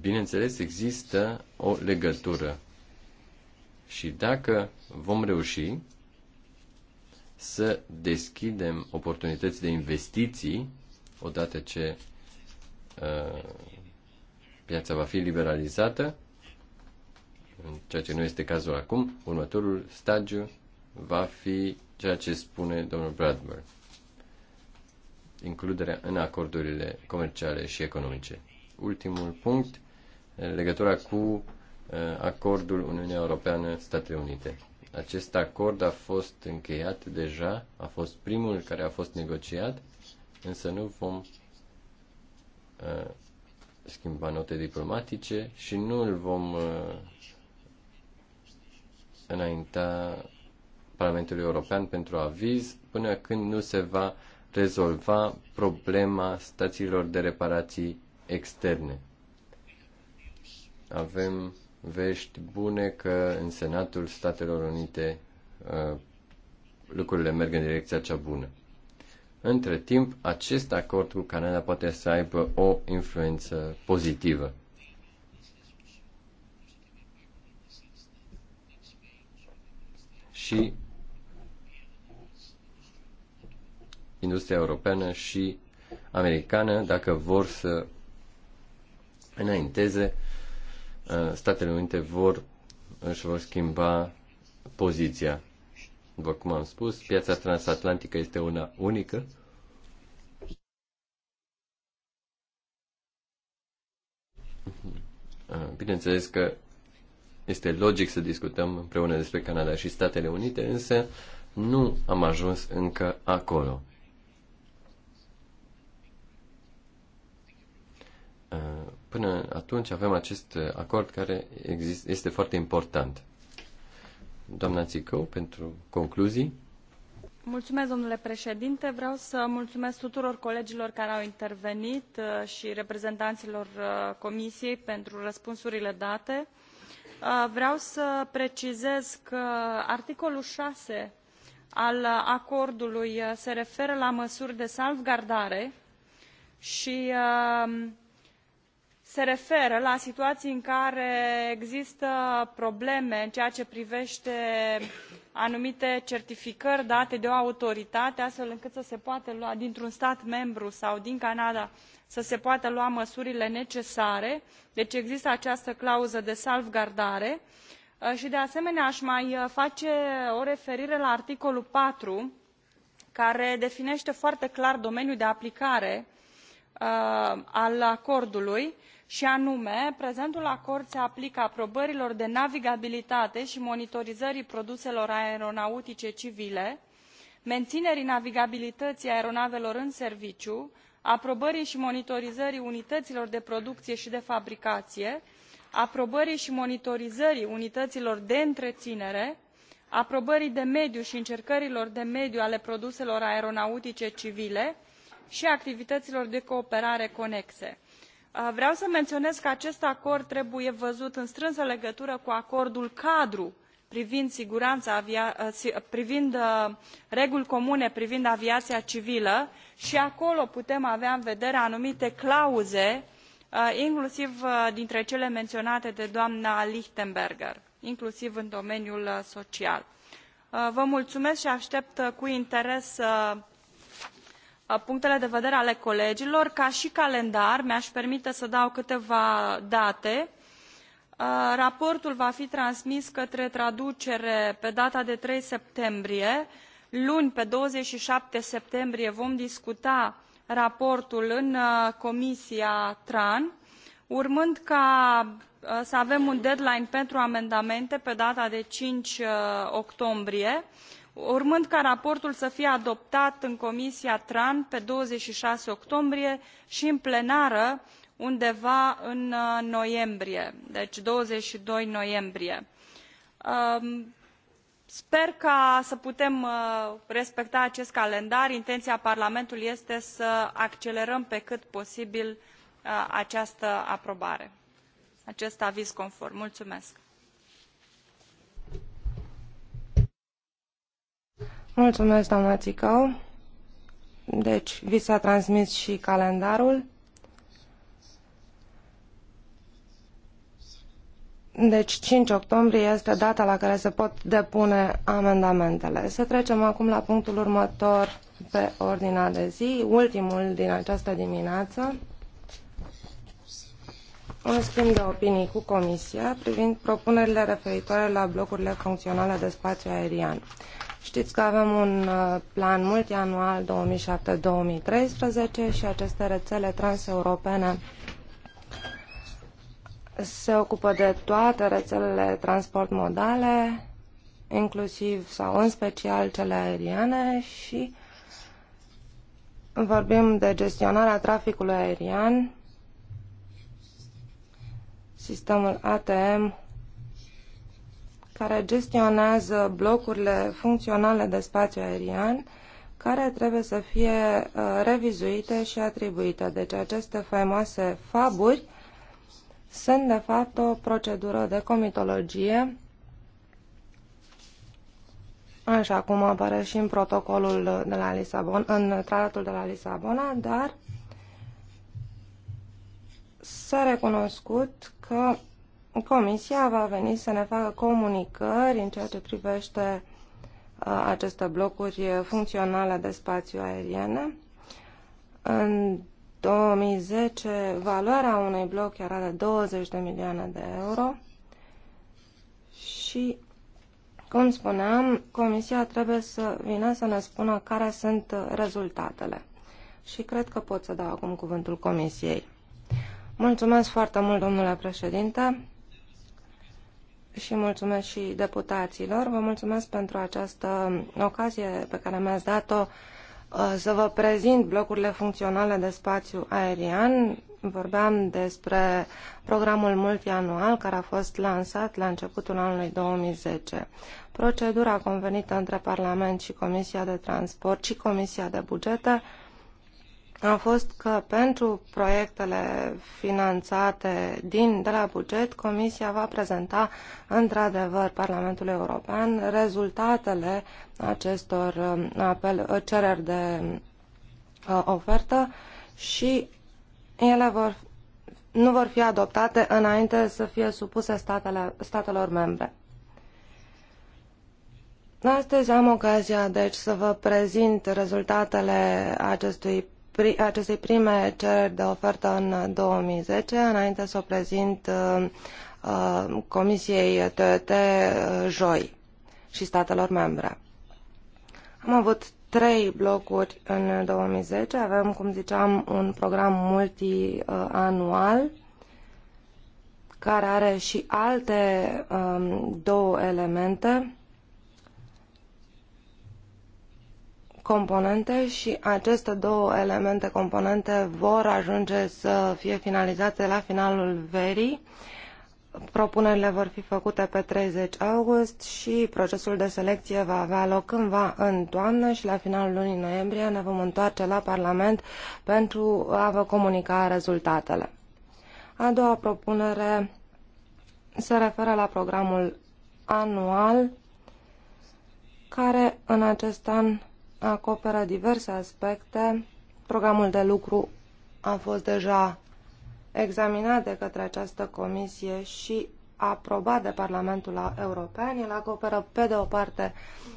Bineînțeles, există o legătură. Și dacă vom reuși, să deschidem oportunități de investiții odată ce uh, piața va fi liberalizată, ceea ce nu este cazul acum, următorul stadiu va fi ceea ce spune domnul Bradburn, includerea în acordurile comerciale și economice. Ultimul punct, legătura cu uh, acordul Uniunea Europeană-Statele Unite. Acest acord a fost încheiat deja, a fost primul care a fost negociat, însă nu vom uh, schimba note diplomatice și nu îl vom uh, înainta Parlamentului European pentru aviz până când nu se va rezolva problema stațiilor de reparații externe. Avem vești bune că în Senatul Statelor Unite uh, lucrurile merg în direcția cea bună. Între timp, acest acord cu Canada poate să aibă o influență pozitivă. Și industria europeană și americană, dacă vor să înainteze Uh, Statele Unite vor își vor schimba poziția. După cum am spus, piața transatlantică este una unică. Uh, bineînțeles că este logic să discutăm împreună despre Canada și Statele Unite, însă nu am ajuns încă acolo. Uh, Până atunci avem acest acord care exist, este foarte important. Doamna Țicău, pentru concluzii. Mulțumesc, domnule președinte. Vreau să mulțumesc tuturor colegilor care au intervenit uh, și reprezentanților uh, Comisiei pentru răspunsurile date. Uh, vreau să precizez că articolul 6 al acordului se referă la măsuri de salvgardare și se referă la situaii în care există probleme în ceea ce privete anumite certificări date de o autoritate astfel încât dintr un stat membru sau din canada să se poată lua măsurile necesare deci există această clauză de salvgardare uh, i de asemenea a mai uh, face o referire la articolul patru care definete foarte clar domeniul de aplicare uh, al acordului i i anume prezentul acord se aplică aprobărilor de navigabilitate i monitorizării produselor aeronautice civile meninerii navigabilităii aeronavelor în serviciu aprobării i monitorizării unităilor de producie i de fabricaie aprobării i monitorizării unităilor de întreinere aprobării de mediu i încercărilor de mediu ale produselor aeronautice civile i activităilor de cooperare conexe. Uh, vreau să menionez că acest acord trebuie văzut în strânsă legătură cu acordul cadru privind, avia... Uh, uh, privind reguli comune privind aviaia civilă i acolo putem avea în vedere anumite clauze inclusiv dintre cele menionate de doamna lichtenberger inclusiv în domeniul social. vă mulumesc i atept cu interes punctele de vedere ale colegilor ca i calendar mi a permite să dau câteva date uh, raportul va fi transmis către traducere pe data de trei septembrie luni pe douăzeci și șapte septembrie vom discuta raportul în uh, comisia tran urmând ca uh, să avem un deadline pentru amendamente pe data de cinci octombrie iar urmând ca raportul să fie adoptat în comisia tran pe douăzeci și șase octombrie i în plenară undeva în uh, noiembrie deci douăzeci și doi noiembrie. Um, sper să putem uh, respecta acest calendar intenia parlamentului este să accelerăm pe cât posibil uh, această aprobare acest aviz conform. Mulțumesc. Mulțumesc, doamna Țicău. Deci, vi s-a transmis și calendarul. Deci 5 octombrie este data la care se pot depune amendamentele. Să trecem acum la punctul următor pe ordinea de zi, ultimul din această dimineață un schimb de opinii cu Comisia privind propunerile referitoare la blocurile funcționale de spațiu aerian. Știți că avem un uh, plan multianual 2007-2013 și aceste rețele transeuropene se ocupă de toate rețelele transport modale, inclusiv sau în special cele aeriene. și vorbim de gestionarea traficului aerian sistemul ATM care gestionează blocurile funcționale de spațiu aerian care trebuie să fie uh, revizuite și atribuite. Deci aceste faimoase faburi sunt de fapt o procedură de comitologie așa cum apare și în protocolul de la Lisabon, în tratatul de la Lisabona, dar s-a recunoscut că Comisia va veni să ne facă comunicări în ceea ce privește uh, aceste blocuri funcționale de spațiu aerian. În 2010, valoarea unui bloc era de 20 de milioane de euro și, cum spuneam, Comisia trebuie să vină să ne spună care sunt rezultatele. Și cred că pot să dau acum cuvântul Comisiei. Mulțumesc foarte mult, domnule președinte, și mulțumesc și deputaților. Vă mulțumesc pentru această ocazie pe care mi-ați dat-o uh, să vă prezint blocurile funcționale de spațiu aerian. Vorbeam despre programul multianual care a fost lansat la începutul anului 2010. Procedura convenită între Parlament și Comisia de Transport și Comisia de Bugete a fost că pentru proiectele finanțate din, de la buget, Comisia va prezenta într-adevăr Parlamentului European rezultatele acestor um, apel, uh, cereri de uh, ofertă și ele vor, nu vor fi adoptate înainte să fie supuse statele, statelor membre. Astăzi am ocazia, deci, să vă prezint rezultatele acestui acestei prime cereri de ofertă în 2010, înainte să o prezint uh, uh, Comisiei TET uh, joi și statelor membre. Am avut trei blocuri în 2010. Avem, cum ziceam, un program multianual care are și alte um, două elemente componente și aceste două elemente componente vor ajunge să fie finalizate la finalul verii. Propunerile vor fi făcute pe 30 august și procesul de selecție va avea loc cândva în toamnă și la finalul lunii noiembrie ne vom întoarce la Parlament pentru a vă comunica rezultatele. A doua propunere se referă la programul anual care în acest an acoperă diverse aspecte. Programul de lucru a fost deja examinat de către această comisie și aprobat de Parlamentul European. El acoperă, pe de o parte,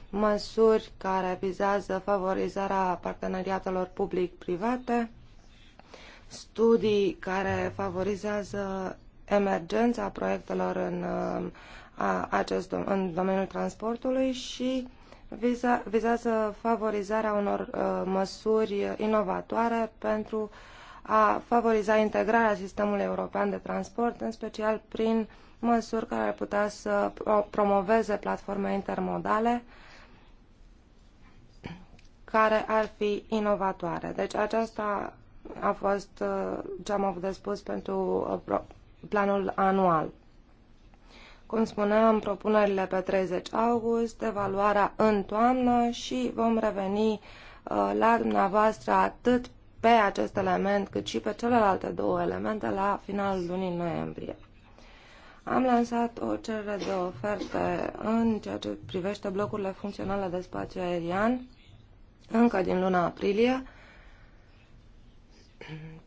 măsuri care vizează favorizarea parteneriatelor public-private, studii care favorizează emergența proiectelor în, uh, acest, în domeniul transportului și viza, vizează favorizarea unor uh, măsuri inovatoare pentru a favoriza integrarea sistemului european de transport, în special prin măsuri care ar putea să promoveze platforme intermodale care ar fi inovatoare. Deci aceasta a fost uh, ce am avut de spus pentru uh, planul anual. Cum spuneam, propunerile pe 30 august, evaluarea în toamnă și vom reveni uh, la dumneavoastră atât pe acest element cât și pe celelalte două elemente la finalul lunii noiembrie. Am lansat o cerere de oferte în ceea ce privește blocurile funcționale de spațiu aerian încă din luna aprilie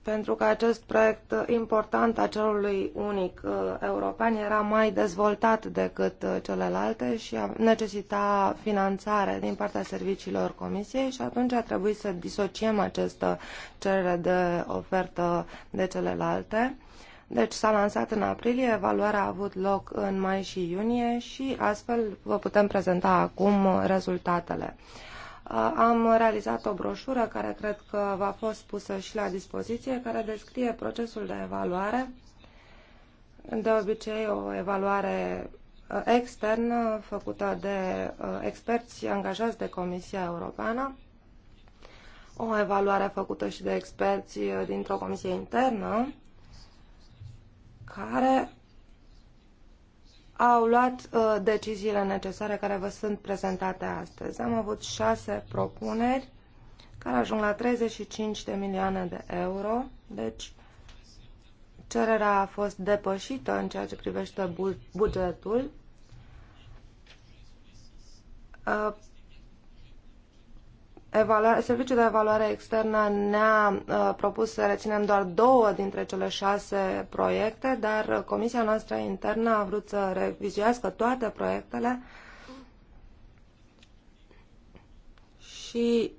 pentru că acest proiect important a celului unic uh, european era mai dezvoltat decât uh, celelalte și necesita finanțare din partea serviciilor comisiei și atunci a trebuit să disociem această cerere de ofertă de celelalte. Deci s-a lansat în aprilie, evaluarea a avut loc în mai și iunie și astfel vă putem prezenta acum rezultatele. Uh, Uh, am realizat o broșură care cred că va fost pusă și la dispoziție, care descrie procesul de evaluare. De obicei, o evaluare uh, externă făcută de uh, experți angajați de Comisia Europeană, o evaluare făcută și de experți dintr-o comisie internă, care au luat uh, deciziile necesare care vă sunt prezentate astăzi. Am avut șase propuneri care ajung la 35 de milioane de euro, deci cererea a fost depășită în ceea ce privește bugetul. Uh, Evaluare, Serviciul de Evaluare Externă ne-a uh, propus să reținem doar două dintre cele șase proiecte, dar Comisia noastră internă a vrut să revizuiască toate proiectele și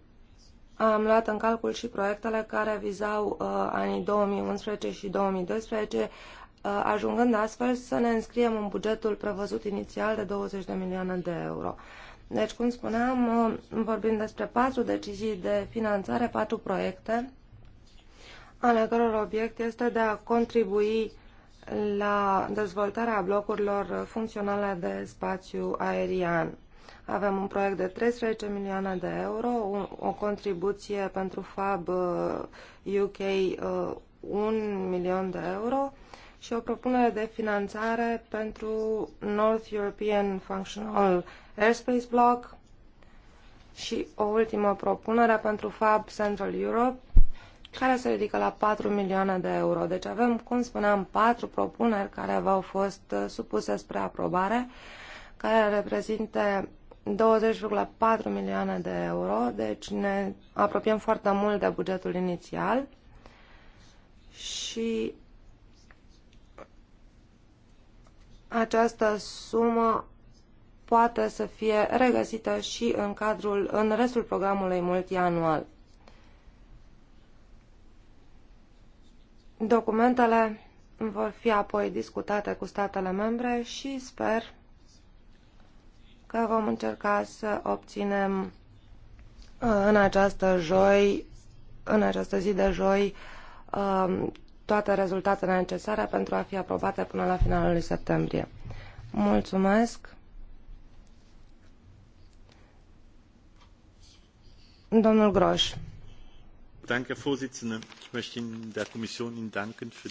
am luat în calcul și proiectele care vizau uh, anii 2011 și 2012, uh, ajungând astfel să ne înscriem în bugetul prevăzut inițial de 20 de milioane de euro. Uh, deci, cum spuneam, uh, vorbim despre patru decizii de finanțare, patru proiecte, ale căror obiect este de a contribui la dezvoltarea blocurilor funcționale de spațiu aerian. Avem un proiect de 13 milioane de euro, o contribuție pentru FAB UK uh, 1 uh, milion de euro și o propunere de finanțare pentru North European Functional Airspace Block și o ultimă propunere pentru FAB Central Europe, care se ridică la 4 milioane de euro. Deci avem, cum spuneam, patru propuneri care v-au fost uh, supuse spre aprobare, care reprezintă 20,4 milioane de euro, deci ne apropiem foarte mult de bugetul inițial și această sumă poate să fie regăsită și în, cadrul, în restul programului multianual. Documentele vor fi apoi discutate cu statele membre și sper că vom încerca să obținem uh, în această joi, în această zi de joi, uh, toate rezultatele necesare pentru a fi aprobate până la finalul septembrie. Mulțumesc!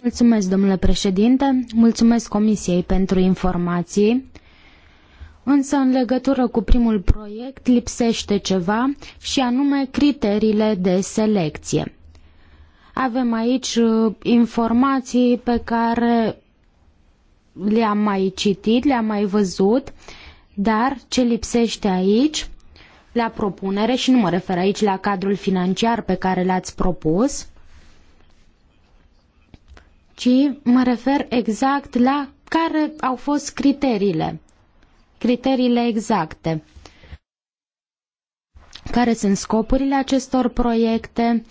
Mulțumesc, domnule președinte, mulțumesc Comisiei pentru informații. Însă, în legătură cu primul proiect, lipsește ceva și anume criteriile de selecție. Avem aici uh, informații pe care le-am mai citit, le-am mai văzut, dar ce lipsește aici la propunere și nu mă refer aici la cadrul financiar pe care l-ați propus, ci mă refer exact la care au fost criteriile, criteriile exacte. Care sunt scopurile acestor proiecte?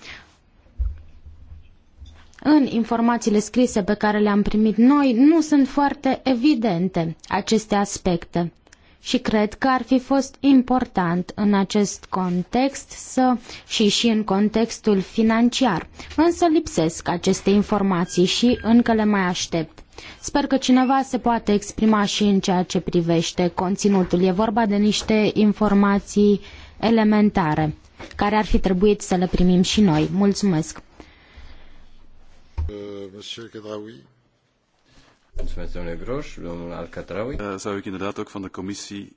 În informațiile scrise pe care le-am primit noi, nu sunt foarte evidente aceste aspecte și cred că ar fi fost important în acest context să, și și în contextul financiar. Însă lipsesc aceste informații și încă le mai aștept. Sper că cineva se poate exprima și în ceea ce privește conținutul. E vorba de niște informații elementare care ar fi trebuit să le primim și noi. Mulțumesc! Uh, Mulțumesc, domnule Groș, domnul Alcatraui. Eh, sau van de comisie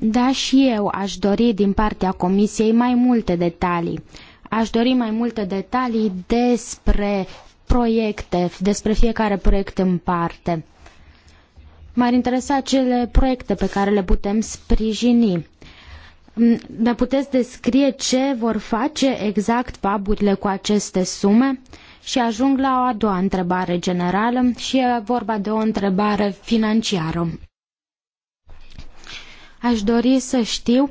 da, și eu aș dori din partea Comisiei mai multe detalii. Aș dori mai multe detalii despre proiecte, despre fiecare proiect în parte. M-ar interesa cele proiecte pe care le putem sprijini. Mm, ne puteți descrie ce vor face exact faburile cu aceste sume? Și ajung la o a doua întrebare generală și e vorba de o întrebare financiară. Aș dori să știu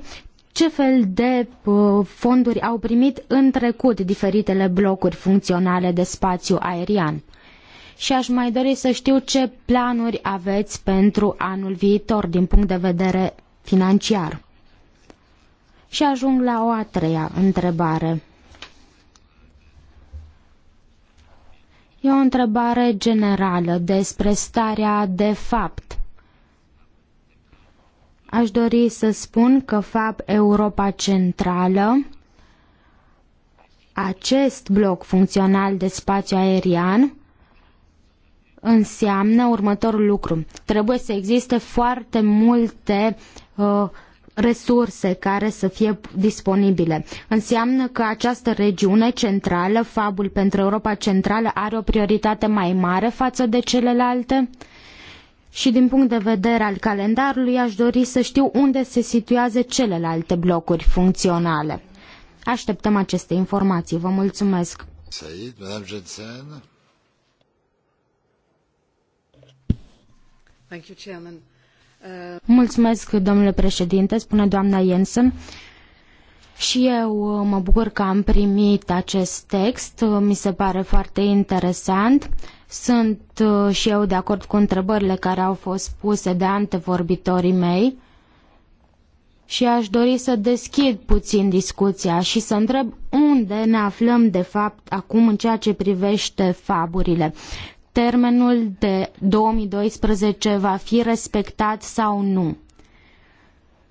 ce fel de uh, fonduri au primit în trecut diferitele blocuri funcționale de spațiu aerian. Și aș mai dori să știu ce planuri aveți pentru anul viitor din punct de vedere financiar. Și ajung la o a treia întrebare. E o întrebare generală despre starea de fapt. Aș dori să spun că FAB Europa Centrală, acest bloc funcțional de spațiu aerian, înseamnă următorul lucru. Trebuie să existe foarte multe uh, resurse care să fie disponibile. Înseamnă că această regiune centrală, fabul pentru Europa Centrală, are o prioritate mai mare față de celelalte? Și din punct de vedere al calendarului, aș dori să știu unde se situează celelalte blocuri funcționale. Așteptăm aceste informații. Vă mulțumesc. Said, Thank you, Chairman. Mulțumesc, domnule președinte, spune doamna Jensen. Și eu uh, mă bucur că am primit acest text, uh, mi se pare foarte interesant. Sunt uh, și eu de acord cu întrebările care au fost puse de antevorbitorii mei și aș dori să deschid puțin discuția și să întreb unde ne aflăm de fapt acum în ceea ce privește faburile termenul de 2012 va fi respectat sau nu.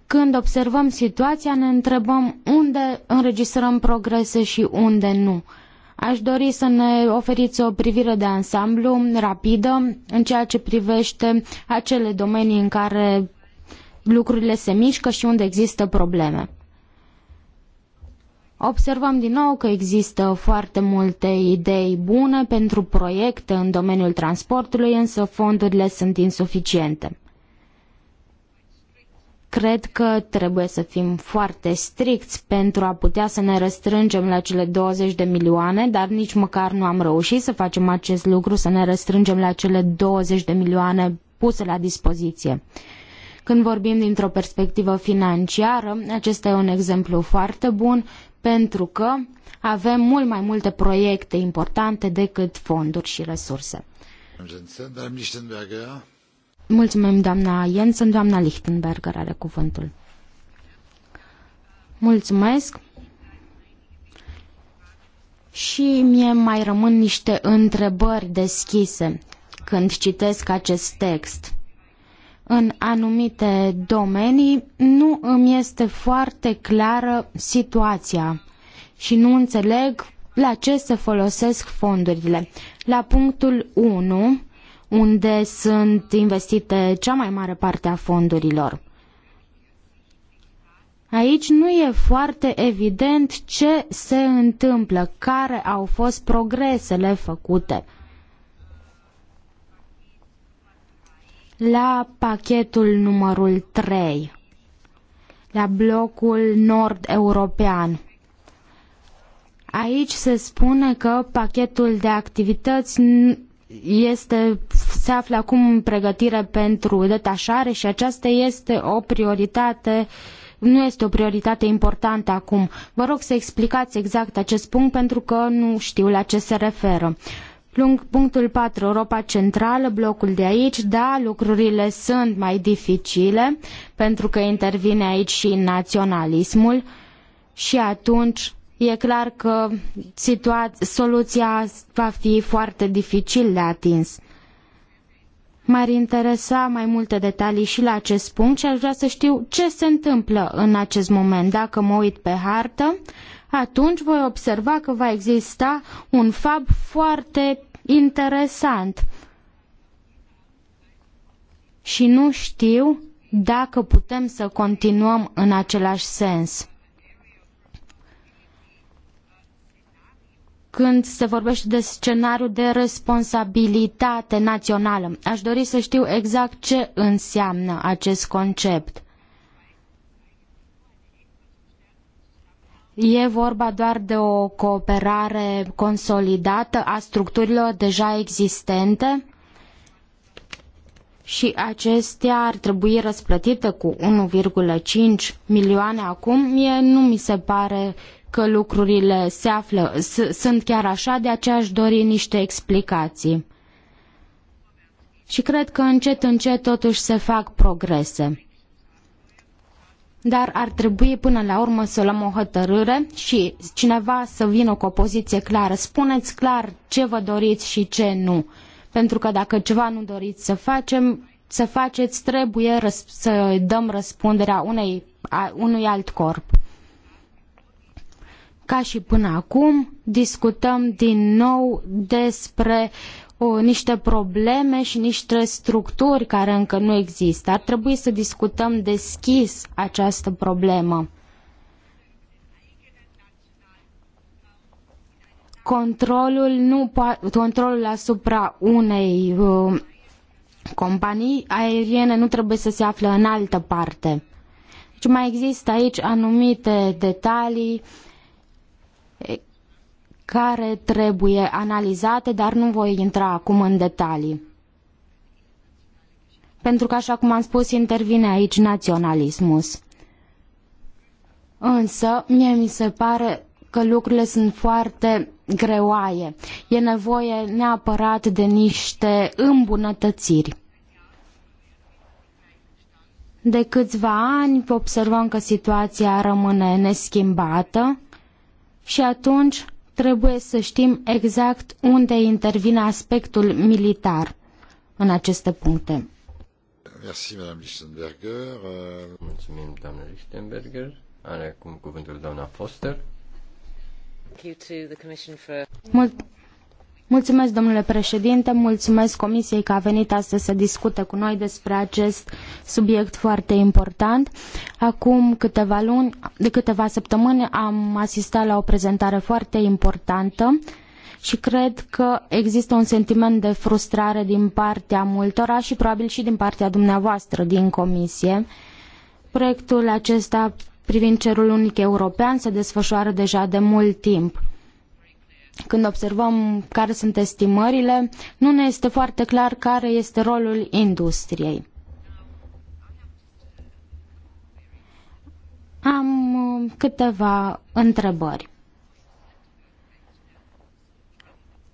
Când observăm situația, ne întrebăm unde înregistrăm progrese și unde nu. Aș dori să ne oferiți o privire de ansamblu rapidă în ceea ce privește acele domenii în care lucrurile se mișcă și unde există probleme. Observăm din nou că există foarte multe idei bune pentru proiecte în domeniul transportului, însă fondurile sunt insuficiente. Cred că trebuie să fim foarte stricți pentru a putea să ne răstrângem la cele 20 de milioane, dar nici măcar nu am reușit să facem acest lucru, să ne răstrângem la cele 20 de milioane puse la dispoziție. Când vorbim dintr-o perspectivă financiară, acesta e un exemplu foarte bun pentru că avem mult mai multe proiecte importante decât fonduri și resurse. Mulțumim, doamna Jensen. Doamna Lichtenberger are cuvântul. Mulțumesc. Și mie mai rămân niște întrebări deschise când citesc acest text în anumite domenii, nu îmi este foarte clară situația și nu înțeleg la ce se folosesc fondurile. La punctul 1, unde sunt investite cea mai mare parte a fondurilor. Aici nu e foarte evident ce se întâmplă, care au fost progresele făcute. la pachetul numărul 3, la blocul nord-european. Aici se spune că pachetul de activități este, se află acum în pregătire pentru detașare și aceasta este o prioritate nu este o prioritate importantă acum. Vă rog să explicați exact acest punct pentru că nu știu la ce se referă. Lung punctul 4, Europa Centrală, blocul de aici, da, lucrurile sunt mai dificile pentru că intervine aici și naționalismul și atunci e clar că soluția va fi foarte dificil de atins. M-ar interesa mai multe detalii și la acest punct și aș vrea să știu ce se întâmplă în acest moment. Dacă mă uit pe hartă, atunci voi observa că va exista un fab foarte interesant. Și nu știu dacă putem să continuăm în același sens. când se vorbește de scenariul de responsabilitate națională. Aș dori să știu exact ce înseamnă acest concept. E vorba doar de o cooperare consolidată a structurilor deja existente și acestea ar trebui răsplătite cu 1,5 milioane acum. Mie nu mi se pare că lucrurile se află, sunt chiar așa, de aceea aș dori niște explicații. Și cred că încet, încet totuși se fac progrese dar ar trebui până la urmă să luăm o hotărâre și cineva să vină cu o poziție clară. Spuneți clar ce vă doriți și ce nu. Pentru că dacă ceva nu doriți să facem, să faceți, trebuie să dăm răspunderea unei, a, unui alt corp. Ca și până acum, discutăm din nou despre uh, o, niște probleme și niște structuri care încă nu există. Ar trebui să discutăm deschis această problemă. Controlul, nu controlul asupra unei uh, companii aeriene nu trebuie să se afle în altă parte. Deci mai există aici anumite detalii care trebuie analizate, dar nu voi intra acum în detalii. Pentru că, așa cum am spus, intervine aici naționalismul. Însă, mie mi se pare că lucrurile sunt foarte greoaie. E nevoie neapărat de niște îmbunătățiri. De câțiva ani observăm că situația rămâne neschimbată și atunci trebuie să știm exact unde intervine aspectul militar în aceste puncte. Merci, Madame Lichtenberger. Euh, Mulțumim, doamnă Lichtenberger. Are acum cuvântul doamna Foster. Mult, Mulțumesc, domnule președinte, mulțumesc Comisiei că a venit astăzi să discute cu noi despre acest subiect foarte important. Acum câteva luni, de câteva săptămâni am asistat la o prezentare foarte importantă și cred că există un sentiment de frustrare din partea multora și probabil și din partea dumneavoastră din Comisie. Proiectul acesta privind cerul unic european se desfășoară deja de mult timp când observăm care sunt estimările, nu ne este foarte clar care este rolul industriei. Am uh, câteva întrebări.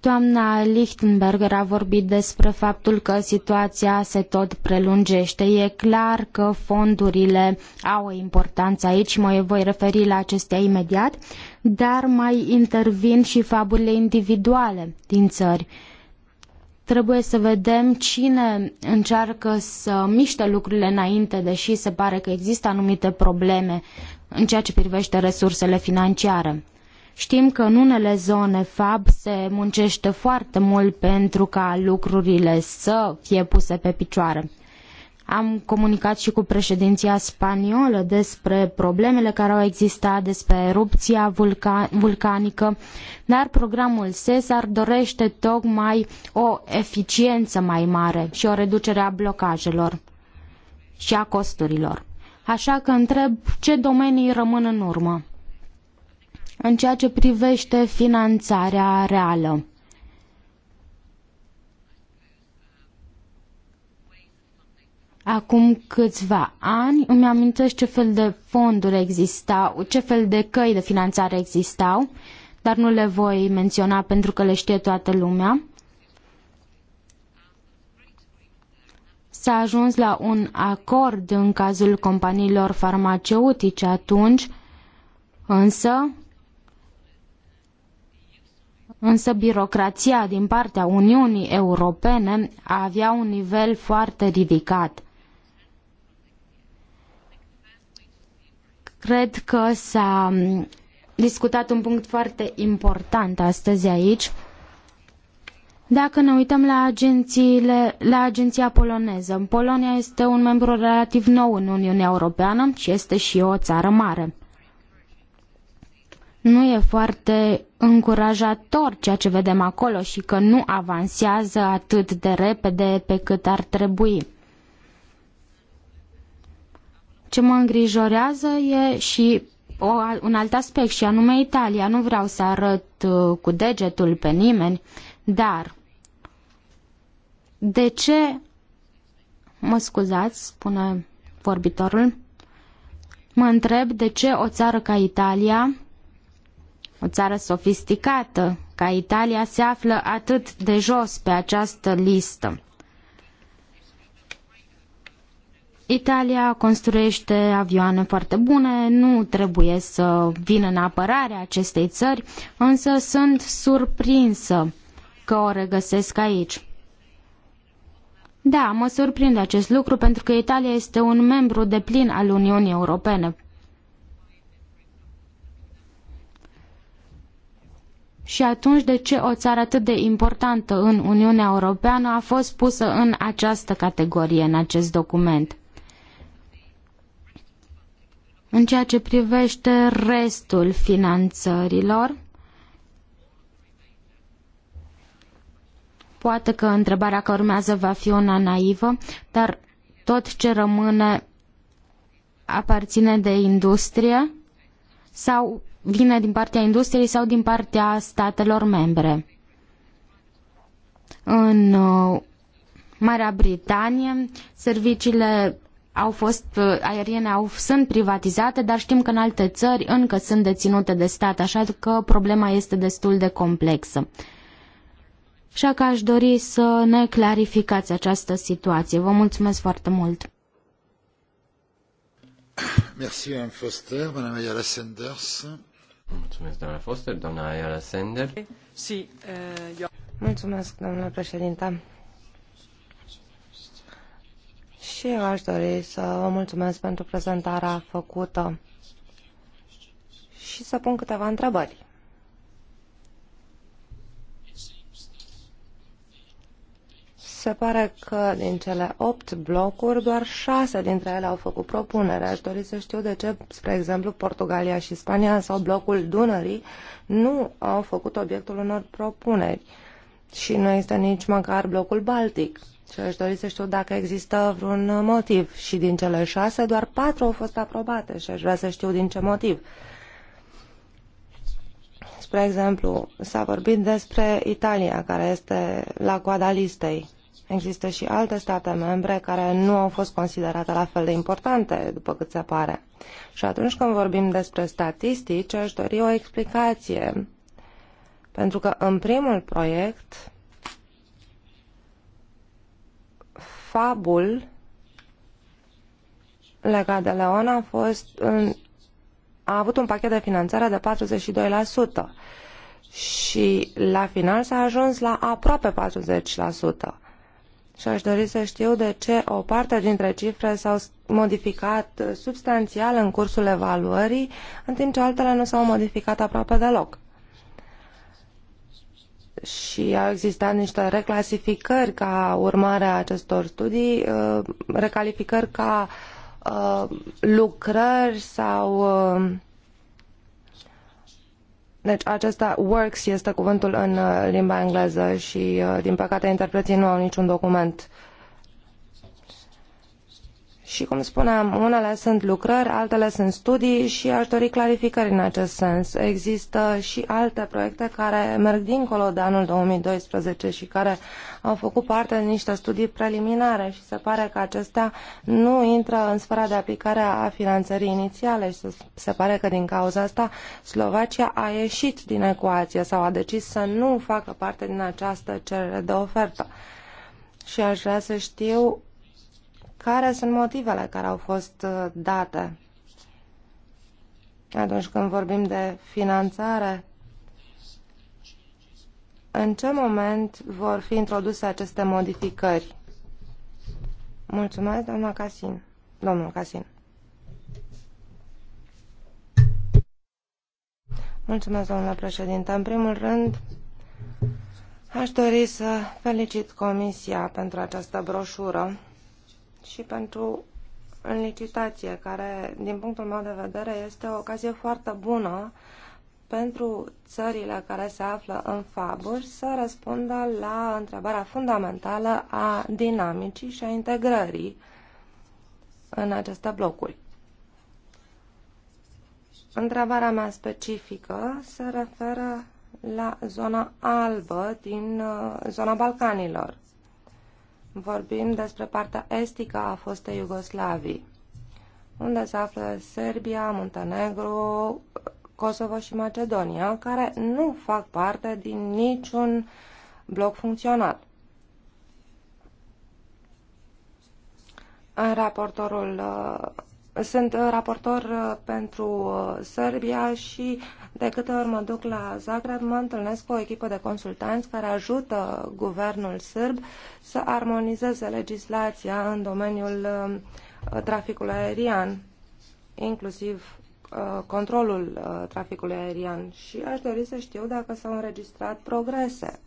Doamna Lichtenberger a vorbit despre faptul că situația se tot prelungește. E clar că fondurile au o importanță aici, mă voi referi la acestea imediat, dar mai intervin și faburile individuale din țări. Trebuie să vedem cine încearcă să miște lucrurile înainte, deși se pare că există anumite probleme în ceea ce privește resursele financiare. Știm că în unele zone FAB se muncește foarte mult pentru ca lucrurile să fie puse pe picioare. Am comunicat și cu președinția spaniolă despre problemele care au existat, despre erupția vulcan vulcanică, dar programul Cesar dorește tocmai o eficiență mai mare și o reducere a blocajelor și a costurilor. Așa că întreb ce domenii rămân în urmă în ceea ce privește finanțarea reală. Acum câțiva ani îmi amintesc ce fel de fonduri existau, ce fel de căi de finanțare existau, dar nu le voi menționa pentru că le știe toată lumea. s-a ajuns la un acord în cazul companiilor farmaceutice atunci, însă Însă birocrația din partea Uniunii Europene avea un nivel foarte ridicat. Cred că s-a discutat un punct foarte important astăzi aici. Dacă ne uităm la, agențiile, la agenția poloneză, Polonia este un membru relativ nou în Uniunea Europeană și este și o țară mare nu e foarte încurajator ceea ce vedem acolo și că nu avansează atât de repede pe cât ar trebui. Ce mă îngrijorează e și o, un alt aspect și anume Italia. Nu vreau să arăt uh, cu degetul pe nimeni, dar de ce mă scuzați, spune vorbitorul, mă întreb de ce o țară ca Italia o țară sofisticată ca Italia se află atât de jos pe această listă. Italia construiește avioane foarte bune, nu trebuie să vină în apărarea acestei țări, însă sunt surprinsă că o regăsesc aici. Da, mă surprinde acest lucru pentru că Italia este un membru de plin al Uniunii Europene. Și atunci de ce o țară atât de importantă în Uniunea Europeană a fost pusă în această categorie, în acest document? În ceea ce privește restul finanțărilor, poate că întrebarea care urmează va fi una naivă, dar tot ce rămâne aparține de industrie sau vine din partea industriei sau din partea statelor membre. În uh, Marea Britanie, serviciile au fost uh, aeriene au, sunt privatizate, dar știm că în alte țări încă sunt deținute de stat, așa că problema este destul de complexă. Așa că aș dori să ne clarificați această situație. Vă mulțumesc foarte mult. Merci, Madame Foster, Mme Ayala Sanders. Mulțumesc, doamna Foster. Doamna Ayala Sender. Si, eu... Eh, mulțumesc, doamna președinte. Și eu aș dori să vă mulțumesc pentru prezentarea făcută și să pun câteva întrebări. se pare că din cele opt blocuri, doar șase dintre ele au făcut propunere. Aș dori să știu de ce, spre exemplu, Portugalia și Spania sau blocul Dunării nu au făcut obiectul unor propuneri. Și nu este nici măcar blocul Baltic. Și aș dori să știu dacă există vreun motiv. Și din cele șase, doar patru au fost aprobate și aș vrea să știu din ce motiv. Spre exemplu, s-a vorbit despre Italia, care este la coada listei. Există și alte state membre care nu au fost considerate la fel de importante, după cât se pare. Și atunci când vorbim despre statistici, aș dori o explicație. Pentru că în primul proiect, fabul legat de Leon a fost în, a avut un pachet de finanțare de 42% și la final s-a ajuns la aproape 40% și aș dori să știu de ce o parte dintre cifre s-au modificat substanțial în cursul evaluării, în timp ce altele nu s-au modificat aproape deloc. Și au existat niște reclasificări ca urmare a acestor studii, uh, recalificări ca uh, lucrări sau uh, deci acesta works este cuvântul în limba engleză și uh, din păcate interpreții nu au niciun document și, cum spuneam, unele sunt lucrări, altele sunt studii și aș dori clarificări în acest sens. Există și alte proiecte care merg dincolo de anul 2012 și care au făcut parte din niște studii preliminare și se pare că acestea nu intră în sfera de aplicare a finanțării inițiale și se pare că din cauza asta Slovacia a ieșit din ecuație sau a decis să nu facă parte din această cerere de ofertă. Și aș vrea să știu care sunt motivele care au fost uh, date atunci când vorbim de finanțare. În ce moment vor fi introduse aceste modificări? Mulțumesc, doamna Casin. Domnul Casin. Mulțumesc, domnule președinte. În primul rând, aș dori să felicit Comisia pentru această broșură și pentru în licitație, care, din punctul meu de vedere, este o ocazie foarte bună pentru țările care se află în faburi să răspundă la întrebarea fundamentală a dinamicii și a integrării în aceste blocuri. Întrebarea mea specifică se referă la zona albă din uh, zona Balcanilor. Vorbim despre partea estică a fostei Iugoslavii, unde se află Serbia, Muntenegru, Kosovo și Macedonia, care nu fac parte din niciun bloc funcțional. Raportorul uh, sunt uh, raportor uh, pentru uh, Serbia și de câte ori mă duc la Zagreb, mă întâlnesc cu o echipă de consultanți care ajută guvernul sârb să armonizeze legislația în domeniul traficului aerian, inclusiv controlul traficului aerian. Și aș dori să știu dacă s-au înregistrat progrese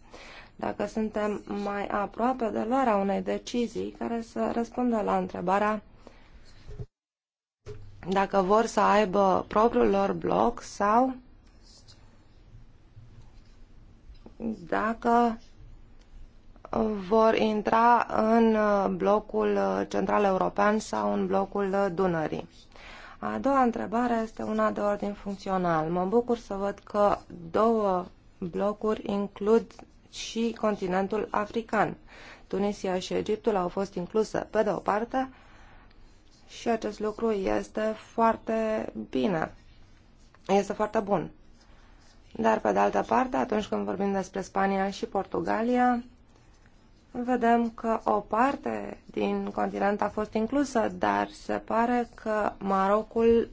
dacă suntem mai aproape de luarea unei decizii care să răspundă la întrebarea dacă vor să aibă propriul lor blog sau dacă vor intra în blocul central european sau în blocul Dunării. A doua întrebare este una de ordin funcțional. Mă bucur să văd că două blocuri includ și continentul african. Tunisia și Egiptul au fost incluse pe de o parte și acest lucru este foarte bine, este foarte bun. Dar, pe de altă parte, atunci când vorbim despre Spania și Portugalia, vedem că o parte din continent a fost inclusă, dar se pare că Marocul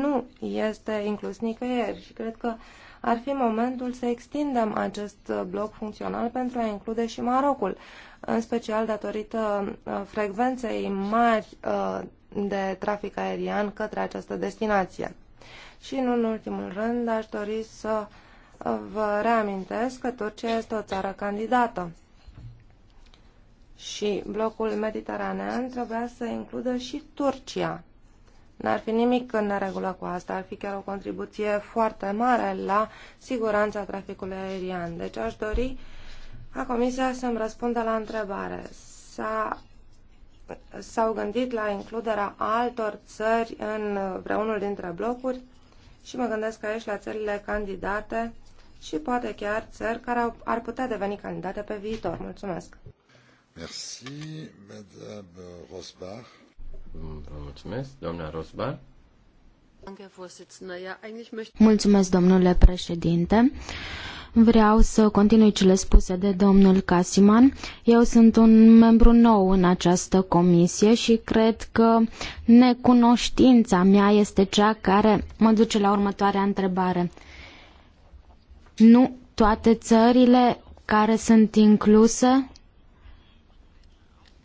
nu este inclus nicăieri și cred că ar fi momentul să extindem acest bloc funcțional pentru a include și Marocul, în special datorită uh, frecvenței mari uh, de trafic aerian către această destinație. Și nu în ultimul rând aș dori să vă reamintesc că Turcia este o țară candidată și blocul mediteranean trebuia să includă și Turcia. N-ar fi nimic în neregulă cu asta, ar fi chiar o contribuție foarte mare la siguranța traficului aerian. Deci aș dori ca Comisia să-mi răspundă la întrebare. S-a s-au gândit la includerea altor țări în vreunul dintre blocuri și mă gândesc aici la țările candidate și poate chiar țări care au, ar putea deveni candidate pe viitor. Mulțumesc! Merci, Madame Rosbach. Vă mulțumesc, doamna Rosbach. Mulțumesc, domnule președinte. Vreau să continui cele spuse de domnul Casiman. Eu sunt un membru nou în această comisie și cred că necunoștința mea este cea care mă duce la următoarea întrebare. Nu toate țările care sunt incluse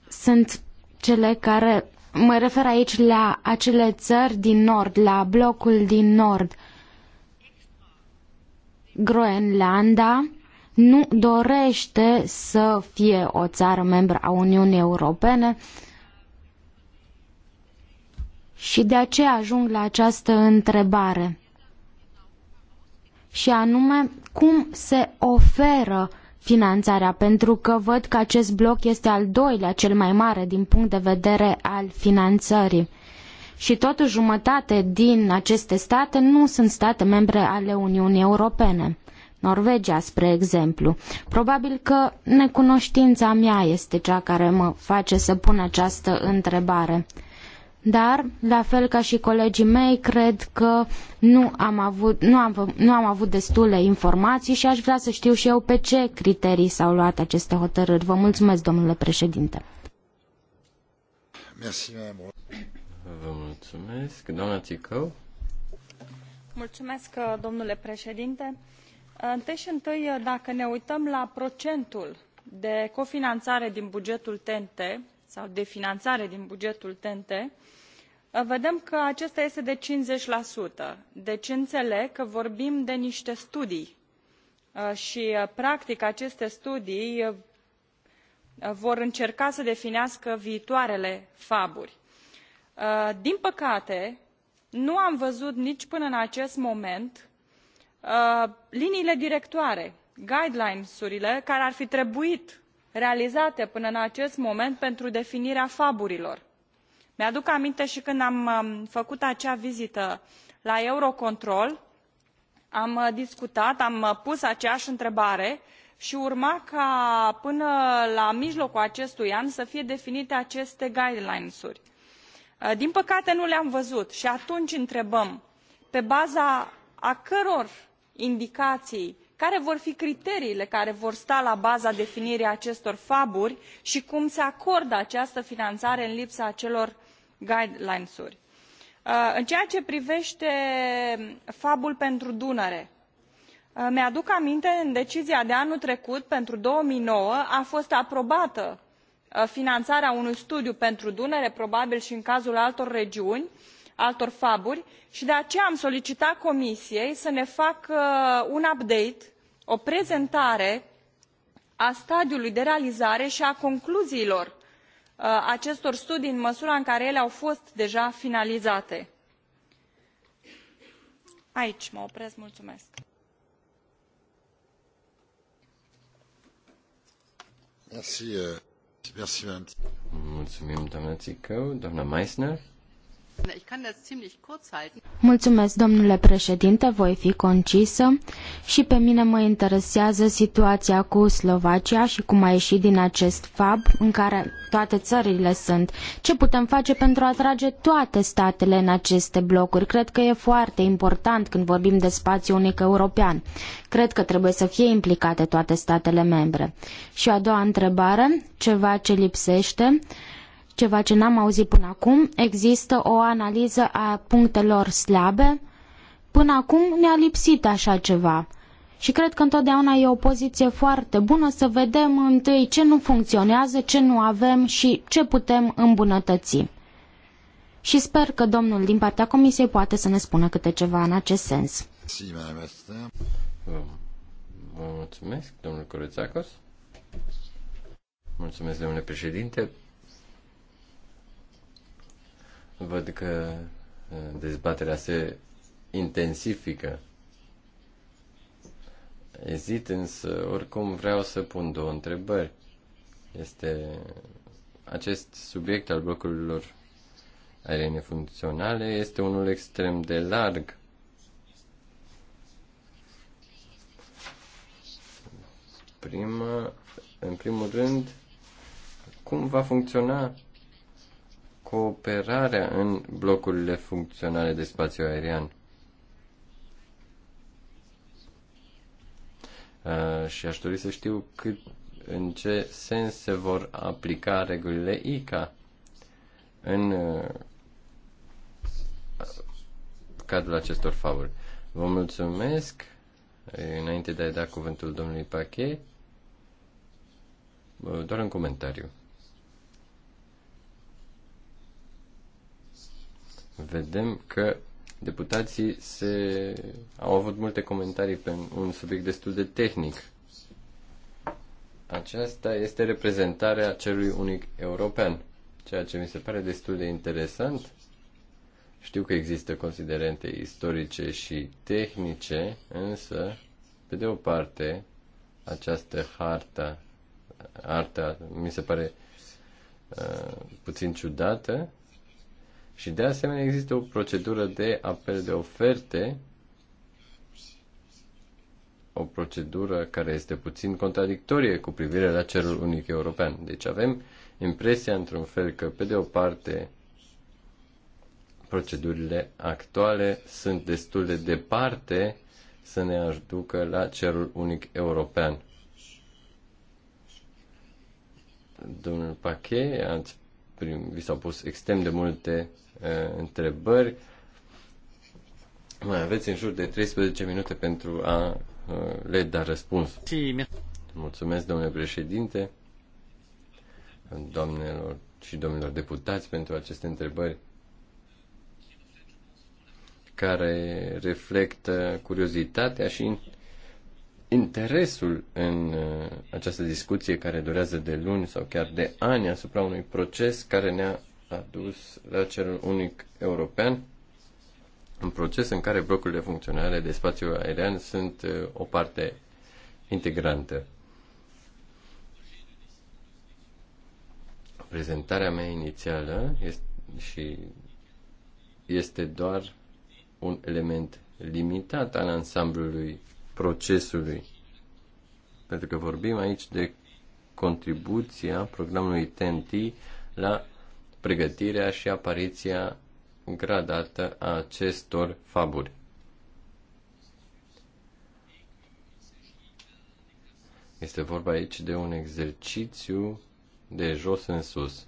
sunt cele care Mă refer aici la acele țări din nord, la blocul din nord. Groenlanda nu dorește să fie o țară membră a Uniunii Europene și de aceea ajung la această întrebare. Și anume, cum se oferă finanțarea, pentru că văd că acest bloc este al doilea cel mai mare din punct de vedere al finanțării. Și totuși jumătate din aceste state nu sunt state membre ale Uniunii Europene. Norvegia, spre exemplu. Probabil că necunoștința mea este cea care mă face să pun această întrebare. Dar, la fel ca și colegii mei, cred că nu am avut, nu am, nu am avut destule informații și aș vrea să știu și eu pe ce criterii s-au luat aceste hotărâri. Vă mulțumesc, domnule președinte. Vă mulțumesc. Doamna Țicău? Mulțumesc, domnule președinte. Întâi și întâi, dacă ne uităm la procentul de cofinanțare din bugetul TNT sau de finanțare din bugetul TNT, vedem că acesta este de cincizeci deci îneleg că vorbim de nite studii uh, i uh, practic aceste studii uh, vor încerca să definească viitoarele fab uri. din păcate nu am văzut nici până în acest moment liniile directoare guidelines urile care ar fi trebuit realizate până în acest moment pentru definirea fab urilor îmi aduc aminte i când am um, făcut acea vizită la eurocontrol am uh, discutat am uh, pus aceeai întrebare i urma ca până la mijlocul acestui an să fie definite aceste guidelines uri. Uh, din păcate nu le am văzut i atunci întrebăm pe baza a căror indicaii care vor fi criteriile care vor sta la baza definirii acestor fab uri i cum se acordă această finanare în lipsa acelor guidelines uri. Uh, în ceea ce privete fab ul pentru dunăre îmi uh, aduc aminte în decizia de anul trecut pentru două mii nouă a fost aprobată uh, finanarea unui studiu pentru dunăre probabil i în cazul altor regiuni altor fab uri i de aceea am solicitat comisiei să ne facă un update o prezentare a stadiului de realizare i a concluziilor Uh, acestor studii în măsura în care ele au fost deja finalizate. aici mă opresc mulțumesc. Uh, Mulțumim, doamna Țicău. Doamna Meissner? Mulțumesc, domnule președinte, voi fi concisă și pe mine mă interesează situația cu Slovacia și cum a ieșit din acest fab în care toate țările sunt. Ce putem face pentru a atrage toate statele în aceste blocuri? Cred că e foarte important când vorbim de spațiu unic european. Cred că trebuie să fie implicate toate statele membre. Și a doua întrebare, ceva ce lipsește, ceva ce n-am auzit până acum, există o analiză a punctelor slabe. Până acum ne-a lipsit așa ceva. Și cred că întotdeauna e o poziție foarte bună să vedem întâi ce nu funcționează, ce nu avem și ce putem îmbunătăți. Și sper că domnul din partea comisiei poate să ne spună câte ceva în acest sens. mulțumesc, domnul Curățacos. Mulțumesc, domnule președinte. Văd că uh, dezbaterea se intensifică. Ezit, însă, oricum vreau să pun două întrebări. Este acest subiect al blocurilor aerene funcționale este unul extrem de larg. Prima, în primul rând, cum va funcționa cooperarea în blocurile funcționale de spațiu aerian. Uh, și aș dori să știu cât, în ce sens se vor aplica regulile ICA în uh, cadrul acestor favori. Vă mulțumesc. Înainte de a da cuvântul domnului Pache, uh, doar un comentariu. vedem că deputații se, au avut multe comentarii pe un subiect destul de tehnic. Aceasta este reprezentarea celui unic european, ceea ce mi se pare destul de interesant. Știu că există considerente istorice și tehnice, însă, pe de o parte, această harta, arta, mi se pare uh, puțin ciudată, și de asemenea există o procedură de apel de oferte, o procedură care este puțin contradictorie cu privire la cerul unic european. Deci avem impresia într-un fel că, pe de o parte, procedurile actuale sunt destul de departe să ne aducă la cerul unic european. Domnul Pache, ați prim, vi s-au pus extrem de multe uh, întrebări. Mai aveți în jur de 13 minute pentru a uh, le da răspuns. Mulțumesc, domnule președinte, doamnelor și domnilor deputați, pentru aceste întrebări care reflectă curiozitatea și interesul în uh, această discuție care durează de luni sau chiar de ani asupra unui proces care ne-a adus la cerul unic european, un proces în care blocurile funcționale de spațiu aerian sunt uh, o parte integrantă. Prezentarea mea inițială este, și este doar un element limitat al ansamblului procesului. Pentru că vorbim aici de contribuția programului TNT la pregătirea și apariția gradată a acestor faburi. Este vorba aici de un exercițiu de jos în sus,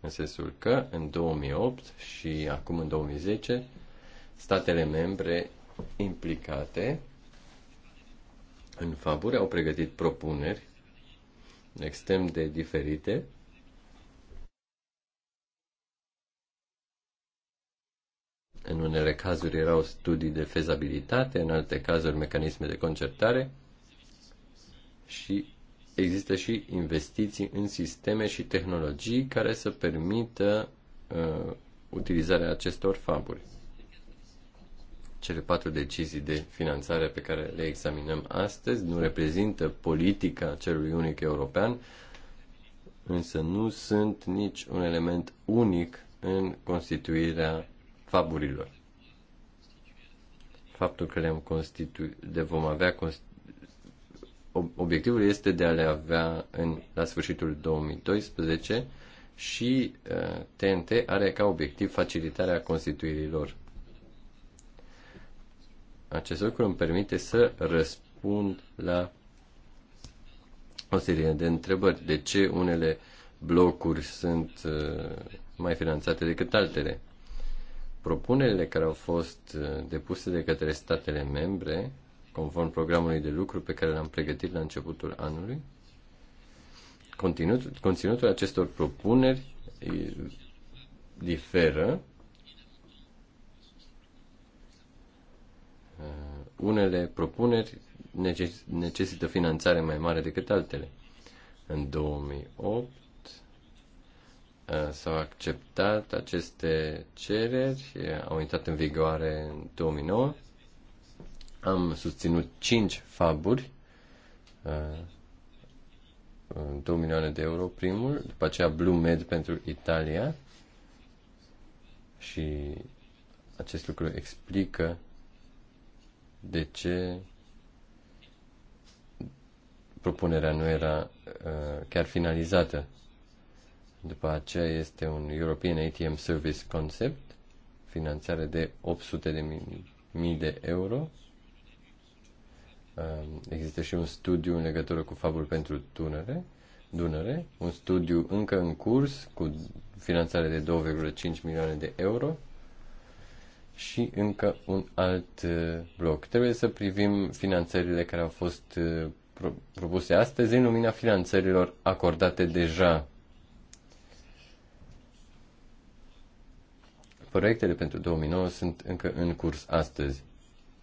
în sensul că în 2008 și acum în 2010 statele membre implicate în favoare, au pregătit propuneri extrem de diferite. În unele cazuri erau studii de fezabilitate, în alte cazuri mecanisme de concertare și există și investiții în sisteme și tehnologii care să permită uh, utilizarea acestor faburi. Cele patru decizii de finanțare pe care le examinăm astăzi nu reprezintă politica celui unic european, însă nu sunt nici un element unic în constituirea faburilor. Faptul că le-am constitu- de vom avea constitu- obiectivul este de a le avea în, la sfârșitul 2012 și uh, TNT are ca obiectiv facilitarea constituirilor. Acest lucru îmi permite să răspund la o serie de întrebări. De ce unele blocuri sunt uh, mai finanțate decât altele? Propunerile care au fost uh, depuse de către statele membre, conform programului de lucru pe care l-am pregătit la începutul anului, conținutul, conținutul acestor propuneri diferă unele propuneri necesită finanțare mai mare decât altele. În 2008 uh, s-au acceptat aceste cereri, uh, au intrat în vigoare în 2009. Am susținut 5 faburi, 2 uh, milioane de euro primul, după aceea Blue Med pentru Italia și acest lucru explică de ce propunerea nu era uh, chiar finalizată. După aceea este un European ATM Service Concept, finanțare de 800 de mii, mii de euro. Uh, există și un studiu în legătură cu fabul pentru Dunăre, Dunăre, un studiu încă în curs cu finanțare de 2,5 milioane de euro și încă un alt uh, bloc. Trebuie să privim finanțările care au fost uh, propuse astăzi în lumina finanțărilor acordate deja. Proiectele pentru 2009 sunt încă în curs astăzi.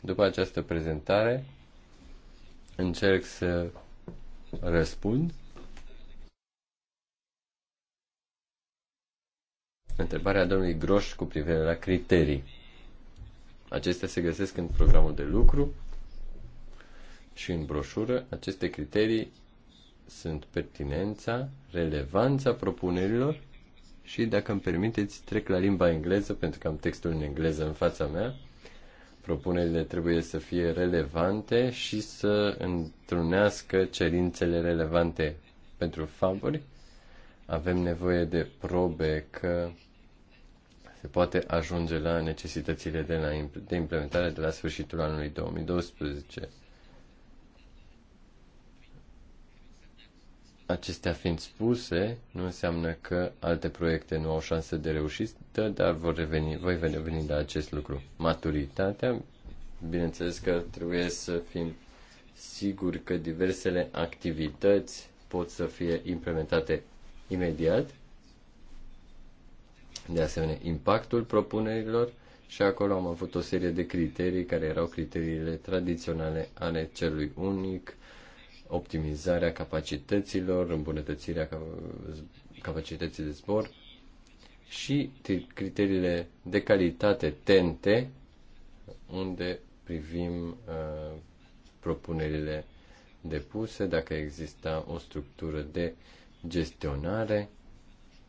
După această prezentare, încerc să răspund. Întrebarea domnului Groș cu privire la criterii. Acestea se găsesc în programul de lucru și în broșură. Aceste criterii sunt pertinența, relevanța propunerilor și, dacă îmi permiteți, trec la limba engleză, pentru că am textul în engleză în fața mea. Propunerile trebuie să fie relevante și să întrunească cerințele relevante pentru favori. Avem nevoie de probe că se poate ajunge la necesitățile de, la, de implementare de la sfârșitul anului 2012. Acestea fiind spuse, nu înseamnă că alte proiecte nu au șanse de reușită, dar vor reveni, voi reveni la acest lucru. Maturitatea, bineînțeles că trebuie să fim siguri că diversele activități pot să fie implementate imediat de asemenea impactul propunerilor și acolo am avut o serie de criterii care erau criteriile tradiționale ale celui unic, optimizarea capacităților, îmbunătățirea capacității de zbor și criteriile de calitate tente, unde privim uh, propunerile depuse, dacă exista o structură de gestionare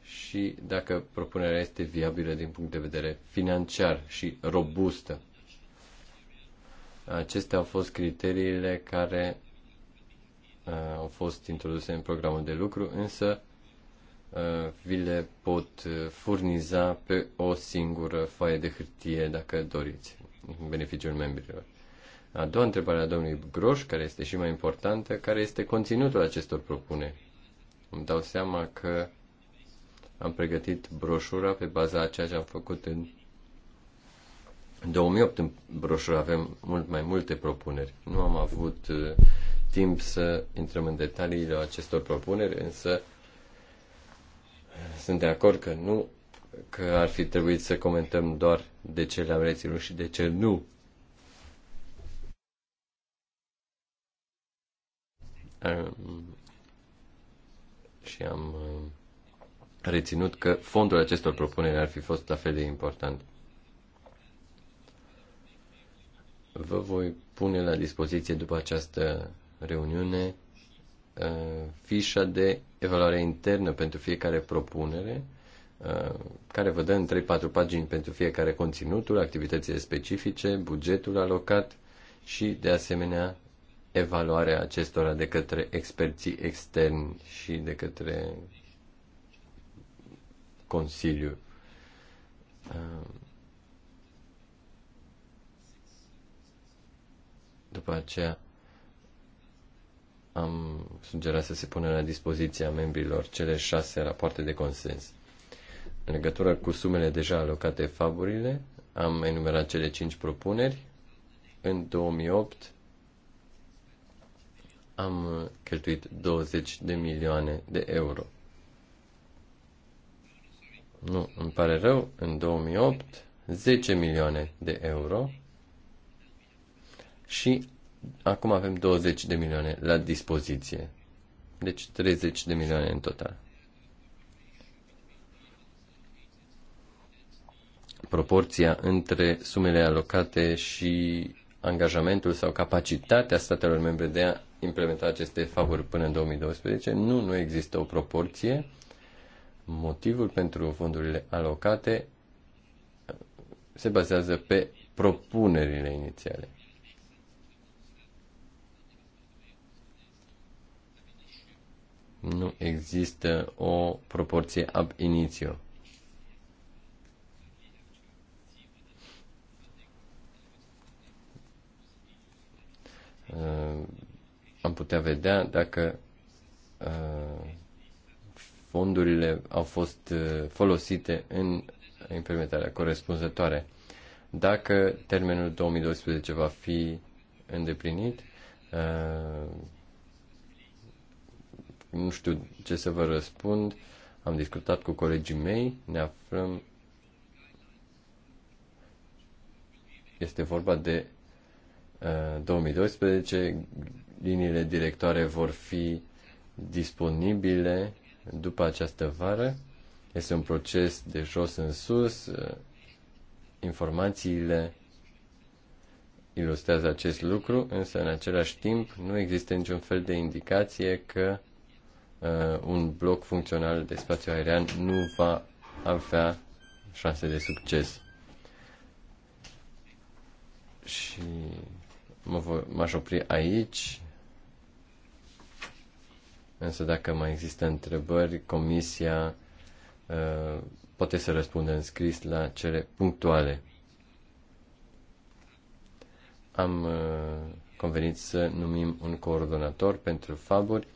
și dacă propunerea este viabilă din punct de vedere financiar și robustă. Acestea au fost criteriile care uh, au fost introduse în programul de lucru, însă uh, vi le pot uh, furniza pe o singură foaie de hârtie dacă doriți, în beneficiul membrilor. A doua întrebare a domnului Groș, care este și mai importantă, care este conținutul acestor propuneri. Îmi dau seama că am pregătit broșura pe baza a ceea ce am făcut în 2008 în broșură avem mult mai multe propuneri. Nu am avut uh, timp să intrăm în detaliile acestor propuneri, însă uh, sunt de acord că nu că ar fi trebuit să comentăm doar de ce le-am reținut și de ce nu. Um, și am um, reținut că fondul acestor propuneri ar fi fost la fel de important. Vă voi pune la dispoziție după această reuniune uh, fișa de evaluare internă pentru fiecare propunere, uh, care vă dă în 3-4 pagini pentru fiecare conținutul, activitățile specifice, bugetul alocat și, de asemenea, evaluarea acestora de către experții externi și de către Consiliu. Ehm, după aceea am sugerat să se pună la dispoziția membrilor cele șase rapoarte de consens. În legătură cu sumele deja alocate favorile, am enumerat cele cinci propuneri. În 2008 am cheltuit 20 de milioane de euro. Nu, îmi pare rău, în 2008 10 milioane de euro și acum avem 20 de milioane la dispoziție. Deci 30 de milioane în total. Proporția între sumele alocate și angajamentul sau capacitatea statelor membre de a implementa aceste favori până în 2012, nu, nu există o proporție Motivul pentru fondurile alocate se bazează pe propunerile inițiale. Nu există o proporție ab initio. Uh, am putea vedea dacă uh, fondurile au fost uh, folosite în implementarea corespunzătoare. Dacă termenul 2012 va fi îndeplinit, uh, nu știu ce să vă răspund. Am discutat cu colegii mei, ne aflăm. Este vorba de 2012, uh, liniile directoare vor fi disponibile după această vară. Este un proces de jos în sus. Eh, informațiile ilustrează acest lucru, însă în același timp nu există niciun fel de indicație că uh, un bloc funcțional de spațiu aerian nu va avea șanse de succes. Și mă voi, m-aș opri aici Însă dacă mai există întrebări, comisia uh, poate să răspundă în scris la cele punctuale. Am uh, convenit să numim un coordonator pentru faburi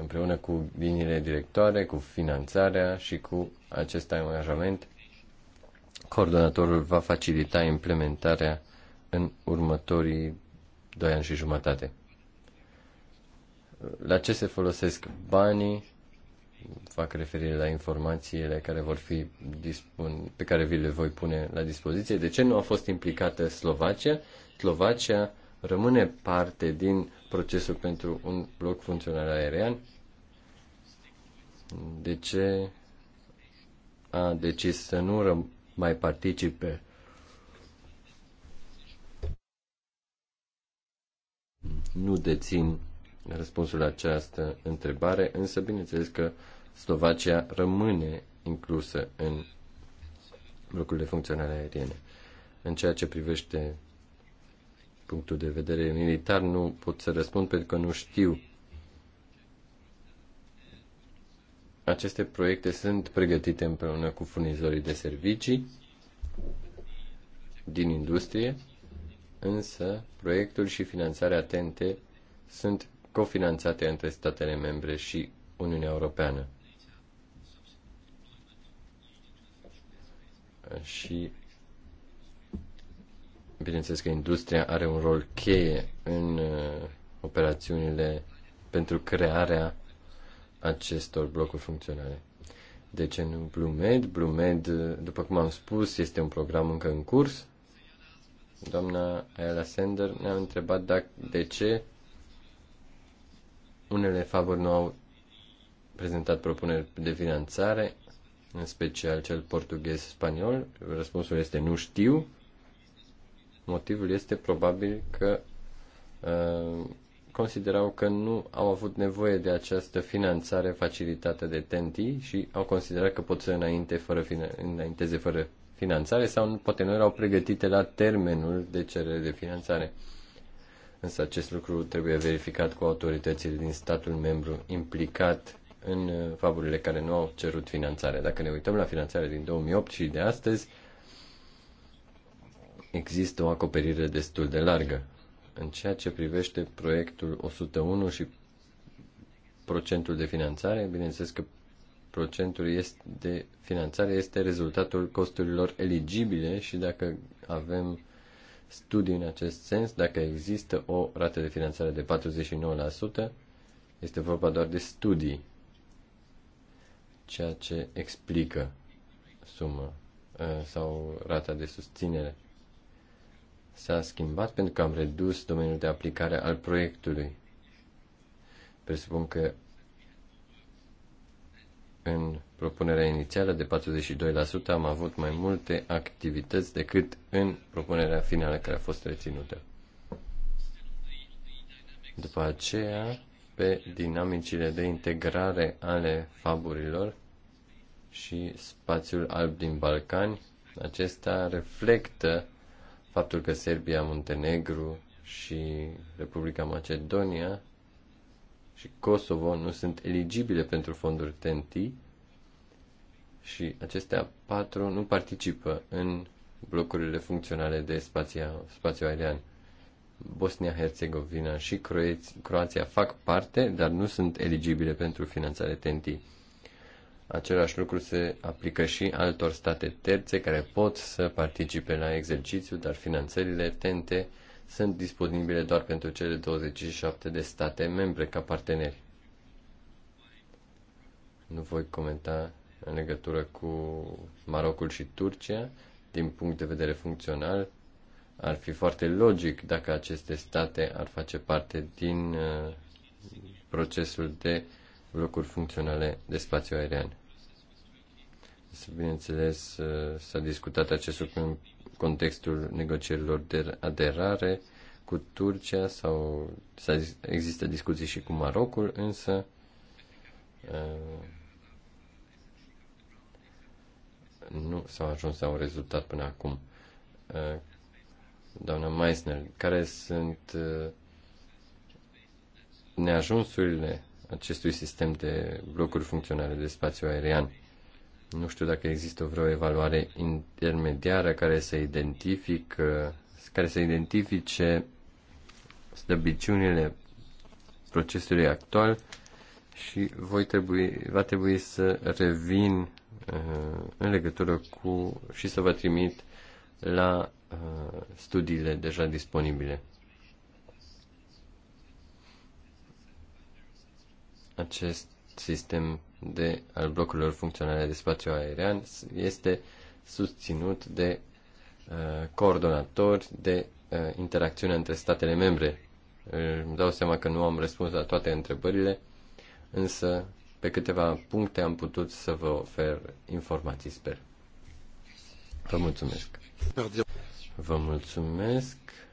împreună cu liniile directoare, cu finanțarea și cu acest angajament. Coordonatorul va facilita implementarea în următorii doi ani și jumătate la ce se folosesc banii, fac referire la informațiile care vor fi dispun, pe care vi le voi pune la dispoziție. De ce nu a fost implicată Slovacia? Slovacia rămâne parte din procesul pentru un bloc funcțional aerian. De ce a decis să nu mai participe nu dețin răspunsul la această întrebare, însă bineînțeles că Slovacia rămâne inclusă în blocurile funcționale aeriene. În ceea ce privește punctul de vedere militar, nu pot să răspund pentru că nu știu. Aceste proiecte sunt pregătite împreună cu furnizorii de servicii din industrie, însă proiectul și finanțarea atente sunt cofinanțate între statele membre și Uniunea Europeană. Și bineînțeles că industria are un rol cheie în uh, operațiunile pentru crearea acestor blocuri funcționale. De ce nu BlueMed? BlueMed, uh, după cum am spus, este un program încă în curs. Doamna Ayala Sender ne-a întrebat dacă, de ce unele favori nu au prezentat propuneri de finanțare, în special cel portughez-spaniol. Răspunsul este nu știu. Motivul este probabil că uh, considerau că nu au avut nevoie de această finanțare facilitată de TNT și au considerat că pot să înainte fără, înainteze fără finanțare sau poate nu erau pregătite la termenul de cerere de finanțare însă acest lucru trebuie verificat cu autoritățile din statul membru implicat în uh, faburile care nu au cerut finanțare. Dacă ne uităm la finanțarea din 2008 și de astăzi, există o acoperire destul de largă. În ceea ce privește proiectul 101 și procentul de finanțare, bineînțeles că procentul este de finanțare este rezultatul costurilor eligibile și dacă avem studii în acest sens. Dacă există o rată de finanțare de 49%, este vorba doar de studii, ceea ce explică sumă ă, sau rata de susținere. S-a schimbat pentru că am redus domeniul de aplicare al proiectului. Presupun că în propunerea inițială de 42% am avut mai multe activități decât în propunerea finală care a fost reținută. După aceea, pe dinamicile de integrare ale faburilor și spațiul alb din Balcani, acesta reflectă faptul că Serbia, Muntenegru și Republica Macedonia și Kosovo nu sunt eligibile pentru fonduri TNT și acestea patru nu participă în blocurile funcționale de spația, spațiu aerian. Bosnia-Herzegovina și Croația fac parte, dar nu sunt eligibile pentru finanțare TNT. Același lucru se aplică și altor state terțe care pot să participe la exercițiu, dar finanțările TNT sunt disponibile doar pentru cele 27 de state membre ca parteneri. Nu voi comenta în legătură cu Marocul și Turcia. Din punct de vedere funcțional, ar fi foarte logic dacă aceste state ar face parte din uh, procesul de locuri funcționale de spațiu aerian. Bineînțeles, uh, s-a discutat acest lucru în contextul negocierilor de aderare cu Turcia sau, să există discuții și cu Marocul, însă uh, nu s-au ajuns la un rezultat până acum. Uh, doamna Meissner, care sunt uh, neajunsurile acestui sistem de blocuri funcționale de spațiu aerian? Nu știu dacă există vreo evaluare intermediară care să identific, care să identifice slăbiciunile procesului actual și voi trebui, va trebui să revin uh, în legătură cu și să vă trimit la uh, studiile deja disponibile. Acest sistem de, al blocurilor funcționale de spațiu aerian este susținut de uh, coordonatori de uh, interacțiune între statele membre. Îmi dau seama că nu am răspuns la toate întrebările, însă pe câteva puncte am putut să vă ofer informații, sper. Vă mulțumesc. Vă mulțumesc.